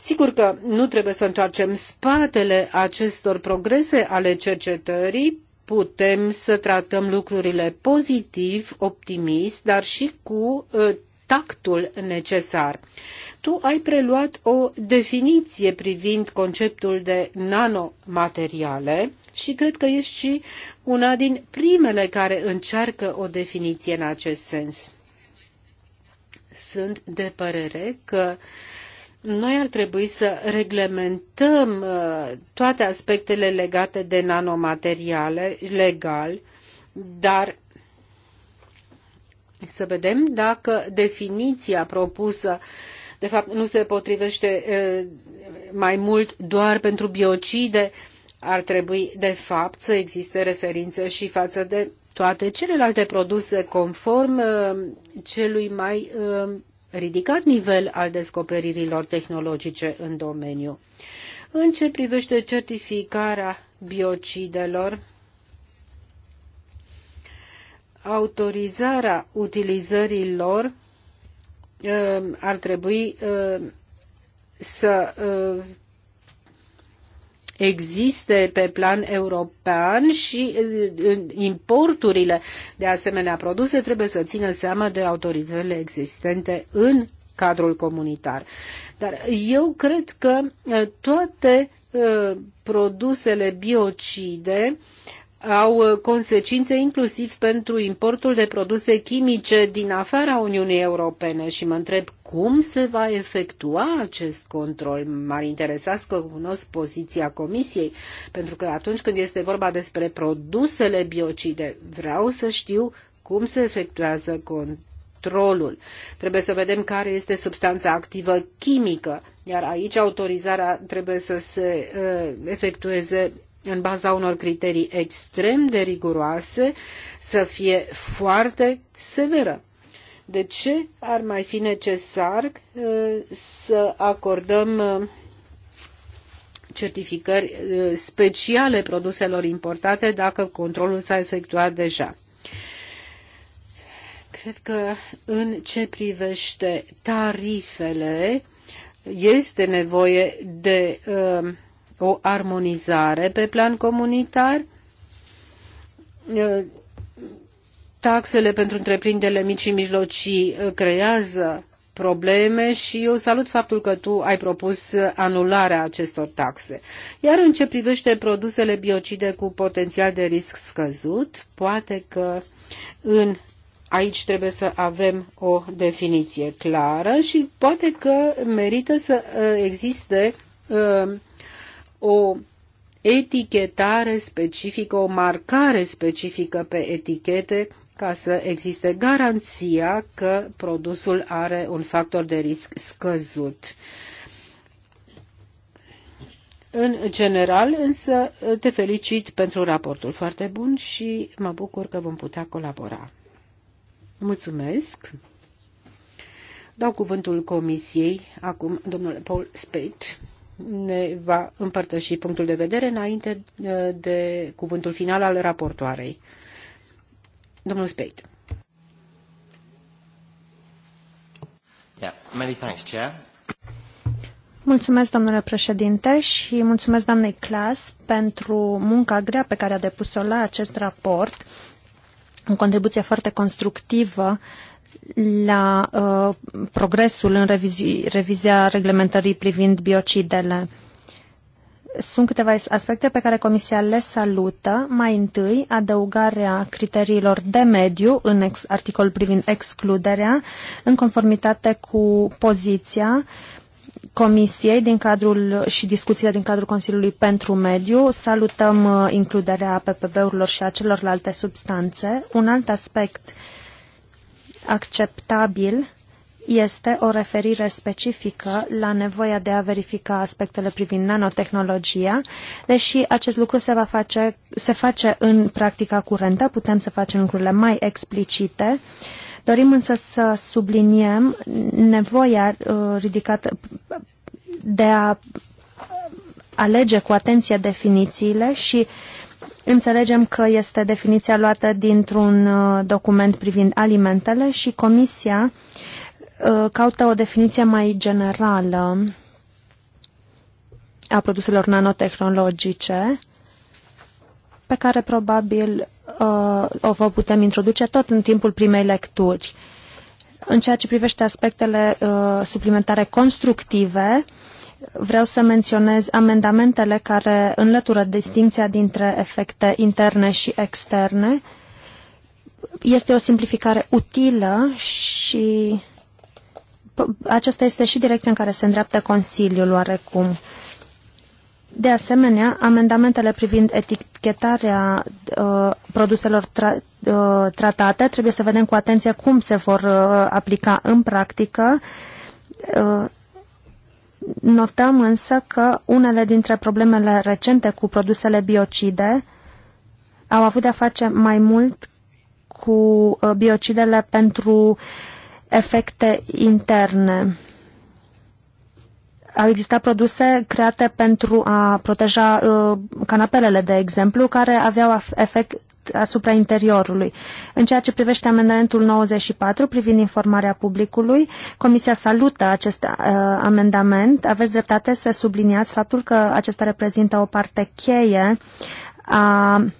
Sigur că nu trebuie să întoarcem spatele acestor progrese ale cercetării, putem să tratăm lucrurile pozitiv, optimist, dar și cu ă, tactul necesar. Tu ai preluat o definiție privind conceptul de nanomateriale și cred că ești și una din primele care încearcă o definiție în acest sens. Sunt de părere că uh, noi ar trebui să reglementăm uh, toate aspectele legate de nanomateriale legal, dar să vedem dacă definiția propusă de fapt nu se potrivește uh, mai mult doar pentru biocide, ar trebui de fapt să existe referințe și față de toate celelalte produse conform uh, celui mai ridicat nivel al descoperirilor tehnologice în domeniu. În ce privește certificarea biocidelor, autorizarea utilizării lor um, ar trebui um, să um, existe pe plan european și uh, importurile de asemenea produse trebuie să țină seama de autoritățile existente în cadrul comunitar. Dar eu cred că uh, toate uh, produsele biocide uh, au uh, consecințe inclusiv pentru importul de produse chimice din afara Uniunii Europene și mă întreb cum se va efectua acest control. M-ar interesa să cunosc poziția Comisiei, pentru că atunci când este vorba despre produsele biocide, vreau să știu cum se efectuează controlul. Trebuie să vedem care este substanța activă chimică, iar aici autorizarea trebuie să se uh, efectueze în baza unor criterii extrem de riguroase, să fie foarte severă. De ce ar mai fi necesar uh, să acordăm uh, certificări uh, speciale produselor importate dacă controlul s-a efectuat deja? Cred că în ce privește tarifele, este nevoie de uh, o armonizare pe plan comunitar. Taxele pentru întreprinderile mici și mijlocii creează probleme și eu salut faptul că tu ai propus anularea acestor taxe. Iar în ce privește produsele biocide cu potențial de risc scăzut, poate că în Aici trebuie să avem o definiție clară și poate că merită să existe uh, o etichetare specifică, o marcare specifică pe etichete ca să existe garanția că produsul are un factor de risc scăzut. În general, însă, te felicit pentru raportul foarte bun și mă bucur că vom putea colabora. Mulțumesc! Dau cuvântul Comisiei, acum domnule Paul Spate ne va împărtăși punctul de vedere înainte uh, de cuvântul final al raportoarei. Domnul Speit. Yeah, many thanks, Chair. Mulțumesc, domnule președinte, și mulțumesc doamnei Clas pentru munca grea pe care a depus-o la acest raport, o contribuție foarte constructivă la uh, progresul în revizi, revizia reglementării privind biocidele. Sunt câteva aspecte pe care Comisia le salută. Mai întâi, adăugarea criteriilor de mediu în ex, articol privind excluderea, în conformitate cu poziția Comisiei din cadrul și discuțiile din cadrul Consiliului pentru Mediu. Salutăm uh, includerea PPB-urilor și a celorlalte substanțe. Un alt aspect uh, Acceptabil este o referire specifică la nevoia de a verifica aspectele privind nanotehnologia, deși acest lucru se, va face, se face în practica curentă, putem să facem lucrurile mai explicite. Dorim însă să subliniem nevoia uh, ridicată de a alege cu atenție definițiile și uh, Înțelegem că este definiția luată dintr-un uh, document privind alimentele și Comisia uh, caută o definiție mai generală a produselor nanotehnologice, pe care probabil uh, o vă putem introduce tot în timpul primei lecturi. În ceea ce privește aspectele suplimentare constructive, Vreau să menționez amendamentele care înlătură distinția dintre efecte interne și externe. Este o simplificare utilă și aceasta este și direcția în care se îndreaptă Consiliul oarecum. De asemenea, amendamentele privind etichetarea uh, produselor tra uh, tratate trebuie să vedem cu atenție cum se vor uh, aplica în practică. Uh, Notăm însă că unele dintre problemele recente cu produsele biocide au avut de-a face mai mult cu uh, biocidele pentru efecte interne. Au existat produse create pentru a proteja uh, canapelele, de exemplu, care aveau efect, asupra interiorului. În ceea ce privește amendamentul 94 privind informarea publicului, Comisia salută acest uh, amendament. Aveți dreptate să subliniați faptul că acesta reprezintă o parte cheie a uh,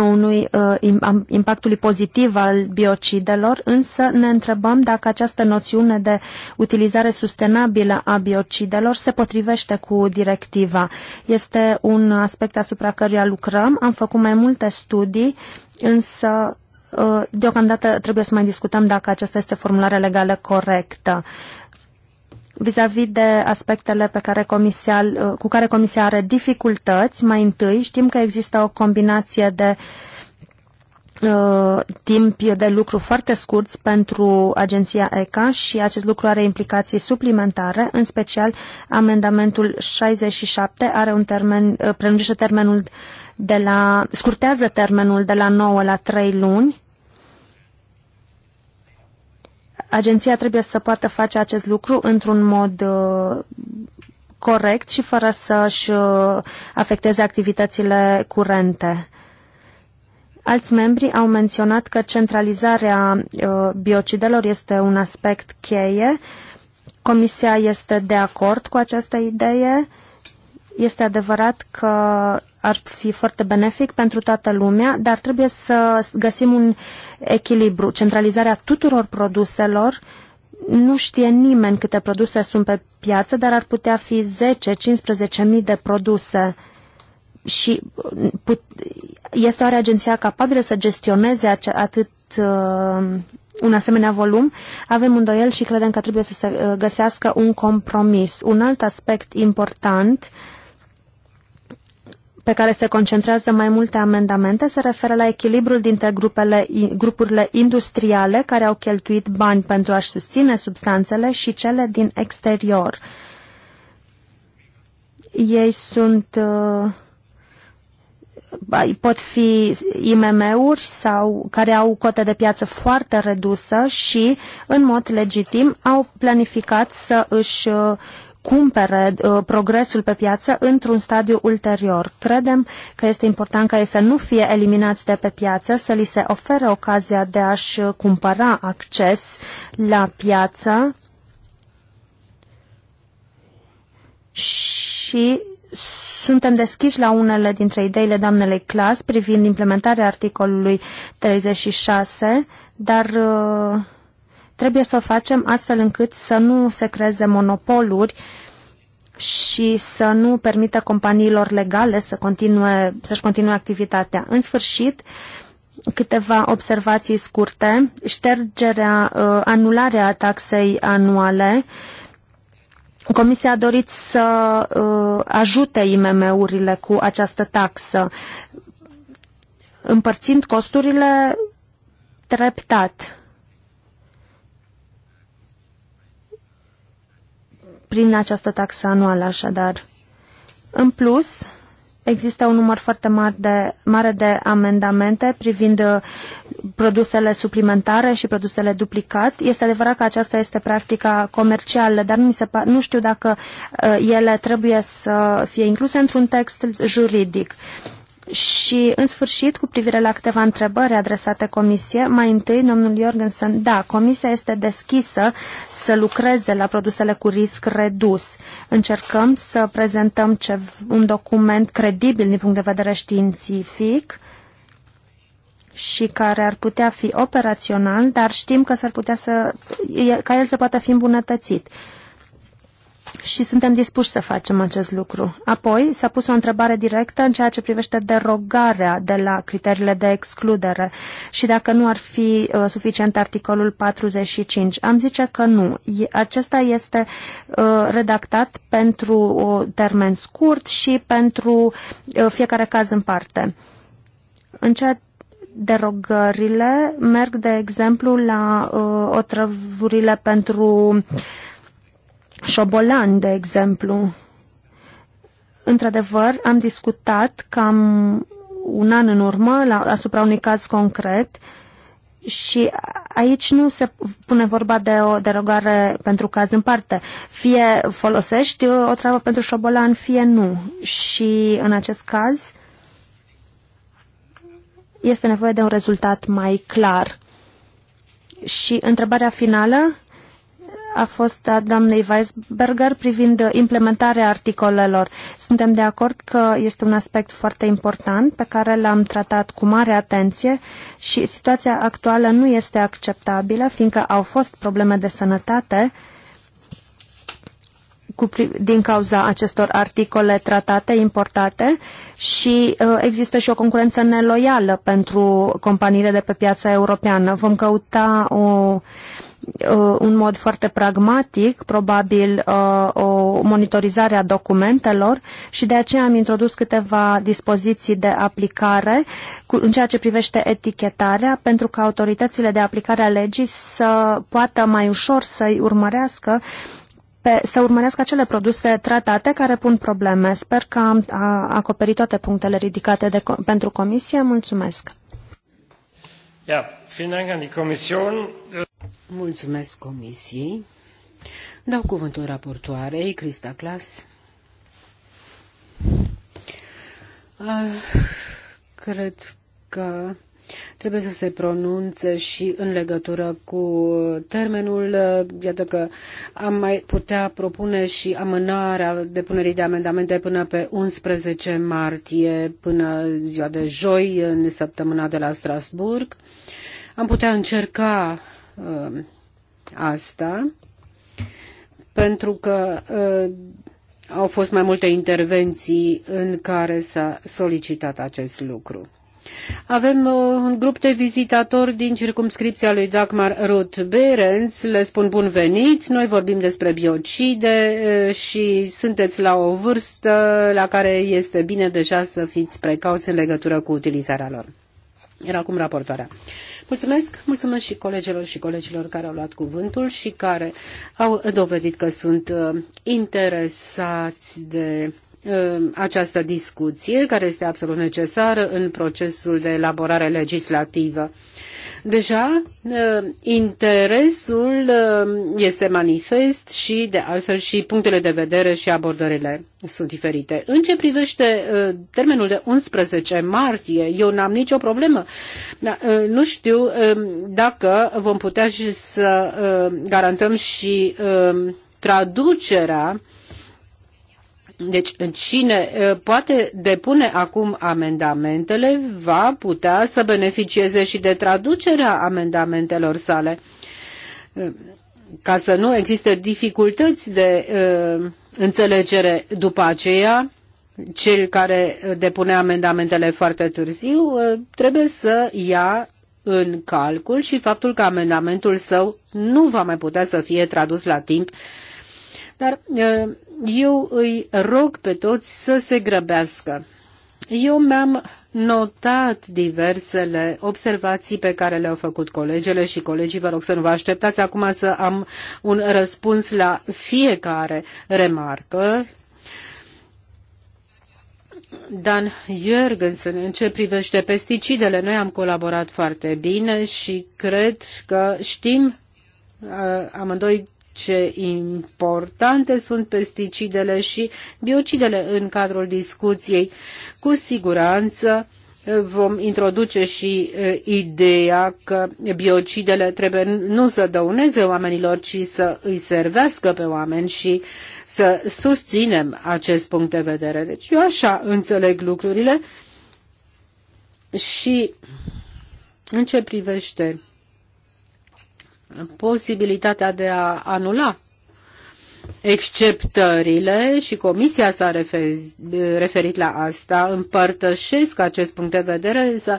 unui uh, impactului pozitiv al biocidelor, însă ne întrebăm dacă această noțiune de utilizare sustenabilă a biocidelor se potrivește cu directiva. Este un aspect asupra căruia lucrăm, am făcut mai multe studii, însă uh, deocamdată trebuie să mai discutăm dacă aceasta este formularea legală corectă. Uh, vis-a-vis -vis de aspectele pe care comisia, uh, cu care Comisia are dificultăți, mai întâi știm că există o combinație de uh, timp de lucru foarte scurt pentru agenția ECA și acest lucru are implicații suplimentare, în special amendamentul 67 are un termen, uh, prelungește termenul de la, scurtează termenul de la 9 la 3 luni agenția trebuie să poată face acest lucru într-un mod uh, corect și fără să-și uh, afecteze activitățile curente. Alți membri au menționat că centralizarea uh, biocidelor este un aspect cheie. Comisia este de acord cu această idee. Este adevărat că ar fi foarte benefic pentru toată lumea, dar trebuie să găsim un echilibru. Centralizarea tuturor produselor nu știe nimeni câte produse sunt pe piață, dar ar putea fi 10 15000 mii de produse și put, este oare agenția capabilă să gestioneze atât uh, un asemenea volum? Avem îndoiel și credem că trebuie să se uh, găsească un compromis. Un alt aspect important uh, pe care se concentrează mai multe amendamente se referă la echilibrul dintre grupele, grupurile industriale care au cheltuit bani pentru a-și susține substanțele și cele din exterior. Ei sunt uh, pot fi IMM-uri sau care au cote de piață foarte redusă și, în mod legitim, au planificat să își uh, cumpere uh, progresul pe piață într-un stadiu ulterior. Credem că este important ca ei să nu fie eliminați de pe piață, să li se ofere ocazia de a-și cumpăra acces la piață și suntem deschiși la unele dintre ideile doamnelei Clas privind implementarea articolului 36, dar uh, trebuie să o facem astfel încât să nu se creeze monopoluri și să nu permită companiilor legale să continue, să continue activitatea. În sfârșit, câteva observații scurte. Ștergerea, uh, anularea taxei anuale. Comisia a dorit să uh, ajute IMM-urile cu această taxă, împărțind costurile treptat prin această taxă anuală, așadar. În plus, Există un număr foarte mare de, mare de amendamente privind uh, produsele suplimentare și produsele duplicat. Este adevărat că aceasta este practica comercială, dar nu, mi se nu știu dacă uh, ele trebuie să fie incluse într-un text juridic. Și, în sfârșit, cu privire la câteva întrebări adresate comisie, mai întâi, domnul Jorgensen, da, comisia este deschisă să lucreze la produsele cu risc redus. Încercăm să prezentăm ce, un document credibil din punct de vedere științific și care ar putea fi operațional, dar știm că s-ar putea să, ca el să poată fi îmbunătățit. Uh, și suntem dispuși să facem acest lucru. Apoi s-a pus o întrebare directă în ceea ce privește derogarea de la criteriile de excludere și dacă nu ar fi uh, suficient articolul 45. Am zice că nu. Acesta este uh, redactat pentru uh, termen scurt și pentru uh, fiecare caz în parte. În ceea derogările merg, de exemplu, la uh, otrăvurile pentru uh, Șobolan, de exemplu. Într-adevăr, am discutat cam un an în urmă la, asupra unui caz concret și aici nu se pune vorba de o derogare pentru caz în parte. Fie folosești o travă pentru șobolan, fie nu. Și în acest caz este nevoie de un rezultat mai clar. Și întrebarea finală a fost a doamnei Weisberger privind implementarea articolelor. Suntem de acord că este un aspect foarte important pe care l-am tratat cu mare atenție și situația actuală nu este acceptabilă, fiindcă au fost probleme de sănătate cu, din cauza acestor articole tratate, importate și uh, există și o concurență neloială pentru companiile de pe piața europeană. Vom căuta o Uh, un mod foarte pragmatic, probabil uh, o monitorizare a documentelor și de aceea am introdus câteva dispoziții de aplicare în ceea ce privește etichetarea pentru ca autoritățile de aplicare a legii să poată mai ușor să-i urmărească pe, să urmărească acele produse tratate care pun probleme. Sper că am acoperit toate punctele ridicate de, pentru comisie. Mulțumesc! Ja, vielen Dank Mulțumesc Comisiei. Dau cuvântul raportoarei, Crista Clas. Ah, cred că trebuie să se pronunțe și în legătură cu termenul. Iată că am mai putea propune și amânarea depunerii de amendamente până pe 11 martie, până ziua de joi, în săptămâna de la Strasburg. Am putea încerca uh, asta pentru că uh, au fost mai multe intervenții în care s-a solicitat acest lucru. Avem uh, un grup de vizitatori din circumscripția lui Dagmar Ruth Berens, le spun bun venit, noi vorbim despre biocide uh, și sunteți la o vârstă la care este bine deja să fiți precauți în legătură cu utilizarea lor. Era acum raportoarea. Mulțumesc, mulțumesc și colegilor și colegilor care au luat cuvântul și care au dovedit că sunt uh, interesați de Uh, această discuție, care este absolut necesară în procesul de elaborare legislativă. Deja uh, interesul uh, este manifest și, de altfel, și punctele de vedere și abordările sunt diferite. În ce privește termenul de 11 martie, eu n-am nicio problemă. Da, nu știu um, dacă vom putea și să garantăm și um, traducerea deci cine uh, poate depune acum amendamentele va putea să beneficieze și de traducerea amendamentelor sale uh, ca să nu existe dificultăți de uh, înțelegere după aceea, cel care depune amendamentele foarte târziu uh, trebuie să ia în calcul și faptul că amendamentul său nu va mai putea să fie tradus la timp. Dar uh, eu îi rog pe toți să se grăbească. Eu mi-am notat diversele observații pe care le-au făcut colegele și colegii, vă rog să nu vă așteptați acum să am un răspuns la fiecare remarcă. Dan Jürgensen, în ce privește pesticidele, noi am colaborat foarte bine și cred că știm uh, amândoi ce importante sunt pesticidele și biocidele în cadrul discuției. Cu siguranță vom introduce și ideea că biocidele trebuie nu să dăuneze oamenilor, ci să îi servească pe oameni și să susținem acest punct de vedere. Deci eu așa înțeleg lucrurile și în ce privește posibilitatea de a anula exceptările și Comisia s-a referit la asta, împărtășesc acest punct de vedere, însă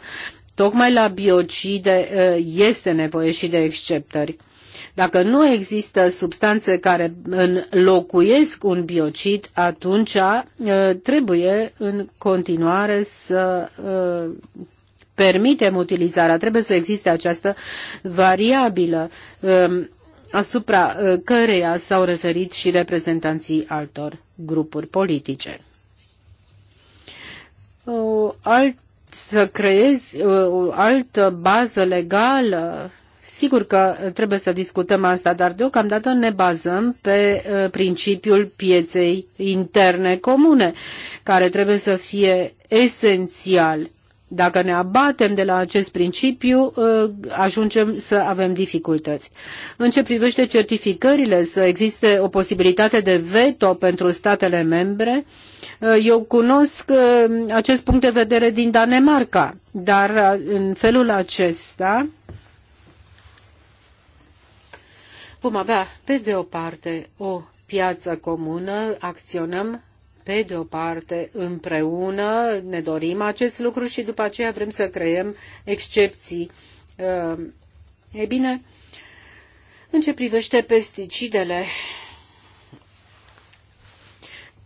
tocmai la biocide eh, este nevoie și de exceptări. Dacă nu există substanțe care înlocuiesc un biocid, atunci eh, trebuie în continuare să eh, permitem utilizarea, trebuie să existe această variabilă um, asupra uh, căreia s-au referit și reprezentanții altor grupuri politice. alt, să creezi uh, o altă bază legală Sigur că trebuie să discutăm asta, dar deocamdată ne bazăm pe uh, principiul pieței interne comune, care trebuie să fie esențial dacă ne abatem de la acest principiu, uh, ajungem să avem dificultăți. În ce privește certificările, să existe o posibilitate de veto pentru statele membre, uh, eu cunosc uh, acest punct de vedere din Danemarca, dar în felul acesta vom avea, pe de o parte, o piață comună, acționăm pe de o parte, împreună ne dorim acest lucru și după aceea vrem să creăm excepții. Uh, e bine, în ce privește pesticidele,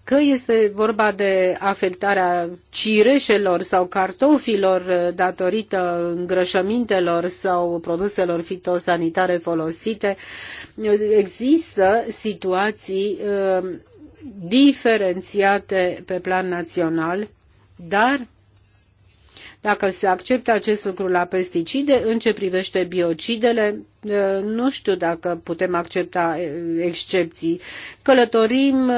că este vorba de afectarea cireșelor sau cartofilor uh, datorită îngrășămintelor sau produselor fitosanitare folosite, uh, există situații diferențiate pe plan național, dar dacă se acceptă acest lucru la pesticide, în ce privește biocidele, nu știu dacă putem accepta excepții. Călătorim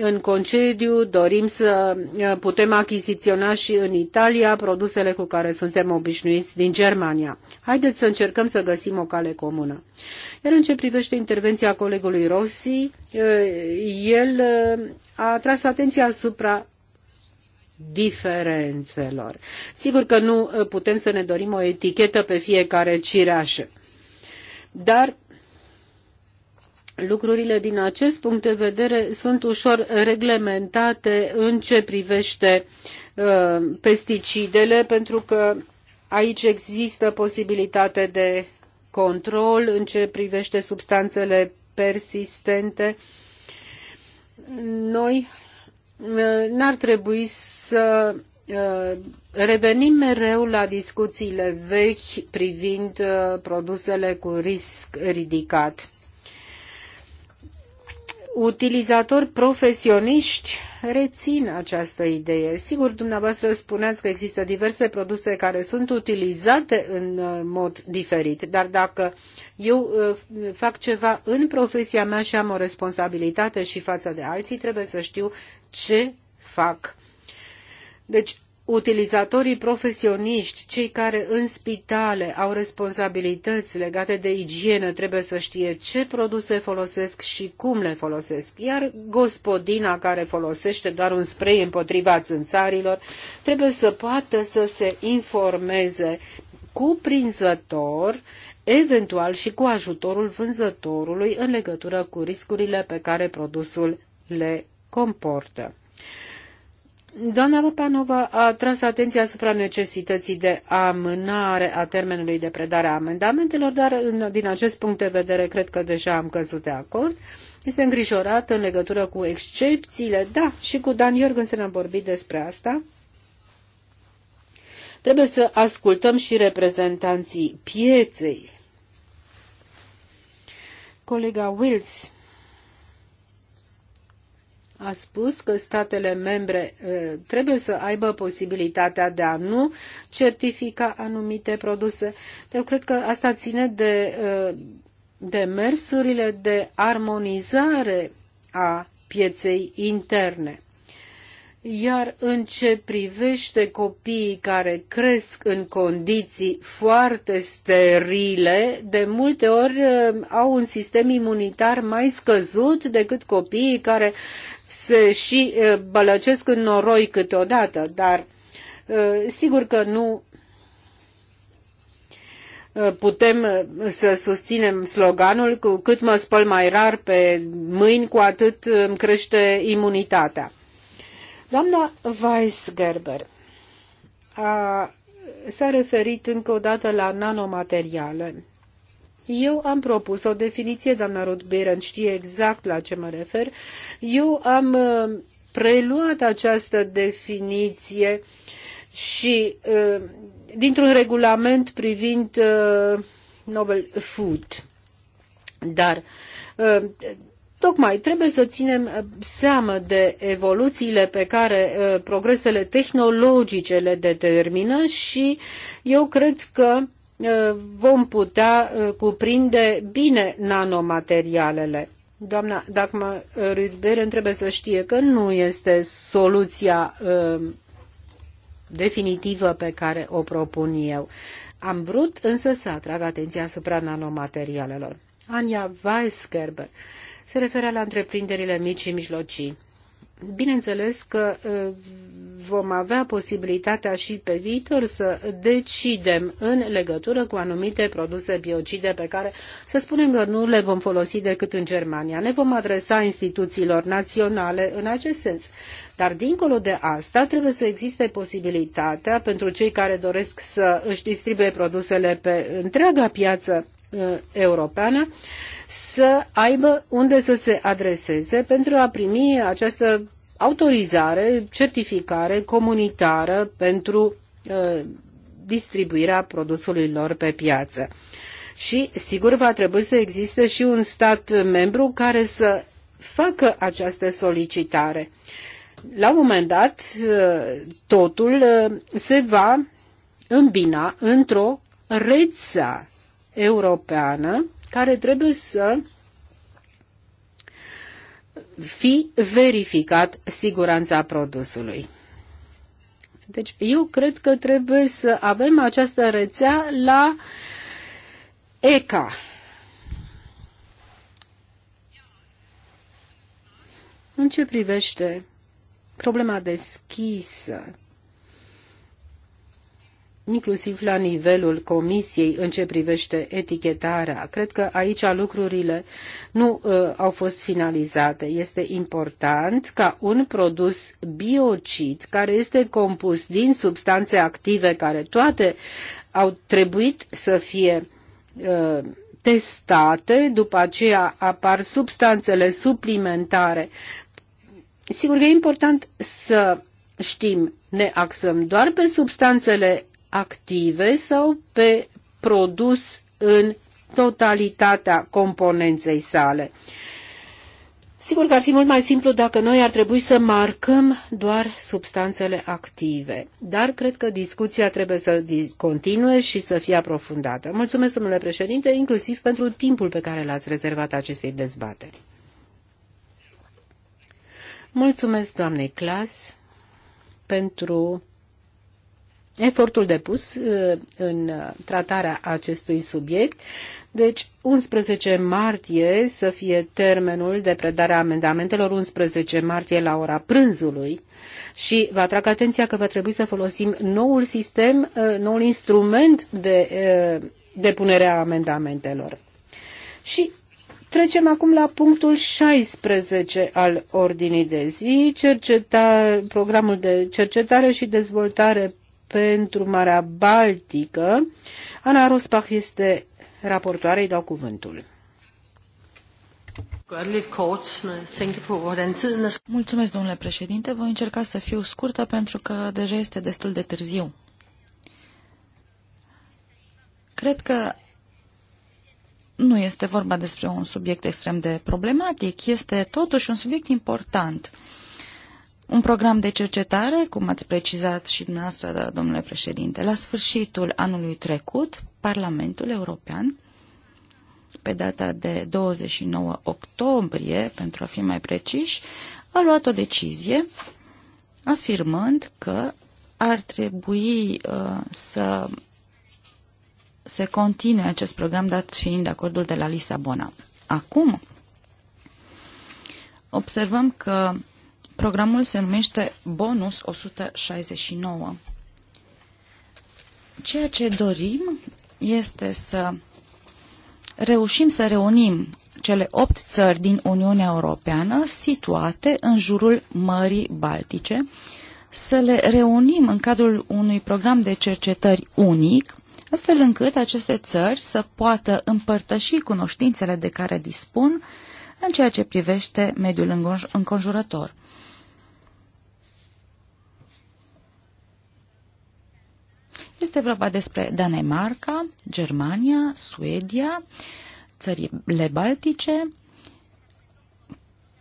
în concediu, dorim să putem achiziționa și în Italia produsele cu care suntem obișnuiți din Germania. Haideți să încercăm să găsim o cale comună. Iar în ce privește intervenția colegului Rossi, el a tras atenția asupra diferențelor. Sigur că nu ă, putem să ne dorim o etichetă pe fiecare cireașă, dar lucrurile din acest punct de vedere sunt ușor reglementate în ce privește uh, pesticidele, pentru că aici există posibilitate de control în ce privește substanțele persistente. Noi ă, n-ar trebui să uh, revenim mereu la discuțiile vechi privind uh, produsele cu risc ridicat. Utilizatori profesioniști rețin această idee. Sigur, dumneavoastră spuneați că există diverse produse care sunt utilizate în uh, mod diferit, dar dacă eu fac ceva în profesia mea și am o responsabilitate și față de alții, trebuie să știu ce fac deci, utilizatorii profesioniști, cei care în spitale au responsabilități legate de igienă, trebuie să știe ce produse folosesc și cum le folosesc. Iar gospodina care folosește doar un spray împotriva țânțarilor, trebuie să poată să se informeze cuprinzător, eventual și cu ajutorul vânzătorului în legătură cu riscurile pe care produsul le comportă. Doamna Ropanova a tras atenția asupra necesității de amânare a termenului de predare a amendamentelor, dar din acest punct de vedere cred că deja am căzut de acord. Este îngrijorată în legătură cu excepțiile, da, și cu Dan Jorgensen am vorbit despre asta. Trebuie să ascultăm și reprezentanții pieței. Colega Wills a spus că statele membre trebuie să aibă posibilitatea de a nu certifica anumite produse. Eu cred că asta ține de demersurile de armonizare a pieței interne. Iar în ce privește copiii care cresc în condiții foarte sterile, de multe ori au un sistem imunitar mai scăzut decât copiii care se și uh, bălăcesc în noroi câteodată, dar uh, sigur că nu uh, putem să susținem sloganul cu cât mă spăl mai rar pe mâini, cu atât îmi crește imunitatea. Doamna Weisgerber a, s-a referit încă o dată la nanomateriale. Eu am propus o definiție, doamna Ruth Beren știe exact la ce mă refer. Eu am uh, preluat această definiție și uh, dintr-un regulament privind uh, Nobel Food. Dar Tocmai trebuie să ținem seamă de evoluțiile pe care progresele tehnologice le determină și eu cred că Eh, vom putea eh, cuprinde bine nanomaterialele. Doamna Dagmar eh, Rüdberen trebuie să știe că nu este soluția definitivă pe care o propun eu. Am vrut însă să atrag atenția asupra nanomaterialelor. Anja Weisgerber se referea la întreprinderile mici și mijlocii. Bineînțeles că vom avea posibilitatea și pe viitor să decidem în legătură cu anumite produse biocide pe care să spunem că nu le vom folosi decât în Germania. Ne vom adresa instituțiilor naționale în acest sens. Dar dincolo de asta trebuie să existe posibilitatea pentru cei care doresc să își distribuie produsele pe întreaga piață uh, europeană să aibă unde să se adreseze pentru a primi această autorizare, certificare comunitară pentru uh, distribuirea produsului lor pe piață. Și, sigur, va trebui să existe și un stat membru care să facă această solicitare. La un moment dat, uh, totul uh, se va îmbina într-o rețea europeană care trebuie să fi verificat siguranța produsului. Deci eu cred că trebuie să avem această rețea la ECA. În ce privește problema deschisă inclusiv la nivelul comisiei în ce privește etichetarea. Cred că aici lucrurile nu uh, au fost finalizate. Este important ca un produs biocid care este compus din substanțe active care toate au trebuit să fie uh, testate, după aceea apar substanțele suplimentare. Sigur că e important să știm, ne axăm doar pe substanțele active sau pe produs în totalitatea componenței sale. Sigur că ar fi mult mai simplu dacă noi ar trebui să marcăm doar substanțele active, dar cred că discuția trebuie să continue și să fie aprofundată. Mulțumesc, domnule președinte, inclusiv pentru timpul pe care l-ați rezervat acestei dezbateri. Mulțumesc, doamnei Clas, pentru efortul depus uh, în tratarea acestui subiect. Deci 11 martie să fie termenul de predare a amendamentelor, 11 martie la ora prânzului și vă atrag atenția că va trebui să folosim noul sistem, uh, noul instrument de uh, depunere a amendamentelor. Și Trecem acum la punctul 16 al ordinii de zi, cerceta, programul de cercetare și dezvoltare pentru Marea Baltică. Ana Rosbach este raportoare, îi dau cuvântul. Er Mulțumesc, domnule președinte. Voi încerca să fiu scurtă pentru că deja este destul de târziu. Cred că nu este vorba despre un subiect extrem de problematic, este totuși un subiect important. Uh, un program de cercetare, cum ați precizat și dumneavoastră, da, domnule președinte. La sfârșitul anului trecut, Parlamentul European, pe data de 29 octombrie, pentru a fi mai preciși, a luat o decizie afirmând că ar trebui uh, să se continue acest program, dat fiind acordul de la Lisabona. Acum, observăm că Programul se numește Bonus 169. Ceea ce dorim este să reușim să reunim cele opt țări din Uniunea Europeană situate în jurul Mării Baltice, să le reunim în cadrul unui program de cercetări unic, astfel încât aceste țări să poată împărtăși cunoștințele de care dispun în ceea ce privește mediul înconjurător. Este vorba despre Danemarca, Germania, Suedia, țările baltice.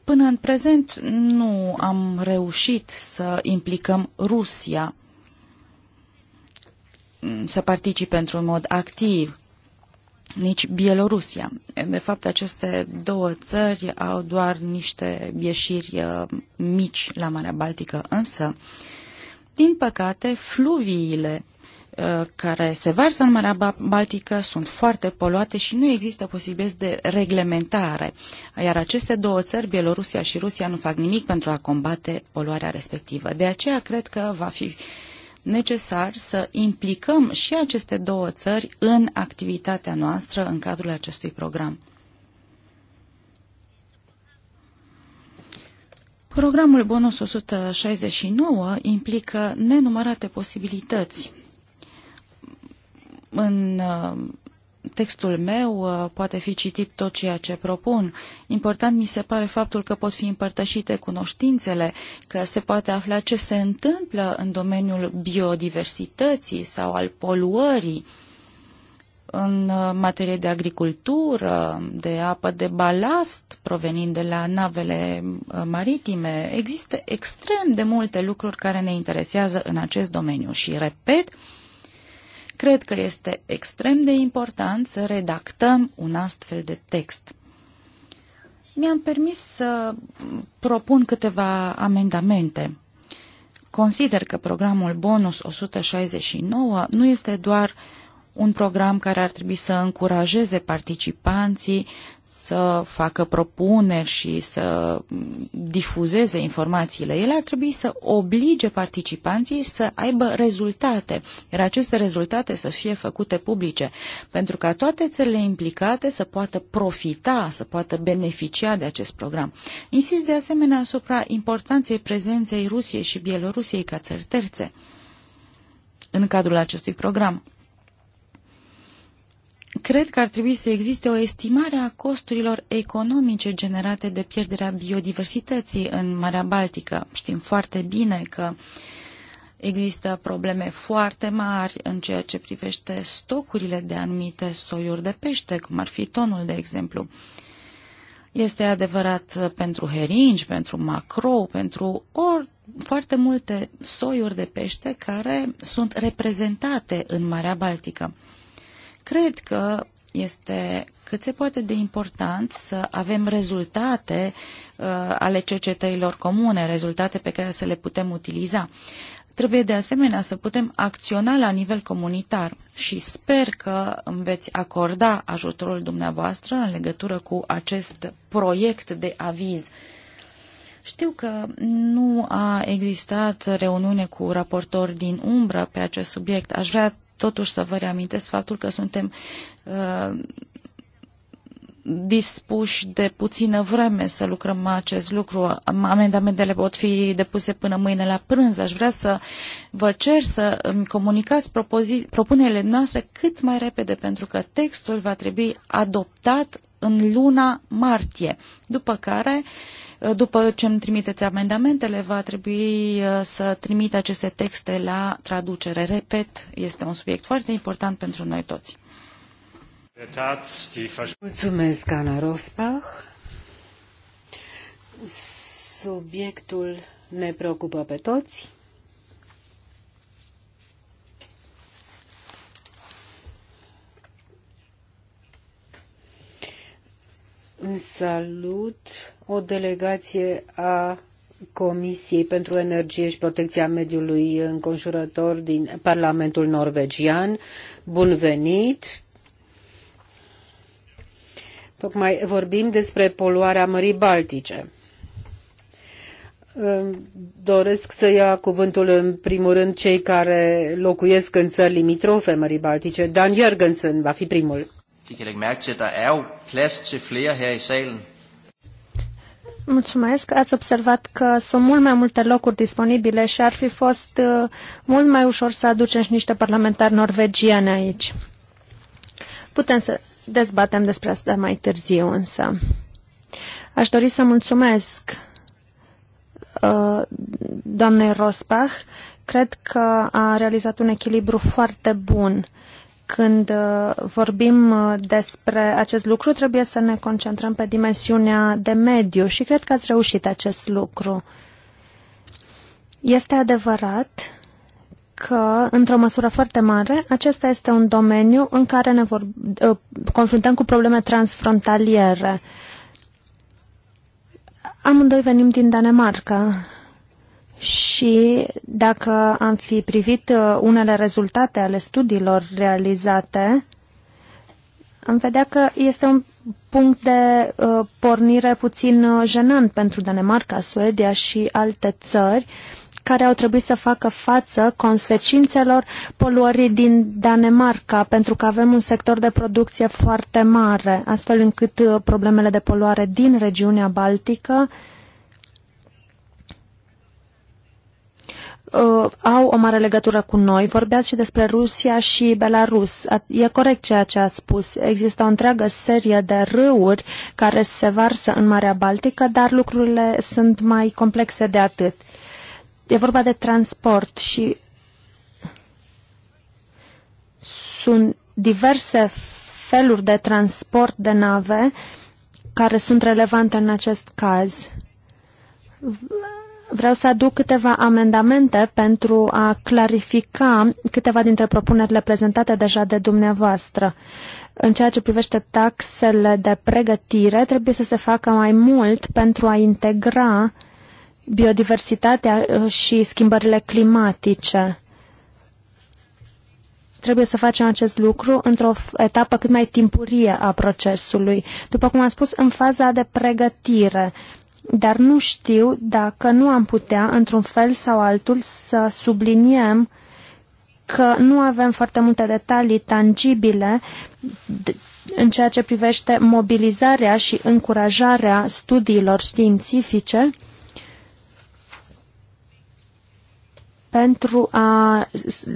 Până în prezent nu am reușit să implicăm Rusia să participe într-un mod activ nici Bielorusia. De fapt, aceste două țări au doar niște ieșiri uh, mici la Marea Baltică, însă, din păcate, fluviile Uh, care se varsă în Marea Baltică sunt foarte poluate și nu există posibilități de reglementare, iar aceste două țări, Bielorusia și Rusia, nu fac nimic pentru a combate poluarea respectivă. De aceea cred că va fi necesar să implicăm și aceste două țări în activitatea noastră în cadrul acestui program. Programul Bonus 169 implică nenumărate posibilități în uh, textul meu uh, poate fi citit tot ceea ce propun. Important mi se pare faptul că pot fi împărtășite cunoștințele, că se poate afla ce se întâmplă în domeniul biodiversității sau al poluării, în uh, materie de agricultură, de apă de balast provenind de la navele maritime. Există extrem de multe lucruri care ne interesează în acest domeniu și, repet, Cred că este extrem de important să redactăm un astfel de text. Mi-am permis să propun câteva amendamente. Consider că programul Bonus 169 nu este doar uh, un program care ar trebui să încurajeze participanții să facă propuneri și să difuzeze informațiile. El ar trebui să oblige participanții să aibă rezultate, iar aceste rezultate să fie făcute publice, pentru ca toate țările implicate să poată profita, să poată beneficia de acest program. Insist de asemenea asupra importanței prezenței Rusiei și Bielorusiei ca țări terțe în cadrul acestui program. Cred că ar trebui să existe o estimare a costurilor economice generate de pierderea biodiversității în Marea Baltică. Știm foarte bine că există probleme foarte mari în ceea ce privește stocurile de anumite soiuri de pește, cum ar fi tonul, de exemplu. Este adevărat pentru heringi, pentru macrou, pentru or... foarte multe soiuri de pește care sunt reprezentate în Marea Baltică. Cred că este cât se poate de important să avem rezultate uh, ale cercetărilor comune, rezultate pe care să le putem utiliza. Trebuie de asemenea să putem acționa la nivel comunitar și sper că îmi veți acorda ajutorul dumneavoastră în legătură cu acest proiect de aviz. Știu că nu a existat reuniune cu raportori din umbră pe acest subiect. Aș vrea totuși să vă reamintesc faptul că suntem uh, dispuși de puțină vreme să lucrăm acest lucru. Amendamentele pot fi depuse până mâine la prânz. Aș vrea să vă cer să îmi comunicați propunerile noastre cât mai repede, pentru că textul va trebui adoptat în luna martie, după care uh, după ce îmi trimiteți amendamentele, va trebui uh, să trimit aceste texte la traducere. Repet, este un subiect foarte important pentru noi toți. Mulțumesc, Ana Rosbach. Subiectul ne preocupă pe toți. În salut o delegație a Comisiei pentru Energie și Protecția Mediului Înconjurător din Parlamentul Norvegian. Bun venit! Tocmai vorbim despre poluarea Mării Baltice. Doresc să ia cuvântul în primul rând cei care locuiesc în țări limitrofe Mării Baltice. Dan Jörgensen va fi primul. De kan lægge mærke til, at der er jo plads til flere her i salen. Mulțumesc. Ați observat că sunt mult mai multe locuri disponibile și ar fi fost uh, mult mai ușor să aducem și niște parlamentari norvegieni aici. Putem să dezbatem despre asta mai târziu, însă. Aș dori să mulțumesc uh, doamnei Rosbach. Cred că a realizat un echilibru foarte bun când uh, vorbim uh, despre acest lucru, trebuie să ne concentrăm pe dimensiunea de mediu și cred că ați reușit acest lucru. Este adevărat că, într-o măsură foarte mare, acesta este un domeniu în care ne vor, uh, confruntăm cu probleme transfrontaliere. Amândoi venim din Danemarca și dacă am fi privit uh, unele rezultate ale studiilor realizate, am vedea că este un punct de uh, pornire puțin uh, jenant pentru Danemarca, Suedia și alte țări care au trebuit să facă față consecințelor poluării din Danemarca, pentru că avem un sector de producție foarte mare, astfel încât uh, problemele de poluare din regiunea Baltică uh, uh, au o mare legătură cu noi. Vorbeați și despre Rusia și Belarus. E corect ceea ce ați spus. Există o întreagă serie de râuri care se varsă în Marea Baltică, dar lucrurile sunt mai complexe de atât. E vorba de transport și sunt diverse feluri de transport de nave care sunt relevante în acest caz Vreau să aduc câteva amendamente pentru a clarifica câteva dintre propunerile prezentate deja de dumneavoastră. În ceea ce privește taxele de pregătire, trebuie să se facă mai mult pentru a integra biodiversitatea uh, și schimbările climatice. Trebuie să facem acest lucru într-o etapă cât mai timpurie a procesului. După cum am spus, în faza de pregătire dar nu știu dacă nu am putea, într-un fel sau altul, să subliniem că nu avem foarte multe detalii tangibile în ceea ce privește mobilizarea și încurajarea studiilor științifice pentru a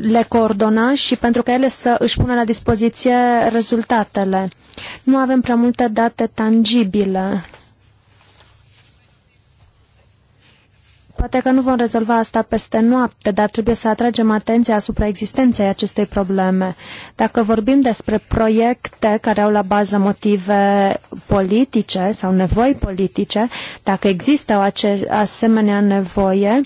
le coordona și pentru ca ele să își pună la dispoziție rezultatele. Nu avem prea multe date tangibile Poate că nu vom rezolva asta peste noapte, dar trebuie să atragem atenția asupra existenței acestei probleme. Dacă vorbim despre proiecte care au la bază motive politice sau nevoi politice, dacă există o asemenea nevoie,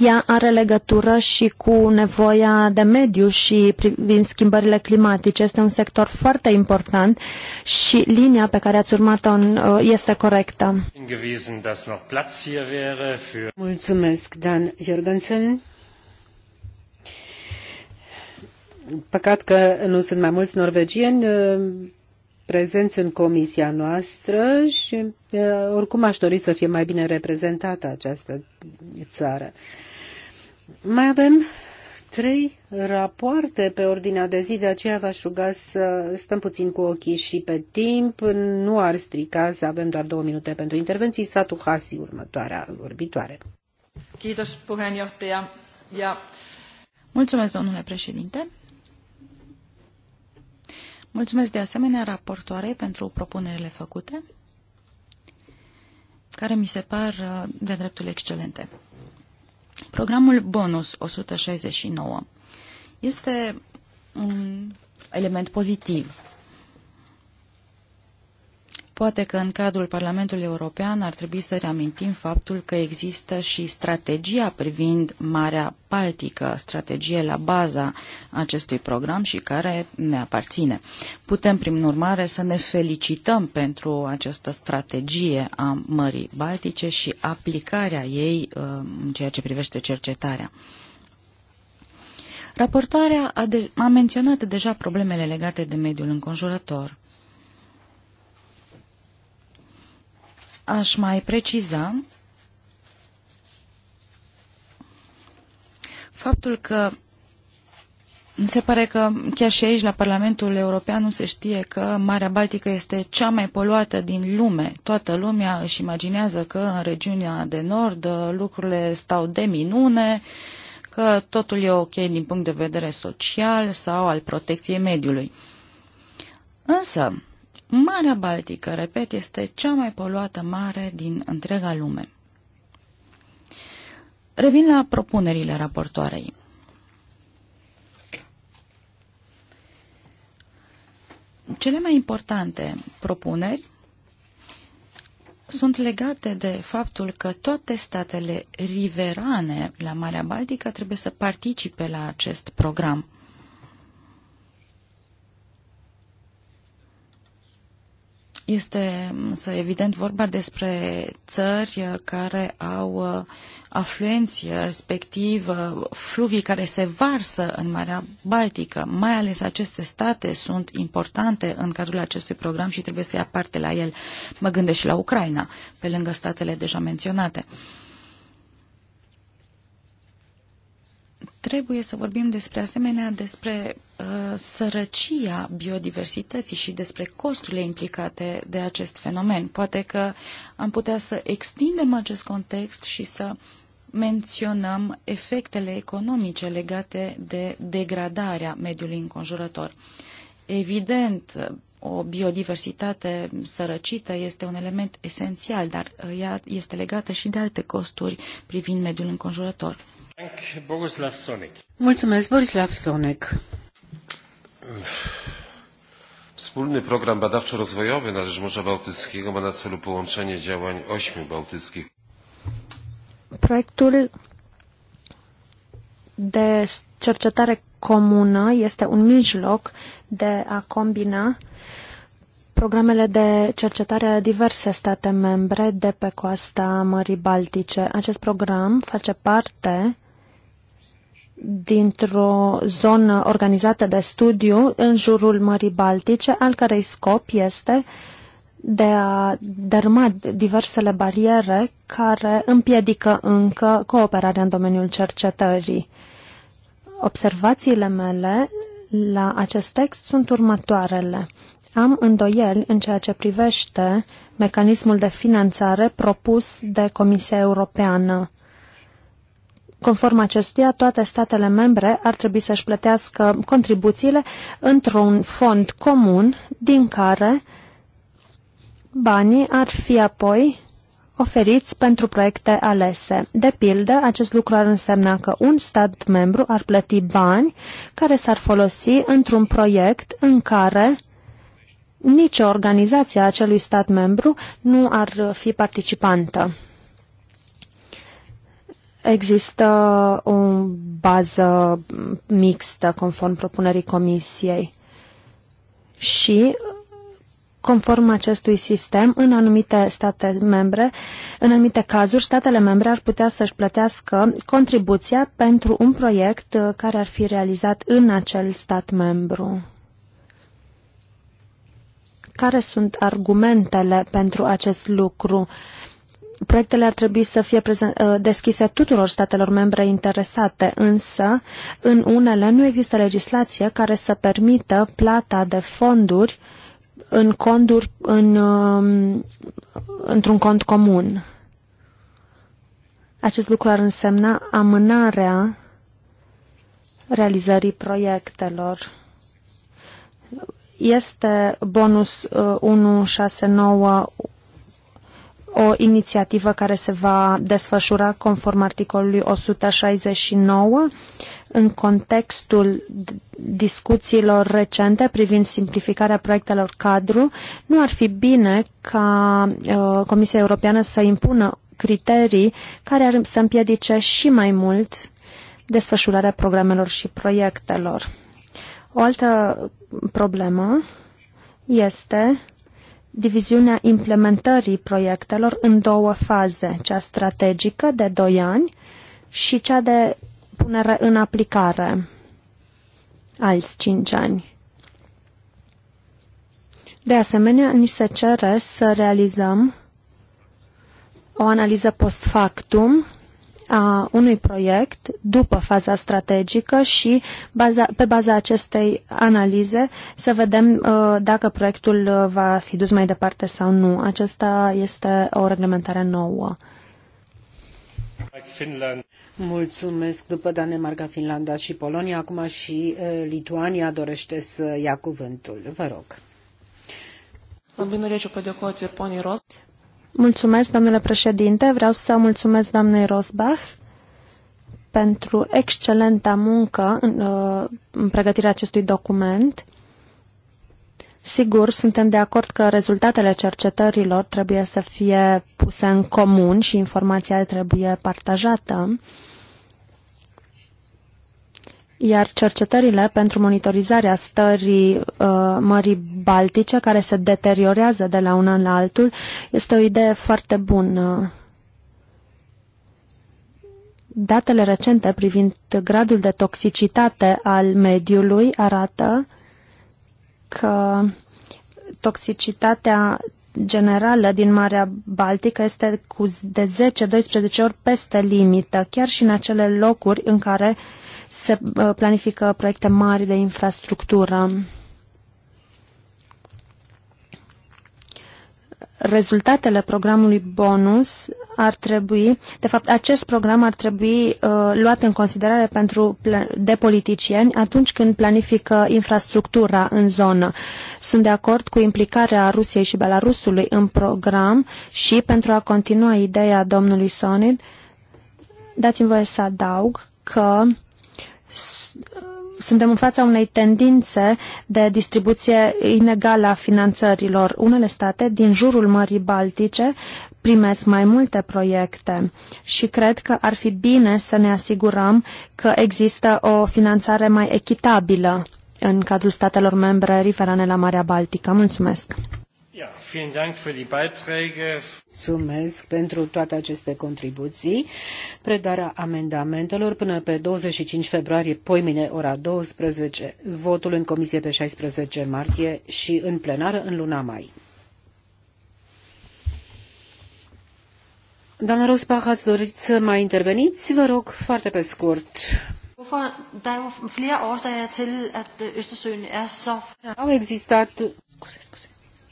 ea are legătură și cu nevoia de mediu și privind schimbările climatice. Este un sector foarte important și linia pe care ați urmat-o uh, este corectă. Mulțumesc, Dan Jorgensen. Păcat că nu sunt mai mulți norvegieni uh, prezenți în comisia noastră și uh, oricum aș dori să fie mai bine reprezentată această țară. Mai avem trei rapoarte pe ordinea de zi, de aceea v-aș ruga să stăm puțin cu ochii și pe timp. Nu ar strica să avem doar două minute pentru intervenții. Satu Hasi, următoarea vorbitoare. Mulțumesc, domnule președinte. Mulțumesc de asemenea raportoare pentru propunerile făcute, care mi se par uh, de dreptul excelente. Programul Bonus 169 este un element pozitiv Poate că în cadrul Parlamentului European ar trebui să reamintim faptul că există și strategia privind Marea Baltică, strategie la baza acestui program și care ne aparține. Putem, prin urmare, să ne felicităm pentru această strategie a Mării Baltice și aplicarea ei uh, în ceea ce privește cercetarea. Raportarea a, de- a menționat deja problemele legate de mediul înconjurător. aș mai preciza faptul că se pare că chiar și aici, la Parlamentul European, nu se știe că Marea Baltică este cea mai poluată din lume. Toată lumea își imaginează că în regiunea de nord uh, lucrurile stau de minune, că totul e ok din punct de vedere social sau al protecției mediului. Însă, Marea Baltică, repet, este cea mai poluată mare din întreaga lume. Revin la propunerile raportoarei. Cele mai importante propuneri sunt legate de faptul că toate statele riverane la Marea Baltică trebuie să participe la acest program. Este însă evident vorba despre țări uh, care au uh, afluenție, uh, respectiv fluvii care se varsă în Marea Baltică. Mai ales aceste state sunt importante în cadrul acestui program și trebuie să ia parte la el. Mă gândesc și la Ucraina, pe lângă statele deja menționate. Uh, trebuie să vorbim despre asemenea despre uh, sărăcia biodiversității și despre costurile implicate de acest fenomen. Poate că am putea să extindem acest context și să menționăm efectele economice legate de degradarea mediului înconjurător. Evident, o biodiversitate sărăcită este un element esențial, dar uh, ea este legată și de alte costuri privind mediul înconjurător. Boguslav Sonic. Mulțumesc, Borislav Sonek. Wspólny program badawczo-rozwojowy na rzecz Morza Bałtyckiego ma na celu połączenie działań ośmiu bałtyckich. Proiectul de cercetare comună este un mijloc de a combina programele de cercetare a diverse state membre de pe coasta Mării Baltice. Acest program face parte dintr-o zonă organizată de studiu în jurul Mării Baltice, al cărei scop este de a dărma diversele bariere care împiedică încă cooperarea în domeniul cercetării. Observațiile mele la acest text sunt următoarele. Am îndoieli în ceea ce privește mecanismul de finanțare propus de Comisia Europeană Conform acestuia, toate statele membre ar trebui să-și plătească contribuțiile într-un fond comun din care banii ar fi apoi oferiți pentru proiecte alese. De pildă, acest lucru ar însemna că un stat membru ar plăti bani care s-ar folosi într-un proiect în care nicio organizație a acelui stat membru nu ar fi participantă. Există o bază mixtă conform propunerii comisiei și conform acestui sistem, în anumite state membre, în anumite cazuri, statele membre ar putea să-și plătească contribuția pentru un proiect care ar fi realizat în acel stat membru. Care sunt argumentele pentru acest lucru? Uh, proiectele ar trebui să fie uh, deschise tuturor statelor membre interesate, însă în unele nu există legislație care să permită plata de fonduri în conduri, în, um, într-un cont comun. Acest lucru ar însemna amânarea realizării proiectelor. Este bonus 169 uh, o inițiativă care se va desfășura conform articolului 169 în contextul discuțiilor recente privind simplificarea proiectelor cadru, nu ar fi bine ca uh, Comisia Europeană să impună criterii care ar să împiedice și mai mult desfășurarea programelor și proiectelor. O altă problemă este diviziunea implementării proiectelor în două faze, cea strategică de 2 ani și cea de punere în aplicare, alți 5 ani. De asemenea, ni se cere să realizăm o analiză post factum a unui proiect după faza strategică și baza, pe baza acestei analize să vedem uh, dacă proiectul uh, va fi dus mai departe sau nu. Aceasta este o reglementare nouă. Finland. Mulțumesc. După Danemarca, Finlanda și Polonia, acum și uh, Lituania dorește să ia cuvântul. Vă rog. Labai norėčiau padėkoti ir poniai Ros. Mulțumesc, domnule președinte. Vreau să mulțumesc doamnei Rosbach pentru excelenta muncă în, uh, în pregătirea acestui document. Sigur, suntem de acord că rezultatele cercetărilor trebuie să fie puse în comun și informația trebuie partajată. Uh, iar cercetările pentru monitorizarea stării uh, Mării Baltice, care se deteriorează de la un an la altul, este o idee foarte bună. Datele recente privind gradul de toxicitate al mediului arată că toxicitatea generală din Marea Baltică este cu de 10-12 ori peste limită, chiar și în acele locuri în care uh, se uh, planifică proiecte mari de infrastructură. Rezultatele programului bonus ar trebui, de fapt acest program ar trebui uh, luat în considerare pentru de politicieni atunci când planifică infrastructura în zonă. Sunt de acord cu implicarea Rusiei și Belarusului în program și pentru a continua ideea domnului Sonid, dați-mi voie să adaug că uh, suntem în fața unei tendințe de distribuție inegală a finanțărilor. Unele state din jurul Mării Baltice primesc mai multe proiecte și cred că ar fi bine să ne asigurăm că există o finanțare mai echitabilă în cadrul statelor membre riferane la Marea Baltică. Mulțumesc! Mulțumesc pentru toate aceste contribuții. Predarea amendamentelor până pe 25 februarie, poimine, ora 12, votul în comisie pe 16 martie și în plenară în luna mai. Doamna Rosbach, ați dorit să mai interveniți? Vă rog, foarte pe scurt. Er er Au existat... Scuze, scuze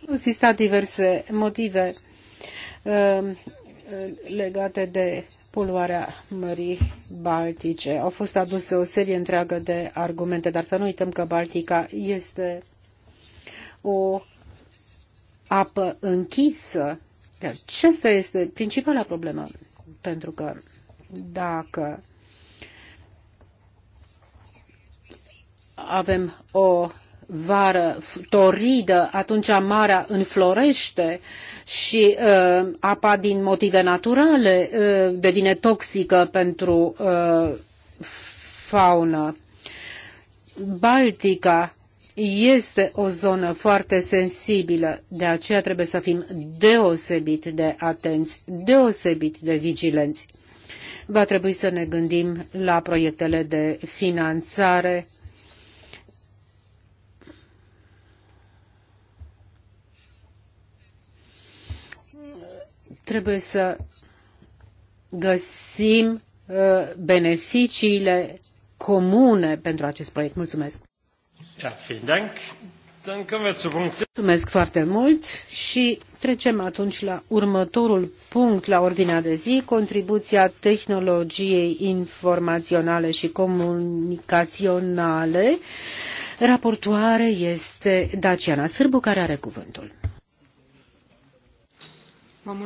au existat diverse motive uh, uh, legate de poluarea Mării Baltice. Au fost aduse o serie întreagă de argumente, dar să nu uităm că Baltica este o apă închisă. Acesta este principala problemă, pentru că dacă avem o vară toridă, atunci marea înflorește și uh, apa din motive naturale uh, devine toxică pentru uh, faună. Baltica este o zonă foarte sensibilă, de aceea trebuie să fim deosebit de atenți, deosebit de vigilenți. Va trebui să ne gândim la proiectele de finanțare Trebuie să găsim uh, beneficiile comune pentru acest proiect. Mulțumesc! Ja, vielen Dank. Dann kommen wir zu Punkt Mulțumesc foarte mult și trecem atunci la următorul punct la ordinea de zi, contribuția tehnologiei informaționale și comunicaționale. Raportoare este Daciana Sârbu, care are cuvântul. <clears throat>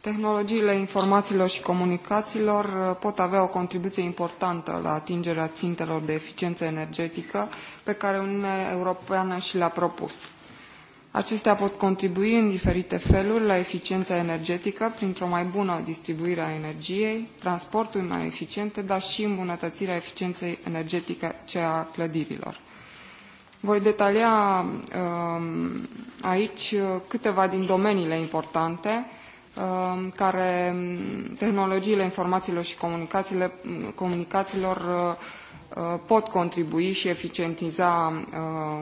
Tehnologiile informațiilor și comunicațiilor uh, pot avea o contribuție importantă la atingerea țintelor de eficiență energetică pe care Uniunea Europeană și le-a propus. Acestea pot contribui în diferite feluri la eficiența energetică printr-o mai bună distribuire a energiei, transporturi mai eficiente, dar și îmbunătățirea eficienței energetice a clădirilor. Voi detalia um, aici uh, câteva din domeniile importante uh, care mm, tehnologiile informațiilor și mm, comunicațiilor uh, pot contribui și eficientiza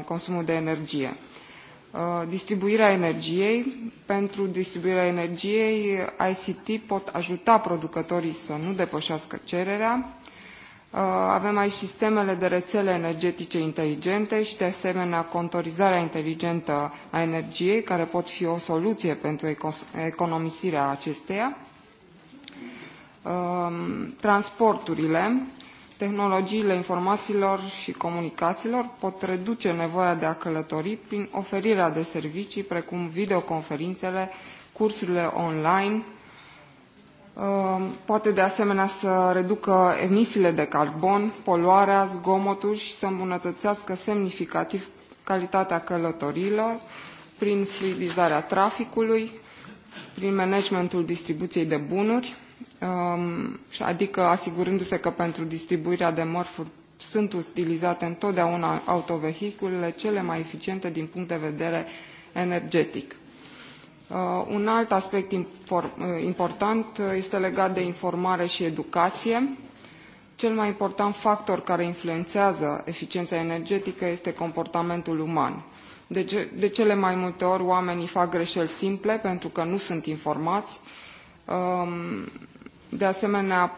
consumul de energie. Distribuirea energiei. Pentru distribuirea energiei, ICT pot ajuta producătorii să nu depășească cererea, Uh, avem aici sistemele de rețele energetice inteligente și, de asemenea, contorizarea inteligentă a energiei, care pot fi o soluție pentru economisirea acesteia. Um, transporturile, tehnologiile informațiilor și comunicațiilor pot reduce nevoia de a călători prin oferirea de servicii precum videoconferințele, cursurile online, Ehm, poate de asemenea să reducă emisiile de carbon, poluarea, zgomotul și să îmbunătățească semnificativ calitatea călătorilor prin fluidizarea traficului, prin managementul distribuției de bunuri, ehm, adică asigurându-se că pentru distribuirea de mărfuri sunt utilizate întotdeauna autovehiculele cele mai eficiente din punct de vedere energetic. Uh, un alt aspect uh, important uh, este legat de informare și educație. Cel mai important factor care influențează eficiența energetică este comportamentul uman. De, cele mai multe ori oamenii fac greșeli simple pentru că nu sunt informați. Um, de asemenea,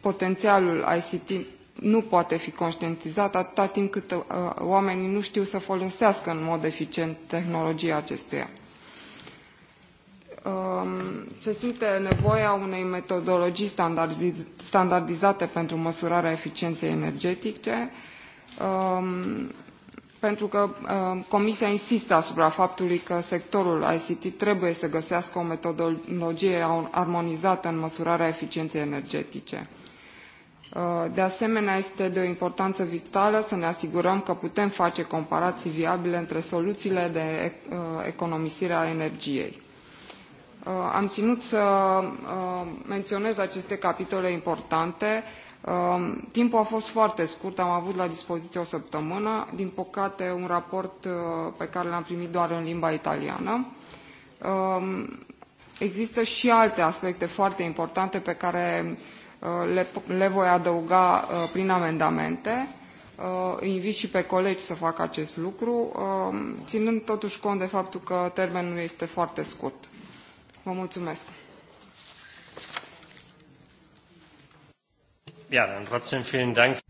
potențialul ICT nu poate fi conștientizat atâta timp cât oamenii nu știu să folosească în mod eficient tehnologia acestuia. Um, se simte nevoia unei metodologii standardizate pentru măsurarea eficienței energetice, um, pentru că um, Comisia insistă asupra faptului că sectorul ICT trebuie să găsească o metodologie armonizată în măsurarea eficienței energetice. Uh, de asemenea, este de o importanță vitală să ne asigurăm că putem face comparații viabile între soluțiile de uh, economisire a energiei. Uh, am ținut să uh, menționez aceste capitole importante. Uh, timpul a fost foarte scurt, am avut la dispoziție o săptămână, din păcate un raport pe care l-am primit doar în limba italiană. Există și alte aspecte foarte importante pe care le, le voi adăuga prin amendamente. Îi invit și pe colegi să facă acest lucru, ținând totuși cont de faptul că termenul este foarte scurt. Vă mulțumesc!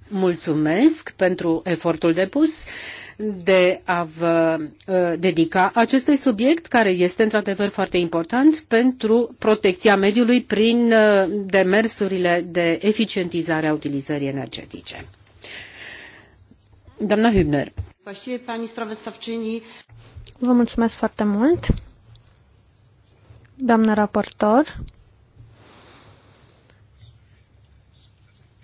Mulțumesc pentru efortul depus de a vă uh, dedica acestui subiect care este într-adevăr foarte important pentru protecția mediului prin uh, demersurile de eficientizare a utilizării energetice. Doamna Hübner. Vă mulțumesc foarte mult doamnă raportor.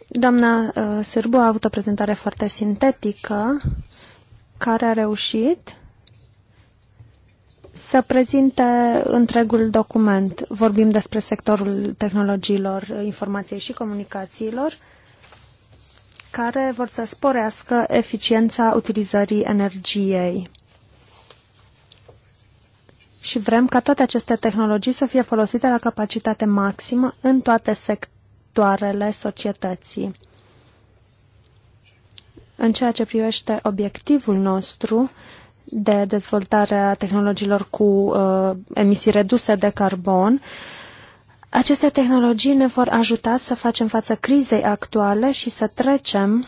Doamna uh, Sârbu a avut o prezentare foarte sintetică care a reușit să prezinte întregul document. Vorbim despre sectorul tehnologiilor informației și comunicațiilor care vor să sporească eficiența utilizării energiei și vrem ca toate aceste tehnologii să fie folosite la capacitate maximă în toate sectoarele societății. În ceea ce privește obiectivul nostru de dezvoltare a tehnologiilor cu uh, emisii reduse de carbon, aceste tehnologii ne vor ajuta să facem față crizei actuale și să trecem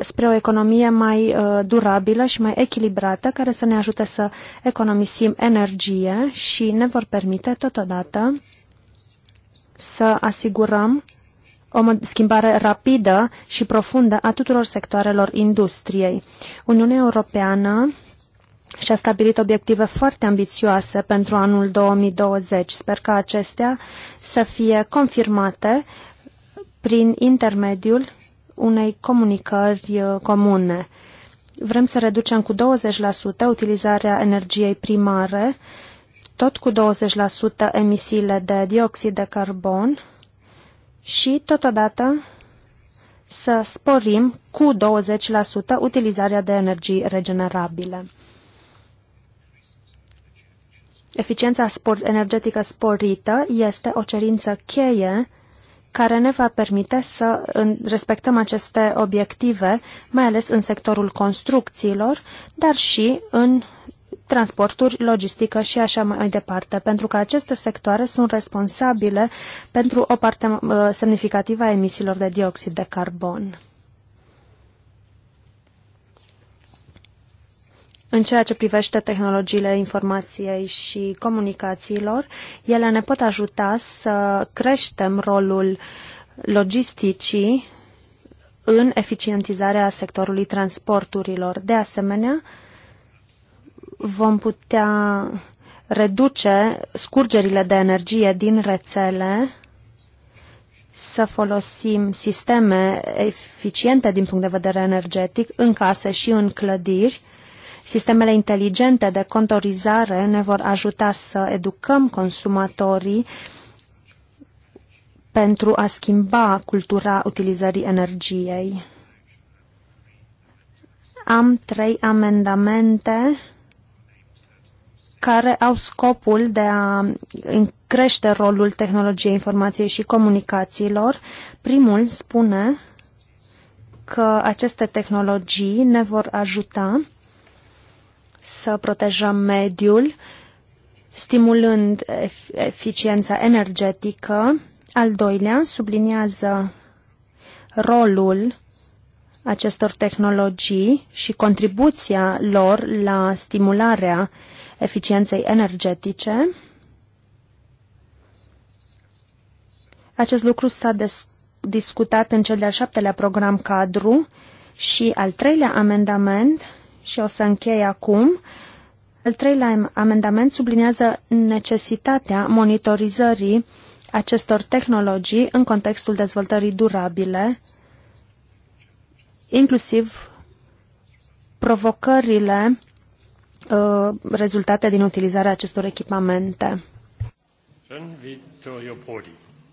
spre o economie mai uh, durabilă și mai echilibrată, care să ne ajute să economisim energie și ne vor permite totodată să asigurăm o schimbare rapidă și profundă a tuturor sectoarelor industriei. Uniunea Europeană și-a stabilit obiective foarte ambițioase pentru anul 2020. Sper că acestea să fie confirmate prin intermediul unei comunicări uh, comune. Vrem să reducem cu 20% utilizarea energiei primare, tot cu 20% emisiile de dioxid de carbon și, totodată, să sporim cu 20% utilizarea de energii regenerabile. Eficiența spor energetică sporită este o cerință cheie care ne va permite să respectăm aceste obiective, mai ales în sectorul construcțiilor, dar și în transporturi, logistică și așa mai departe, pentru că aceste sectoare sunt responsabile pentru o parte uh, semnificativă a emisiilor de dioxid de carbon. În ceea ce privește tehnologiile informației și comunicațiilor, ele ne pot ajuta să creștem rolul logisticii în eficientizarea sectorului transporturilor. De asemenea, vom putea reduce scurgerile de energie din rețele, să folosim sisteme eficiente din punct de vedere energetic în case și în clădiri, Sistemele inteligente de contorizare ne vor ajuta să educăm consumatorii pentru a schimba cultura utilizării energiei. Am trei amendamente care au scopul de a crește rolul tehnologiei informației și comunicațiilor. Primul spune că aceste tehnologii ne vor ajuta să protejăm mediul, stimulând eficiența energetică. Al doilea subliniază rolul acestor tehnologii și contribuția lor la stimularea eficienței energetice. Acest lucru s-a discutat în cel de-al șaptelea program cadru și al treilea amendament și o să închei acum, al treilea amendament subliniază necesitatea monitorizării acestor tehnologii în contextul dezvoltării durabile, inclusiv provocările uh, rezultate din utilizarea acestor echipamente.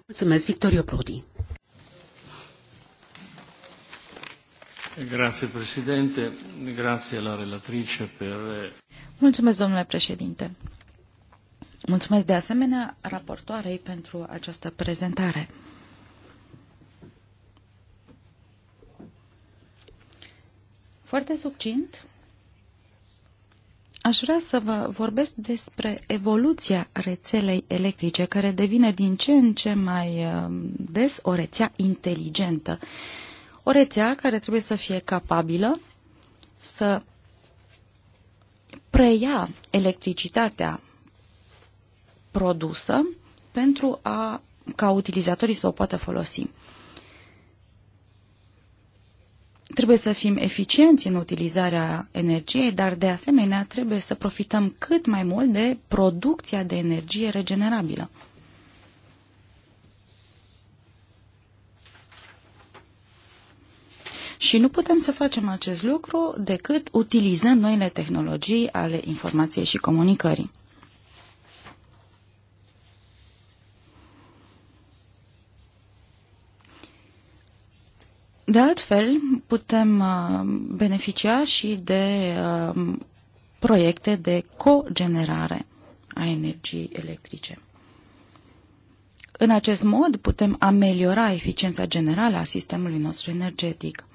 Mulțumesc, Victorio Prodi. Grazie, Grazie relatrice per... Eh, Mulțumesc, domnule președinte. Mulțumesc de asemenea raportoarei pentru această prezentare. Foarte succint, aș vrea să vă vorbesc despre evoluția rețelei electrice, care devine din ce în ce mai eh, des o rețea inteligentă. O rețea care trebuie să fie capabilă să preia electricitatea produsă pentru a, ca utilizatorii să o poată folosi. Trebuie să fim eficienți în utilizarea energiei, dar de asemenea trebuie să profităm cât mai mult de producția de energie regenerabilă. Și nu putem să facem acest lucru decât utilizând noile tehnologii ale informației și comunicării. De altfel, putem uh, beneficia și de uh, proiecte de cogenerare a energiei electrice. În acest mod putem ameliora eficiența generală a sistemului nostru energetic.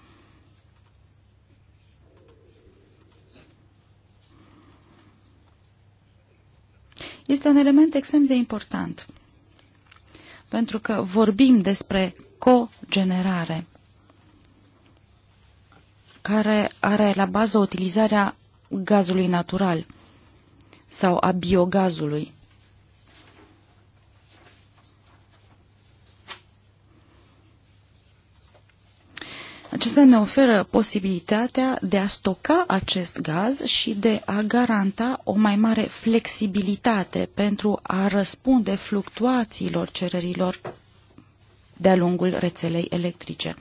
este un element extrem de important, pentru că vorbim despre cogenerare, care are la bază utilizarea gazului natural sau a biogazului. Acestea ne oferă posibilitatea de a stoca acest gaz și de a garanta o mai mare flexibilitate pentru a răspunde fluctuațiilor cererilor de-a lungul rețelei electrice.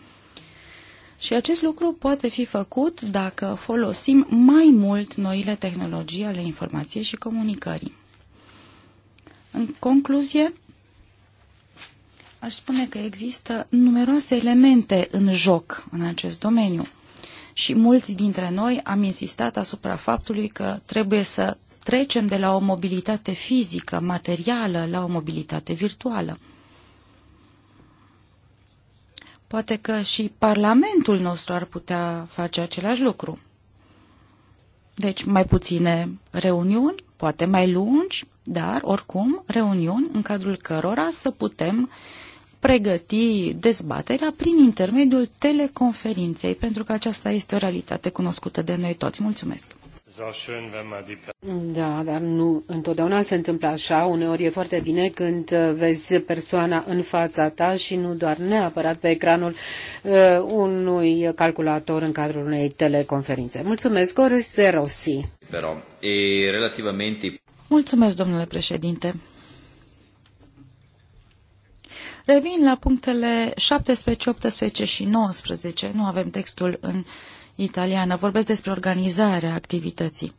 Și acest lucru poate fi făcut dacă folosim mai mult noile tehnologii ale informației și comunicării. În concluzie, Aș spune că există numeroase elemente în joc în acest domeniu și mulți dintre noi am insistat asupra faptului că trebuie să trecem de la o mobilitate fizică, materială, la o mobilitate virtuală. Poate că și Parlamentul nostru ar putea face același lucru. Deci mai puține reuniuni, poate mai lungi, dar oricum reuniuni în cadrul cărora să putem uh, pregăti dezbaterea prin intermediul teleconferinței, pentru că aceasta este o realitate cunoscută de noi toți. Mulțumesc! Da, dar nu întotdeauna se întâmplă așa. Uneori e foarte bine când uh, vezi persoana în fața ta și nu doar neapărat pe ecranul uh, unui calculator în cadrul unei teleconferințe. Mulțumesc, Oreste Rossi. Mulțumesc, domnule președinte. Revin la punctele 17, 18 și 19. Nu avem textul în italiană. Vorbesc despre organizarea activității.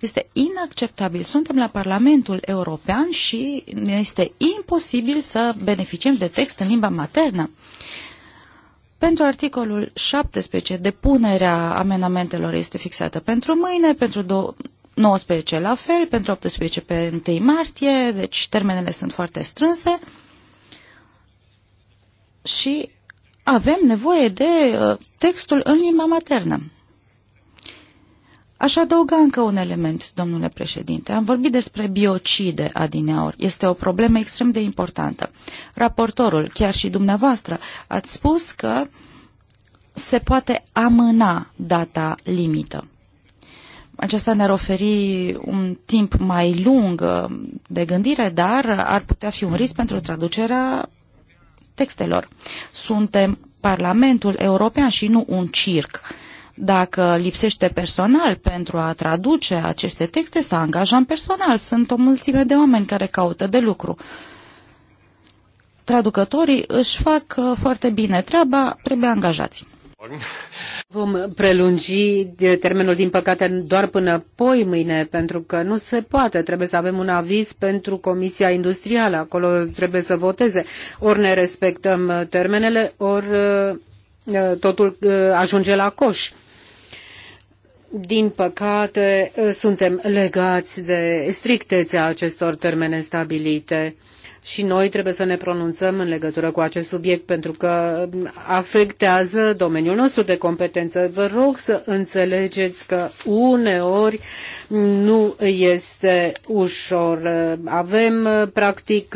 Este inacceptabil. Suntem la Parlamentul European și ne este imposibil să beneficiem de text în limba maternă. Pentru articolul 17, depunerea amendamentelor este fixată pentru mâine, pentru 19 la fel, pentru 18 pe 1 martie, deci termenele sunt foarte strânse și avem nevoie de uh, textul în limba maternă. Aș adăuga încă un element, domnule președinte. Am vorbit despre biocide adineaori. Este o problemă extrem de importantă. Raportorul, chiar și dumneavoastră, ați spus că se poate amâna data limită. Aceasta ne-ar oferi un timp mai lung uh, de gândire, dar ar putea fi un risc pentru traducerea textelor. Suntem Parlamentul European și nu un circ. Dacă lipsește personal pentru a traduce aceste texte, să angajăm personal. Sunt o mulțime de oameni care caută de lucru. Traducătorii își fac uh, foarte bine treaba, trebuie angajați. Vom prelungi termenul, din păcate, doar până poi mâine, pentru că nu se poate. Trebuie să avem un aviz pentru Comisia Industrială. Acolo trebuie să voteze. Ori ne respectăm termenele, ori totul ajunge la coș. Din păcate, suntem legați de strictețea acestor termene stabilite și noi trebuie să ne pronunțăm în legătură cu acest subiect pentru că afectează domeniul nostru de competență. Vă rog să înțelegeți că uneori nu este ușor. Avem practic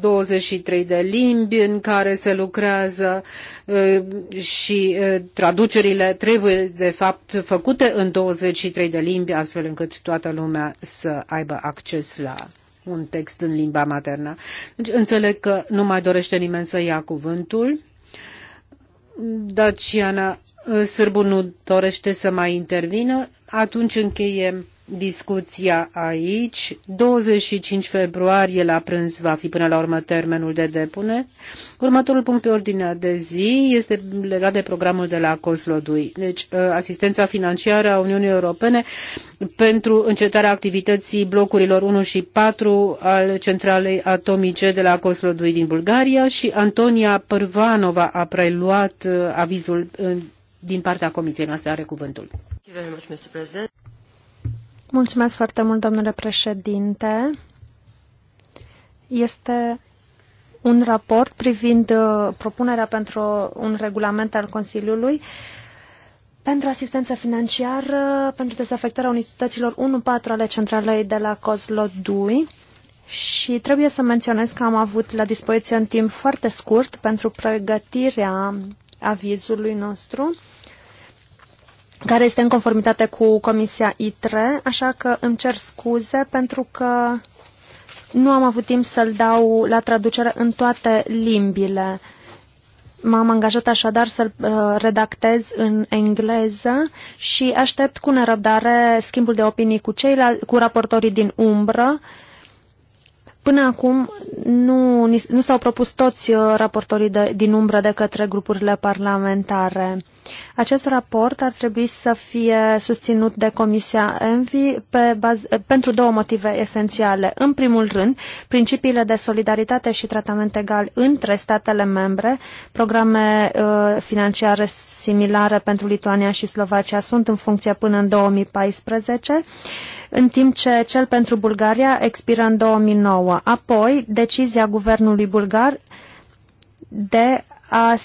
23 de limbi în care se lucrează eh, și eh, traducerile trebuie de fapt făcute în 23 de limbi astfel încât toată lumea să aibă acces la un text în limba maternă. Deci înțeleg că nu mai dorește nimeni să ia cuvântul. Daciana ă, Sârbu nu dorește să mai intervină. Atunci încheiem discuția aici. 25 februarie la prânz va fi până la urmă termenul de depune. Următorul punct pe ordinea de zi este legat de programul de la Coslodui. Deci, uh, asistența financiară a Uniunii Europene pentru încetarea activității blocurilor 1 și 4 al centralei atomice de la Coslodui din Bulgaria și Antonia Părvanova a preluat uh, avizul uh, din partea comisiei noastre. Are cuvântul. Mulțumesc foarte mult, domnule președinte. Este un raport privind uh, propunerea pentru un regulament al Consiliului pentru asistență financiară pentru dezafectarea unităților 1-4 ale centralei de la Kozlodui. Și trebuie să menționez că am avut la dispoziție un timp foarte scurt pentru pregătirea avizului nostru care este în conformitate cu Comisia ITRE, așa că îmi cer scuze pentru că nu am avut timp să-l dau la traducere în toate limbile. M-am angajat așadar să-l uh, redactez în engleză și aștept cu nerăbdare schimbul de opinii cu, ceilal- cu raportorii din umbră Până acum nu, nu s-au propus toți uh, raportorii de, din umbră de către grupurile parlamentare. Acest raport ar trebui să fie susținut de Comisia ENVI pe baz, eh, pentru două motive esențiale. În primul rând, principiile de solidaritate și tratament egal între statele membre, programe uh, financiare similare pentru Lituania și Slovacia sunt în funcție până în 2014 în timp ce cel pentru Bulgaria expiră în 2009. Apoi, decizia guvernului bulgar de a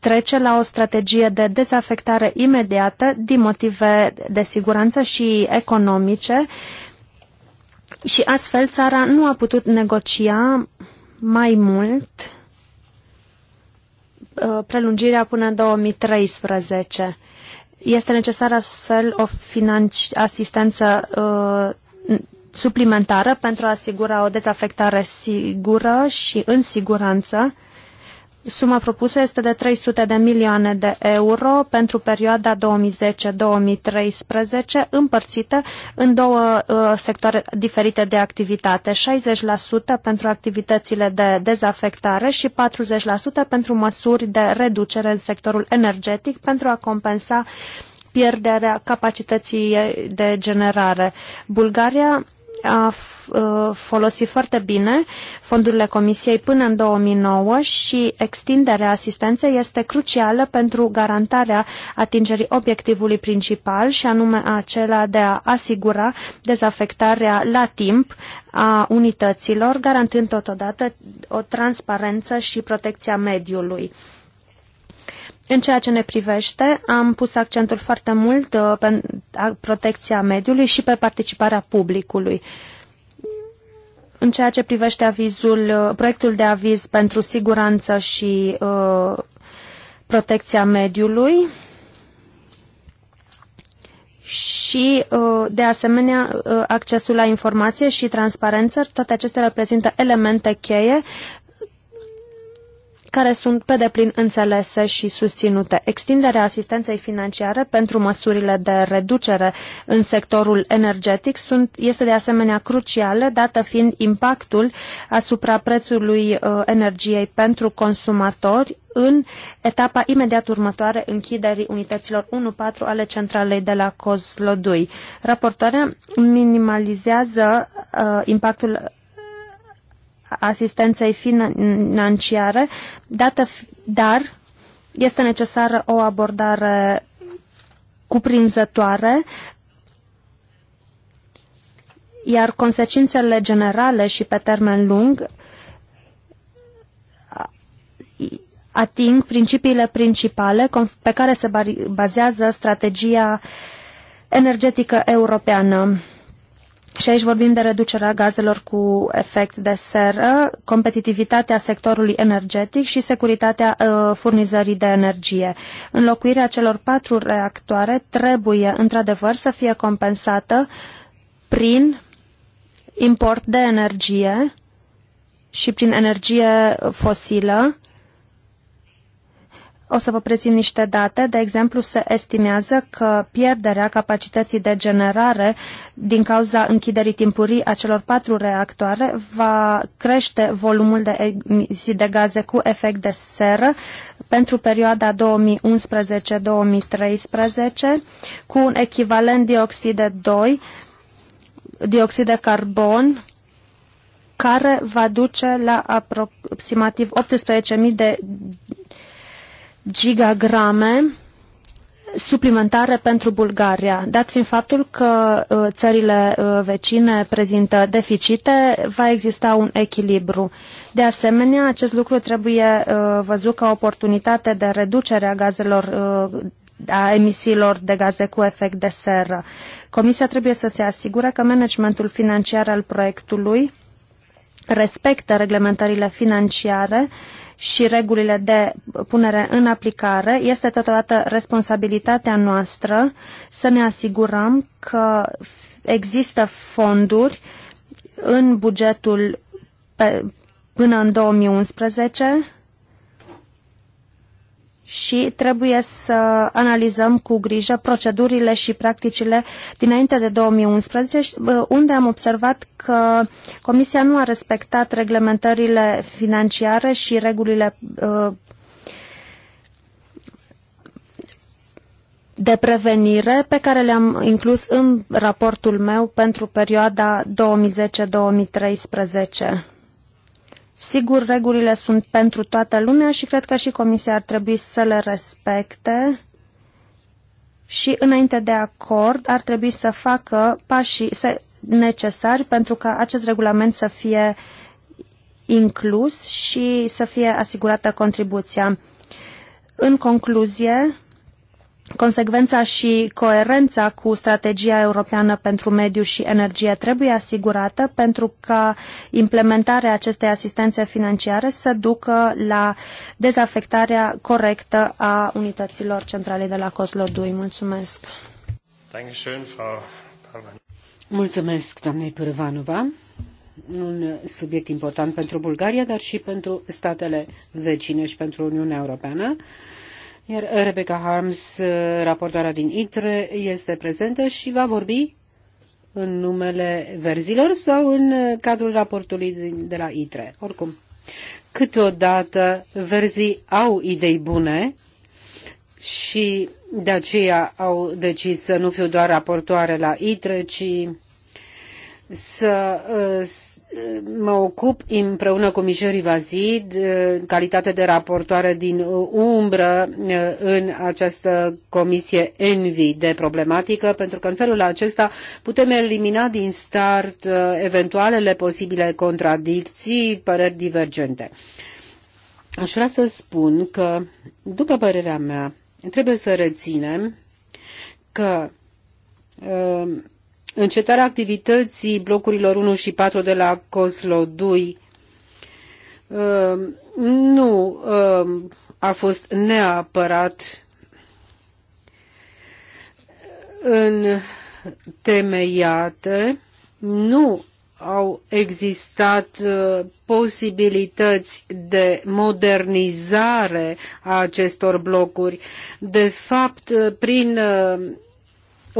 trece la o strategie de dezafectare imediată din motive de siguranță și economice și astfel țara nu a putut negocia mai mult uh, prelungirea până în 2013. Este necesară astfel o asistență uh, suplimentară pentru a asigura o dezafectare sigură și în siguranță Suma propusă este de 300 de milioane de euro pentru perioada 2010-2013, împărțită în două uh, sectoare diferite de activitate, 60% pentru activitățile de dezafectare și 40% pentru măsuri de reducere în sectorul energetic pentru a compensa pierderea capacității de generare. Bulgaria a uh, folosit foarte bine fondurile Comisiei până în 2009 și extinderea asistenței este crucială pentru garantarea atingerii obiectivului principal și anume acela de a asigura dezafectarea la timp a unităților, garantând totodată o transparență și protecția mediului. În ceea ce ne privește, am pus accentul foarte mult uh, pe protecția mediului și pe participarea publicului. În ceea ce privește avizul, uh, proiectul de aviz pentru siguranță și uh, protecția mediului și, uh, de asemenea, uh, accesul la informație și transparență, toate acestea reprezintă elemente cheie care sunt pe deplin înțelese și susținute. Extinderea asistenței financiare pentru măsurile de reducere în sectorul energetic sunt, este de asemenea crucială, dată fiind impactul asupra prețului uh, energiei pentru consumatori în etapa imediat următoare închiderii unităților 1-4 ale centralei de la Cozlodui. Raportarea minimalizează uh, impactul asistenței financiare, dată, dar este necesară o abordare cuprinzătoare, iar consecințele generale și pe termen lung ating principiile principale pe care se bazează strategia energetică europeană. Și aici vorbim de reducerea gazelor cu efect de seră, competitivitatea sectorului energetic și securitatea uh, furnizării de energie. Înlocuirea celor patru reactoare trebuie, într-adevăr, să fie compensată prin import de energie și prin energie fosilă, o să vă prețin niște date. De exemplu, se estimează că pierderea capacității de generare din cauza închiderii timpurii a celor patru reactoare va crește volumul de emisii de gaze cu efect de seră pentru perioada 2011-2013 cu un echivalent dioxid de 2, dioxid de carbon, care va duce la aproximativ 18.000 de gigagrame suplimentare pentru Bulgaria. Dat fiind faptul că uh, țările uh, vecine prezintă deficite, va exista un echilibru. De asemenea, acest lucru trebuie uh, văzut ca oportunitate de reducere a gazelor a emisiilor de gaze cu efect de seră. Comisia trebuie să se asigure că managementul financiar al proiectului respectă reglementările financiare uh, și regulile de punere în aplicare, este totodată responsabilitatea noastră să ne asigurăm că există fonduri în bugetul pe, până în 2011 și trebuie să analizăm cu grijă procedurile și practicile dinainte de 2011, unde am observat că Comisia nu a respectat reglementările financiare și regulile de prevenire pe care le-am inclus în raportul meu pentru perioada 2010-2013. Sigur, regulile sunt pentru toată lumea și cred că și Comisia ar trebui să le respecte și înainte de acord ar trebui să facă pașii necesari pentru ca acest regulament să fie inclus și să fie asigurată contribuția. În concluzie, Consecvența și coerența cu strategia europeană pentru mediu și energie trebuie asigurată pentru ca implementarea acestei asistențe financiare să ducă la dezafectarea corectă a unităților centrale de la Coslodui. Mulțumesc! Mulțumesc, doamnei Pârvanova! Un subiect important pentru Bulgaria, dar și pentru statele vecine și pentru Uniunea Europeană. Iar Rebecca Harms, uh, raportoarea din ITRE, este prezentă și va vorbi în numele verzilor sau în uh, cadrul raportului de la ITRE. Oricum, câteodată verzii au idei bune și de aceea au decis să nu fiu doar raportoare la ITRE, ci să uh, mă ocup împreună cu Michel Rivazi, eh, în calitate de raportoare din umbră eh, în această comisie ENVI de problematică, pentru că în felul acesta putem elimina din start eh, eventualele posibile contradicții, păreri divergente. Aș vrea să spun că, după părerea mea, trebuie să reținem că încetarea activității blocurilor 1 și 4 de la Coslodui uh, nu uh, a fost neapărat temeiate, nu au existat uh, posibilități de modernizare a acestor blocuri. De fapt, prin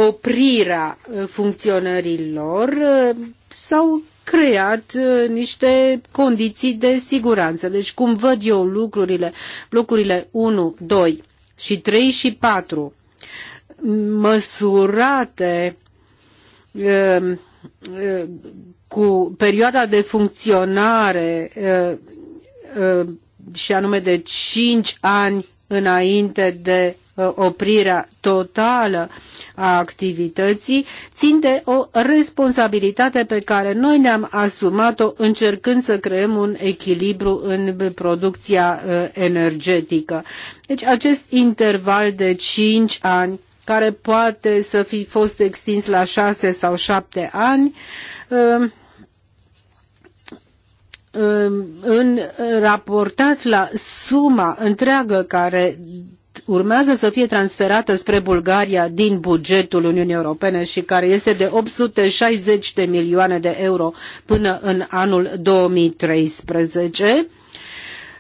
oprirea uh, funcționării lor, uh, s-au creat uh, niște condiții de siguranță. Deci cum văd eu lucrurile, blocurile 1, 2 și 3 și 4 măsurate um, cu perioada de funcționare și anume de 5 ani înainte de Uh, oprirea totală a activității țin de o responsabilitate pe care noi ne-am asumat-o încercând să creăm un echilibru în producția uh, energetică. Deci acest interval de 5 ani care poate să fi fost extins la 6 sau 7 ani, uh, în raportat la suma întreagă care urmează să fie transferată spre Bulgaria din bugetul Uniunii Europene și care este de 860 de milioane de euro până în anul 2013.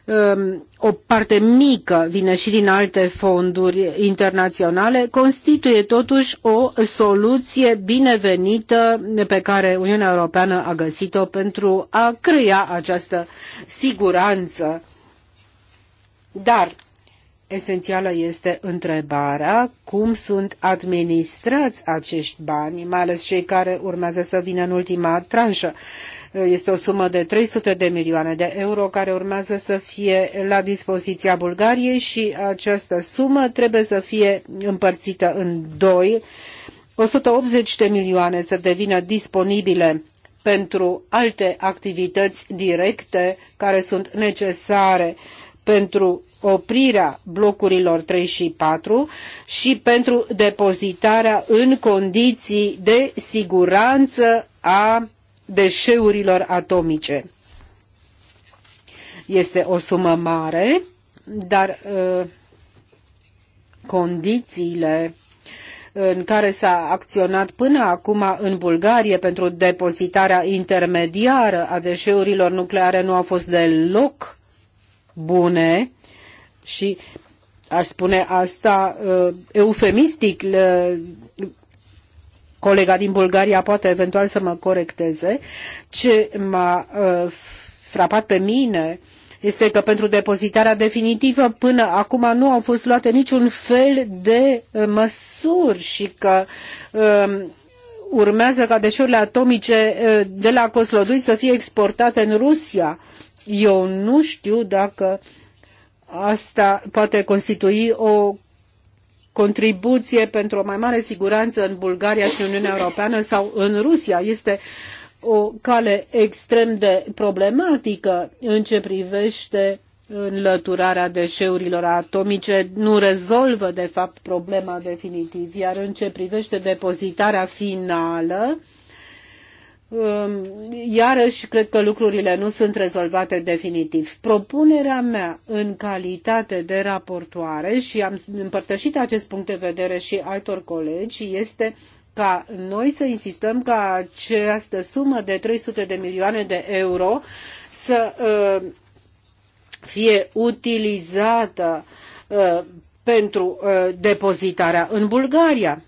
Um, o parte mică vine și din alte fonduri internaționale, constituie totuși o soluție binevenită pe care Uniunea Europeană a găsit-o pentru a crea această siguranță. Dar Esențială este întrebarea cum sunt administrați acești bani, mai ales cei care urmează să vină în ultima tranșă. Este o sumă de 300 de milioane de euro care urmează să fie la dispoziția Bulgariei și această sumă trebuie să fie împărțită în doi. 180 de milioane să devină disponibile pentru alte activități directe care sunt necesare pentru oprirea blocurilor 3 și 4 și pentru depozitarea în condiții de siguranță a deșeurilor atomice. Este o sumă mare, dar uh, condițiile în care s-a acționat până acum în Bulgaria pentru depozitarea intermediară a deșeurilor nucleare nu au fost deloc bune și aș spune asta uh, eufemistic, colega din Bulgaria poate eventual să mă corecteze, ce m-a uh, frapat pe mine este că pentru depozitarea definitivă până acum nu au fost luate niciun fel de uh, măsuri și că um, urmează ca deșeurile atomice de la Coslodui să fie exportate în Rusia. Eu nu știu dacă Asta poate constitui o contribuție pentru o mai mare siguranță în Bulgaria și în Uniunea Europeană sau în Rusia. Este o cale extrem de problematică în ce privește înlăturarea deșeurilor atomice nu rezolvă de fapt problema definitiv, iar în ce privește depozitarea finală, Um, iarăși cred că lucrurile nu sunt rezolvate definitiv. Propunerea mea în calitate de raportoare și am împărtășit acest punct de vedere și altor colegi este ca noi să insistăm ca această sumă de 300 de milioane de euro să uh, fie utilizată uh, pentru uh, depozitarea în Bulgaria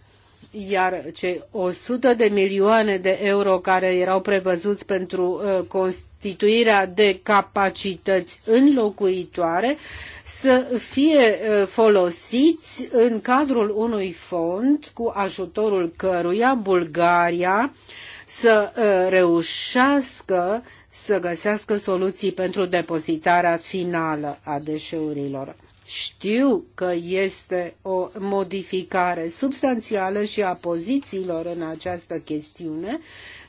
iar cei 100 de milioane de euro care erau prevăzuți pentru uh, constituirea de capacități înlocuitoare să fie uh, folosiți în cadrul unui fond cu ajutorul căruia Bulgaria să uh, reușească să găsească soluții pentru depozitarea finală a deșeurilor. Știu că este o modificare substanțială și a pozițiilor în această chestiune,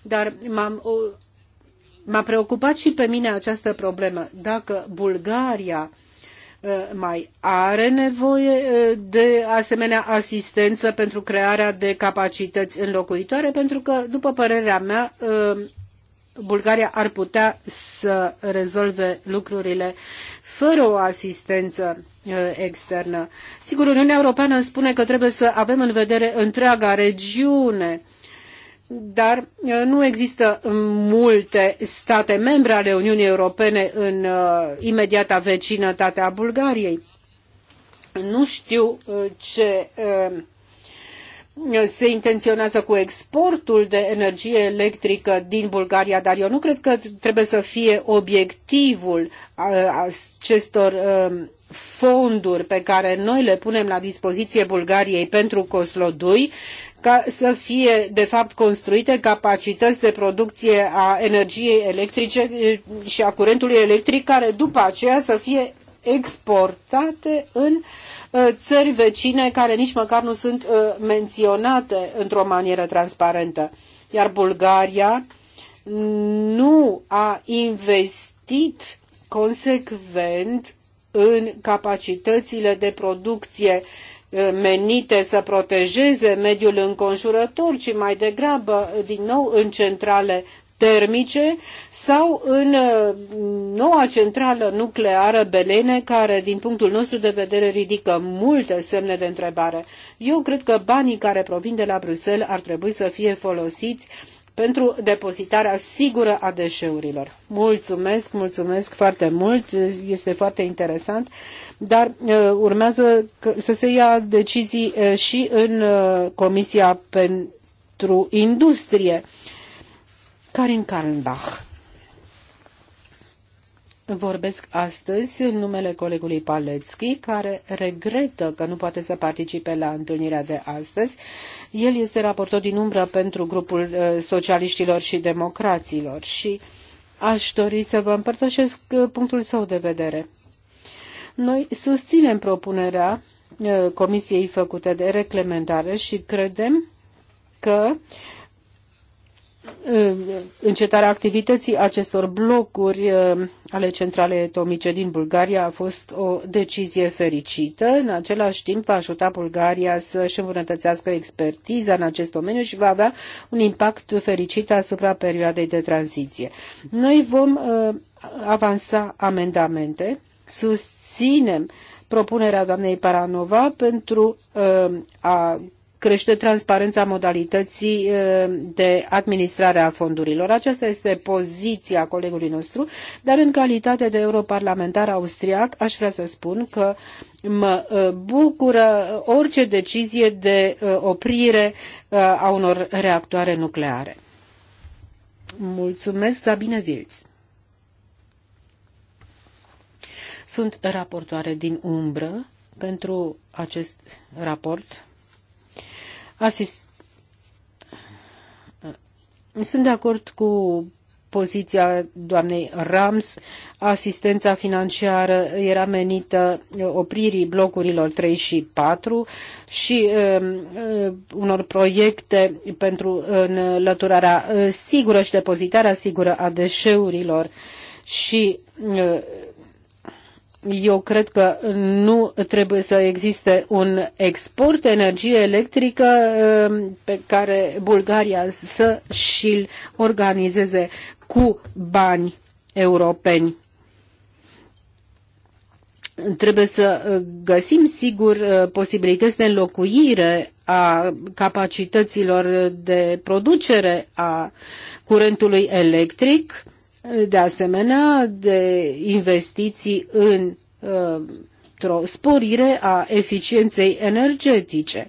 dar m-am m-a preocupat și pe mine această problemă. Dacă Bulgaria uh, mai are nevoie uh, de asemenea asistență pentru crearea de capacități înlocuitoare, pentru că, după părerea mea, uh, Bulgaria ar putea să rezolve lucrurile fără o asistență Uh, externă. Sigur, Uniunea Europeană spune că trebuie să avem în vedere întreaga regiune, dar uh, nu există multe state membre ale Uniunii Europene în uh, imediata vecinătate a Bulgariei. Nu știu ce se intenționează cu exportul de energie electrică din Bulgaria, dar eu nu cred că trebuie să fie obiectivul acestor fonduri pe care noi le punem la dispoziție Bulgariei pentru Coslodui ca să fie de fapt construite capacități de producție a energiei electrice și a curentului electric care după aceea să fie exportate în țări vecine care nici măcar nu sunt menționate într-o manieră transparentă. Iar Bulgaria nu a investit consecvent în capacitățile de producție eh, menite să protejeze mediul înconjurător, ci mai degrabă, eh, din nou, în centrale termice sau în eh, noua centrală nucleară Belene, care, din punctul nostru de vedere, ridică multe semne de întrebare. Eu cred că banii care provin de la Bruxelles ar trebui să fie folosiți pentru depozitarea sigură a deșeurilor. Mulțumesc, mulțumesc foarte mult, este foarte interesant, dar uh, urmează să se ia decizii uh, și în uh, Comisia pentru Industrie. Karin Karlenbach. Vorbesc astăzi în numele colegului Palețchi, care regretă că nu poate să participe la întâlnirea de astăzi. El este raportor din umbră pentru grupul uh, socialiștilor și democraților și aș dori să vă împărtășesc uh, punctul său de vedere. Noi susținem propunerea uh, Comisiei făcute de reclementare și credem că uh, încetarea activității acestor blocuri uh, ale centralei atomice din Bulgaria a fost o decizie fericită. În același timp va ajuta Bulgaria să-și îmbunătățească expertiza în acest domeniu și va avea un impact fericit asupra perioadei de tranziție. Noi vom uh, avansa amendamente, susținem propunerea doamnei Paranova pentru uh, a crește transparența modalității de administrare a fondurilor. Aceasta este poziția colegului nostru, dar în calitate de europarlamentar austriac aș vrea să spun că mă bucură orice decizie de oprire a unor reactoare nucleare. Mulțumesc, Sabine Vilți. Sunt raportoare din umbră pentru acest raport Asist... Sunt de acord cu poziția doamnei Rams, asistența financiară era menită opririi blocurilor 3 și 4 și um, uh, unor proiecte pentru înlăturarea uh, sigură și depozitarea sigură a deșeurilor și uh, eu cred că nu trebuie să existe un export de energie electrică um, pe care Bulgaria să și-l organizeze cu bani europeni. Trebuie să uh, găsim, sigur, uh, posibilități de înlocuire a capacităților de producere a curentului electric de asemenea de investiții în uh, o sporire a eficienței energetice.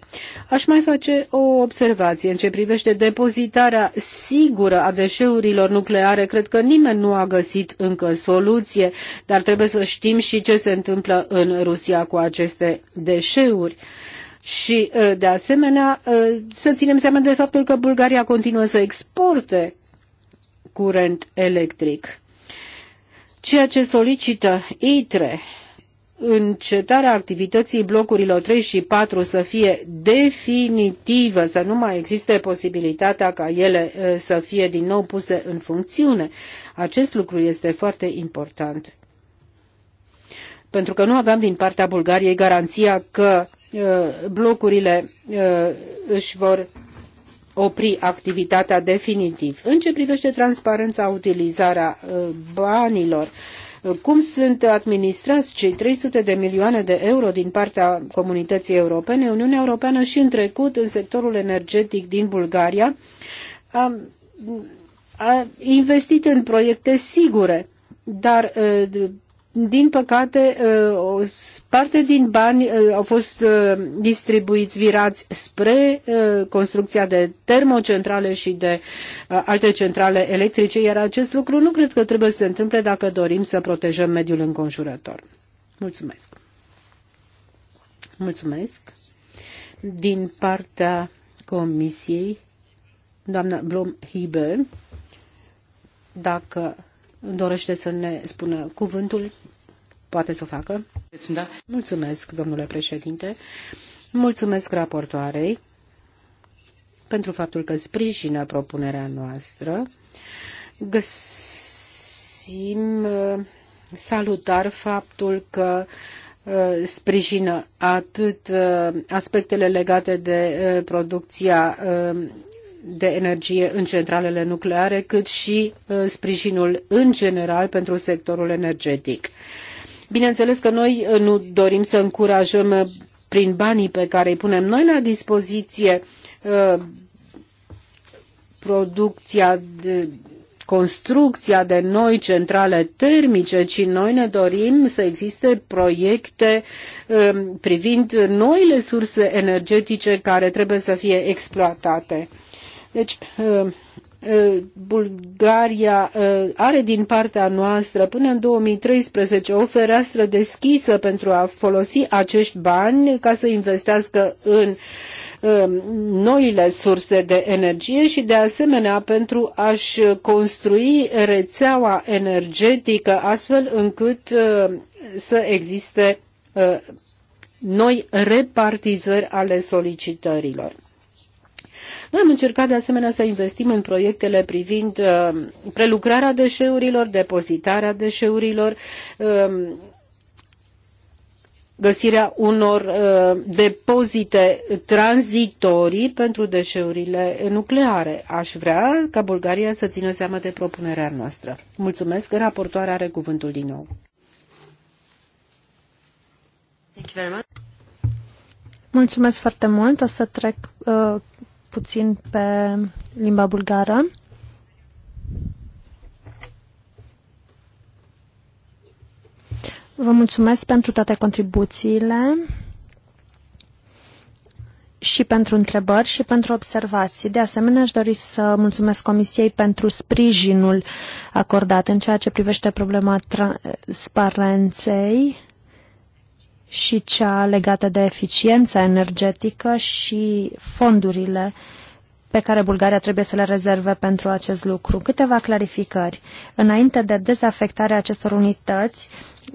Aș mai face o observație în ce privește depozitarea sigură a deșeurilor nucleare. Cred că nimeni nu a găsit încă soluție, dar trebuie să știm și ce se întâmplă în Rusia cu aceste deșeuri. Și, uh, de asemenea, uh, să ținem seama de faptul că Bulgaria continuă să exporte curent electric. Ceea ce solicită ITRE încetarea activității blocurilor 3 și 4 să fie definitivă, să nu mai existe posibilitatea ca ele să fie din nou puse în funcțiune. Acest lucru este foarte important. Pentru că nu aveam din partea Bulgariei garanția că blocurile își vor opri activitatea definitiv. În ce privește transparența, utilizarea uh, banilor, uh, cum sunt administrați cei 300 de milioane de euro din partea comunității europene, Uniunea Europeană și în trecut în sectorul energetic din Bulgaria a, a investit în proiecte sigure, dar uh, din păcate, o uh, parte din bani uh, au fost uh, distribuiți, virați spre construcția de termocentrale și de alte centrale electrice, iar acest lucru nu cred că trebuie să se întâmple dacă dorim să protejăm mediul înconjurător. Mulțumesc! Mulțumesc! Din partea Comisiei, doamna Blom-Hiber, dacă dorește să ne spună cuvântul poate să o facă? Deci, da. Mulțumesc, domnule președinte. Mulțumesc raportoarei pentru faptul că sprijină propunerea noastră. Găsim uh, salutar faptul că uh, sprijină atât uh, aspectele legate de producția de energie în centralele nucleare, cât și sprijinul în general pentru sectorul energetic. Bineînțeles că noi uh, nu dorim să încurajăm uh, prin banii pe care îi punem noi la dispoziție uh, producția de construcția de noi centrale termice, ci noi ne dorim să existe proiecte um, privind noile surse energetice care trebuie să fie exploatate. Deci, um, Bulgaria are din partea noastră până în 2013 o fereastră deschisă pentru a folosi acești bani ca să investească în noile surse de energie și de asemenea pentru a-și construi rețeaua energetică astfel încât să existe noi repartizări ale solicitărilor. Noi am încercat de asemenea să investim în proiectele privind uh, prelucrarea deșeurilor, depozitarea deșeurilor, um, găsirea unor uh, depozite tranzitorii pentru deșeurile nucleare. Aș vrea ca Bulgaria să țină seama de propunerea noastră. Mulțumesc. Raportoarea are cuvântul din nou. Mulțumesc foarte mult. O să trec uh, puțin pe limba bulgară. Vă mulțumesc pentru toate contribuțiile și pentru întrebări și pentru observații. De asemenea, aș dori să mulțumesc Comisiei pentru sprijinul acordat în ceea ce privește problema transparenței și cea legată de eficiența energetică și fondurile pe care Bulgaria trebuie să le rezerve pentru acest lucru. Câteva clarificări. Înainte de dezafectarea acestor unități,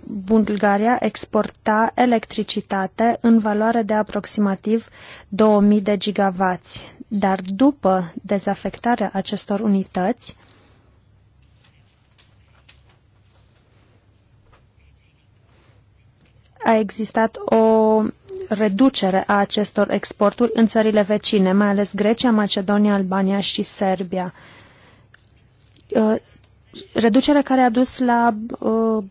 Bulgaria exporta electricitate în valoare de aproximativ 2000 de gigavați, dar după dezafectarea acestor unități, a existat o reducere a acestor exporturi în țările vecine, mai ales Grecia, Macedonia, Albania și Serbia. Uh, reducere care a dus la uh,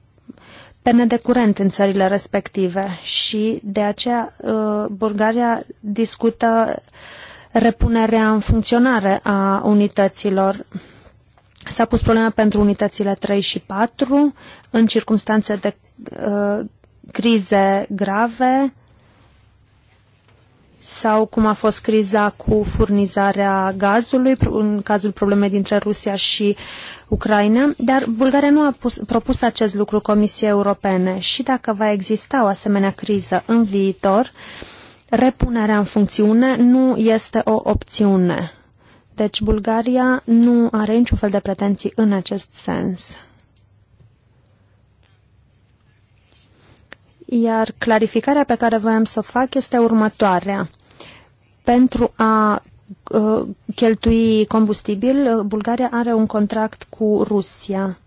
pene de curent în țările respective și de aceea uh, Bulgaria discută repunerea în funcționare a unităților. S-a pus problema pentru unitățile 3 și 4 în circunstanțe de crize grave sau cum a fost criza cu furnizarea gazului în cazul problemei dintre Rusia și Ucraina, dar Bulgaria nu a pus, propus acest lucru Comisiei Europene și dacă va exista o asemenea criză în viitor, repunerea în funcțiune nu este o opțiune. Deci Bulgaria nu are niciun fel de pretenții în acest sens. Iar clarificarea pe care voiam să o fac este următoarea. Pentru a uh, cheltui combustibil, uh, Bulgaria are un contract cu Rusia.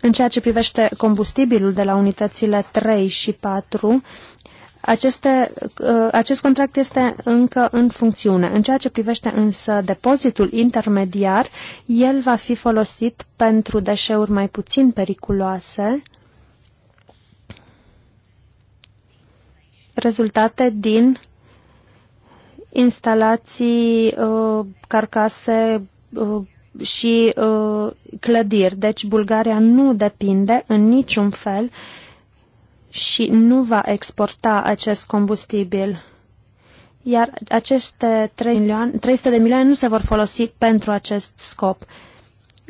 În ceea ce privește combustibilul de la unitățile 3 și 4, aceste, uh, acest contract este încă în funcțiune. În ceea ce privește însă depozitul intermediar, el va fi folosit pentru deșeuri mai puțin periculoase, rezultate din instalații, uh, carcase uh, și clădiri. Deci Bulgaria nu depinde în niciun fel și nu va exporta acest combustibil. Iar aceste 3 milioane, 300 de milioane nu se vor folosi pentru acest scop.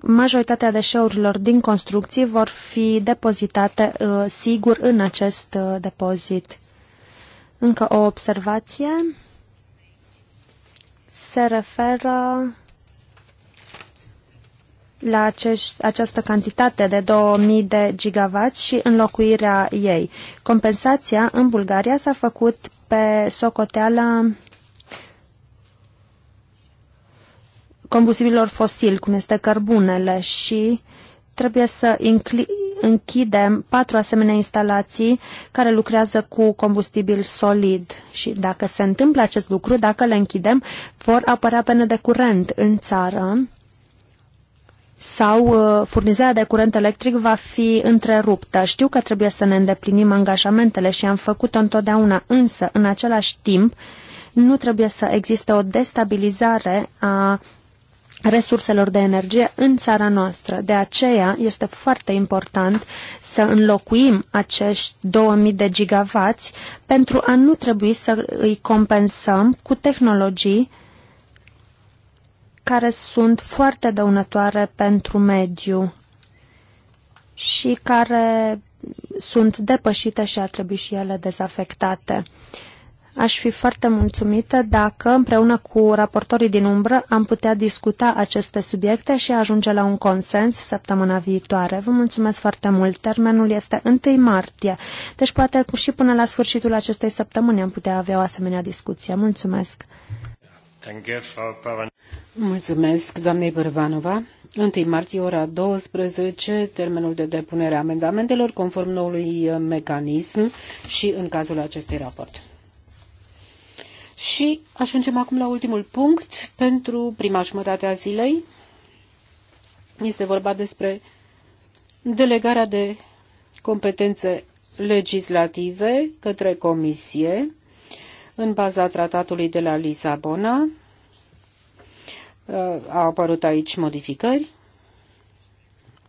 Majoritatea deșeurilor din construcții vor fi depozitate uh, sigur în acest uh, depozit. Încă o observație se referă la acești, această cantitate de 2000 de gigavați și înlocuirea ei. Compensația în Bulgaria s-a făcut pe socoteala combustibilor fosili, cum este cărbunele, și trebuie să închidem patru asemenea instalații care lucrează cu combustibil solid. Și dacă se întâmplă acest lucru, dacă le închidem, vor apărea pene de curent în țară sau uh, furnizarea de curent electric va fi întreruptă. Știu că trebuie să ne îndeplinim angajamentele și am făcut-o întotdeauna, însă, în același timp, nu trebuie să existe o destabilizare a resurselor de energie în țara noastră. De aceea este foarte important să înlocuim acești 2000 de gigavați pentru a nu trebui să îi compensăm cu tehnologii care sunt foarte dăunătoare pentru mediu și care sunt depășite și ar trebui și ele dezafectate. Aș fi foarte mulțumită dacă împreună cu raportorii din umbră am putea discuta aceste subiecte și ajunge la un consens săptămâna viitoare. Vă mulțumesc foarte mult. Termenul este 1 martie, deci poate și până la sfârșitul acestei săptămâni am putea avea o asemenea discuție. Mulțumesc! Mulțumesc, doamnei Bărvanova. 1 martie, ora 12, termenul de depunere a amendamentelor conform noului uh, mecanism și în cazul acestui raport. Și ajungem acum la ultimul punct pentru prima jumătate a zilei. Este vorba despre delegarea de competențe legislative către Comisie în baza tratatului de la Lisabona. Uh, au apărut aici modificări.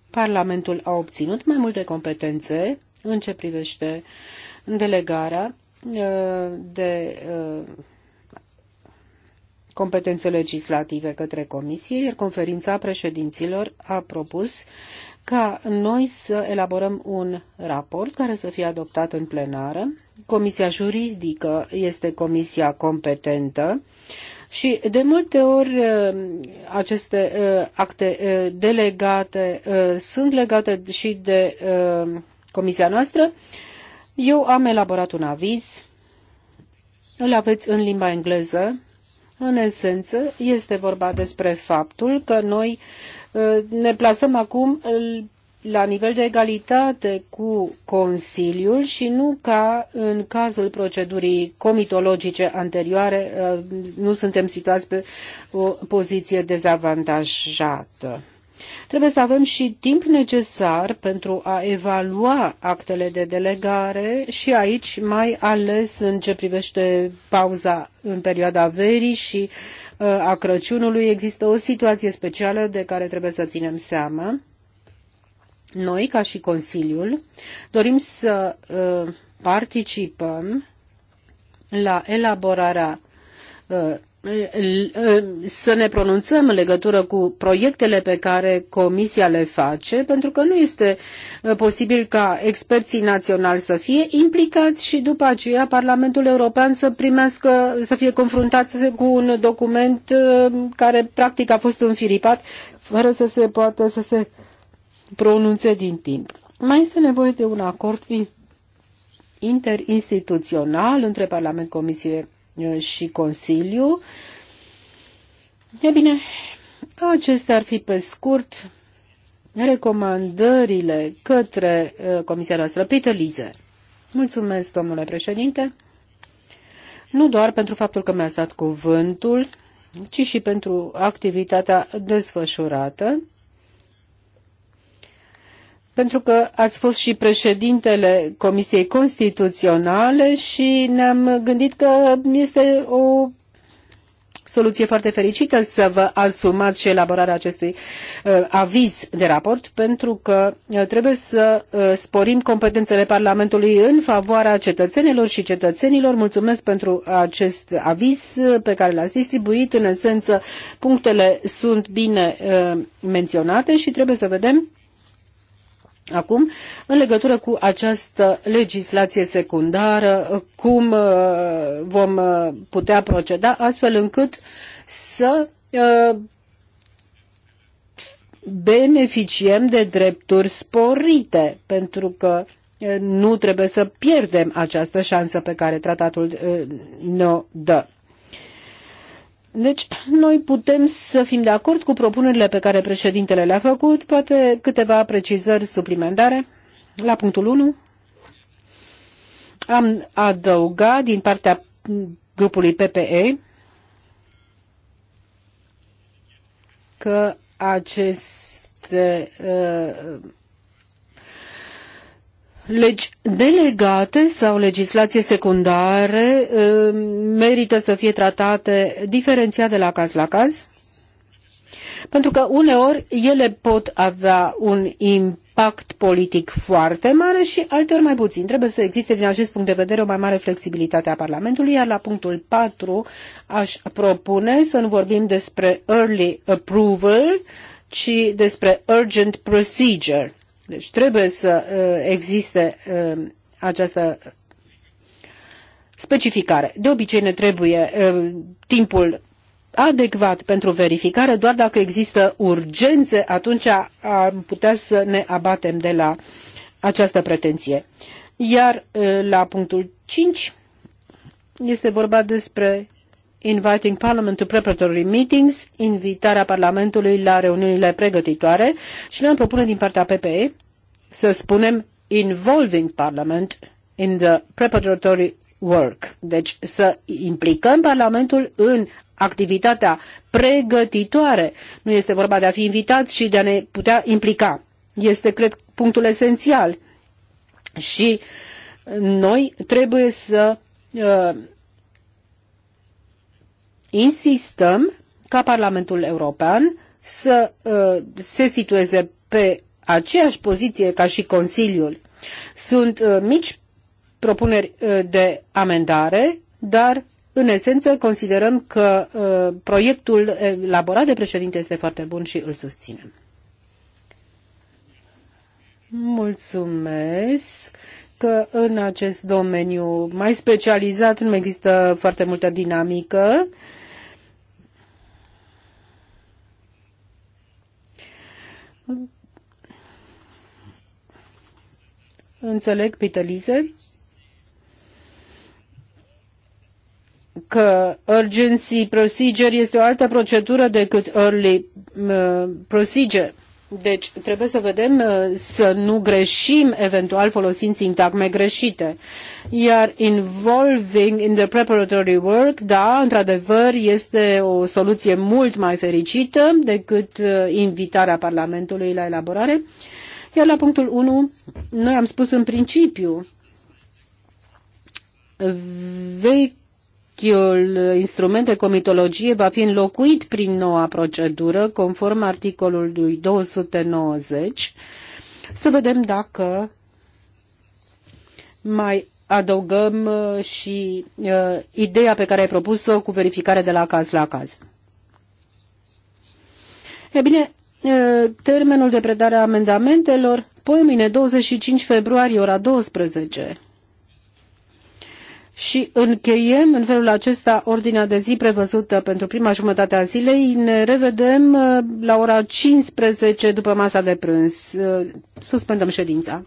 Parlamentul a obținut mai multe competențe în ce privește delegarea uh, de uh, competențe legislative către Comisie, iar conferința președinților a propus ca noi să elaborăm un raport care să fie adoptat în plenară. Comisia juridică este comisia competentă și de multe ori uh, aceste uh, acte uh, delegate sunt legate și de comisia noastră. Eu am elaborat un aviz, îl aveți în limba engleză. În esență, este vorba despre faptul că noi Uh, ne plasăm acum uh, la nivel de egalitate cu Consiliul și nu ca în cazul procedurii comitologice anterioare, uh, nu suntem situați pe o poziție dezavantajată. Trebuie să avem și timp necesar pentru a evalua actele de delegare și aici mai ales în ce privește pauza în perioada verii și uh, a Crăciunului există o situație specială de care trebuie să ținem seama. Noi, ca și Consiliul, dorim să uh, participăm la elaborarea uh, să ne pronunțăm în legătură cu proiectele pe care Comisia le face, pentru că nu este uh, posibil ca experții naționali să fie implicați și după aceea Parlamentul European să primească, să fie confruntat cu un document uh, care practic a fost înfiripat fără să se poată să se pronunțe din timp. Mai este nevoie de un acord interinstituțional între Parlament, Comisie Uh, și Consiliu. E bine, acestea ar fi pe scurt recomandările către uh, Comisia noastră. Peter Lize. Mulțumesc, domnule președinte, nu doar pentru faptul că mi-a stat cuvântul, ci și pentru activitatea desfășurată pentru că ați fost și președintele Comisiei Constituționale și ne-am gândit că este o soluție foarte fericită să vă asumați și elaborarea acestui uh, aviz de raport, pentru că uh, trebuie să uh, sporim competențele Parlamentului în favoarea cetățenilor și cetățenilor. Mulțumesc pentru acest aviz uh, pe care l-ați distribuit. În esență, punctele sunt bine uh, menționate și trebuie să vedem Acum, în legătură cu această legislație secundară, cum uh, vom uh, putea proceda astfel încât să uh, beneficiem de drepturi sporite, pentru că nu trebuie să pierdem această șansă pe care tratatul ne-o dă. Deci, noi putem să fim de acord cu propunerile pe care președintele le-a făcut, poate câteva precizări suplimentare. La punctul 1 am adăugat din partea grupului PPE că aceste uh, legi delegate sau legislație secundare uh, merită să fie tratate diferențiat de la caz la caz? Pentru că uneori ele pot avea un impact politic foarte mare și alteori mai puțin. Trebuie să existe din acest punct de vedere o mai mare flexibilitate a Parlamentului, iar la punctul 4 aș propune să nu vorbim despre early approval, ci despre urgent procedure deci trebuie să uh, existe uh, această specificare. De obicei ne trebuie uh, timpul adecvat pentru verificare, doar dacă există urgențe, atunci am putea să ne abatem de la această pretenție. Iar la punctul 5 este vorba despre inviting Parliament to preparatory meetings, invitarea Parlamentului la reuniunile pregătitoare și noi am propune din partea PPE să spunem involving Parliament in the preparatory work. Deci să implicăm Parlamentul în activitatea pregătitoare. Nu este vorba de a fi invitați, ci de a ne putea implica. Este, cred, punctul esențial. Și noi trebuie să uh, insistăm ca Parlamentul European să uh, se situeze pe aceeași poziție ca și Consiliul. Sunt uh, mici propuneri uh, de amendare, dar în esență considerăm că proiectul elaborat de președinte este foarte bun și îl susținem. Mulțumesc că în acest domeniu mai specializat nu există foarte multă dinamică. Înțeleg, Pitelize, că urgency procedure este o altă procedură decât early uh, procedure. Deci trebuie să vedem uh, să nu greșim eventual folosind sintagme greșite. Iar involving in the preparatory work, da, într-adevăr, este o soluție mult mai fericită decât uh, invitarea Parlamentului la elaborare. Iar la punctul 1, noi am spus în principiu vechiul instrument de comitologie va fi înlocuit prin noua procedură, conform articolului 290. Să vedem dacă mai adăugăm uh, și uh, ideea pe care ai propus-o cu verificare de la caz la caz. E bine, uh, termenul de predare a amendamentelor, poimine, 25 februarie, ora 12 și încheiem în felul acesta ordinea de zi prevăzută pentru prima jumătate a zilei. Ne revedem uh, la ora 15 după masa de prânz. Uh, suspendăm ședința.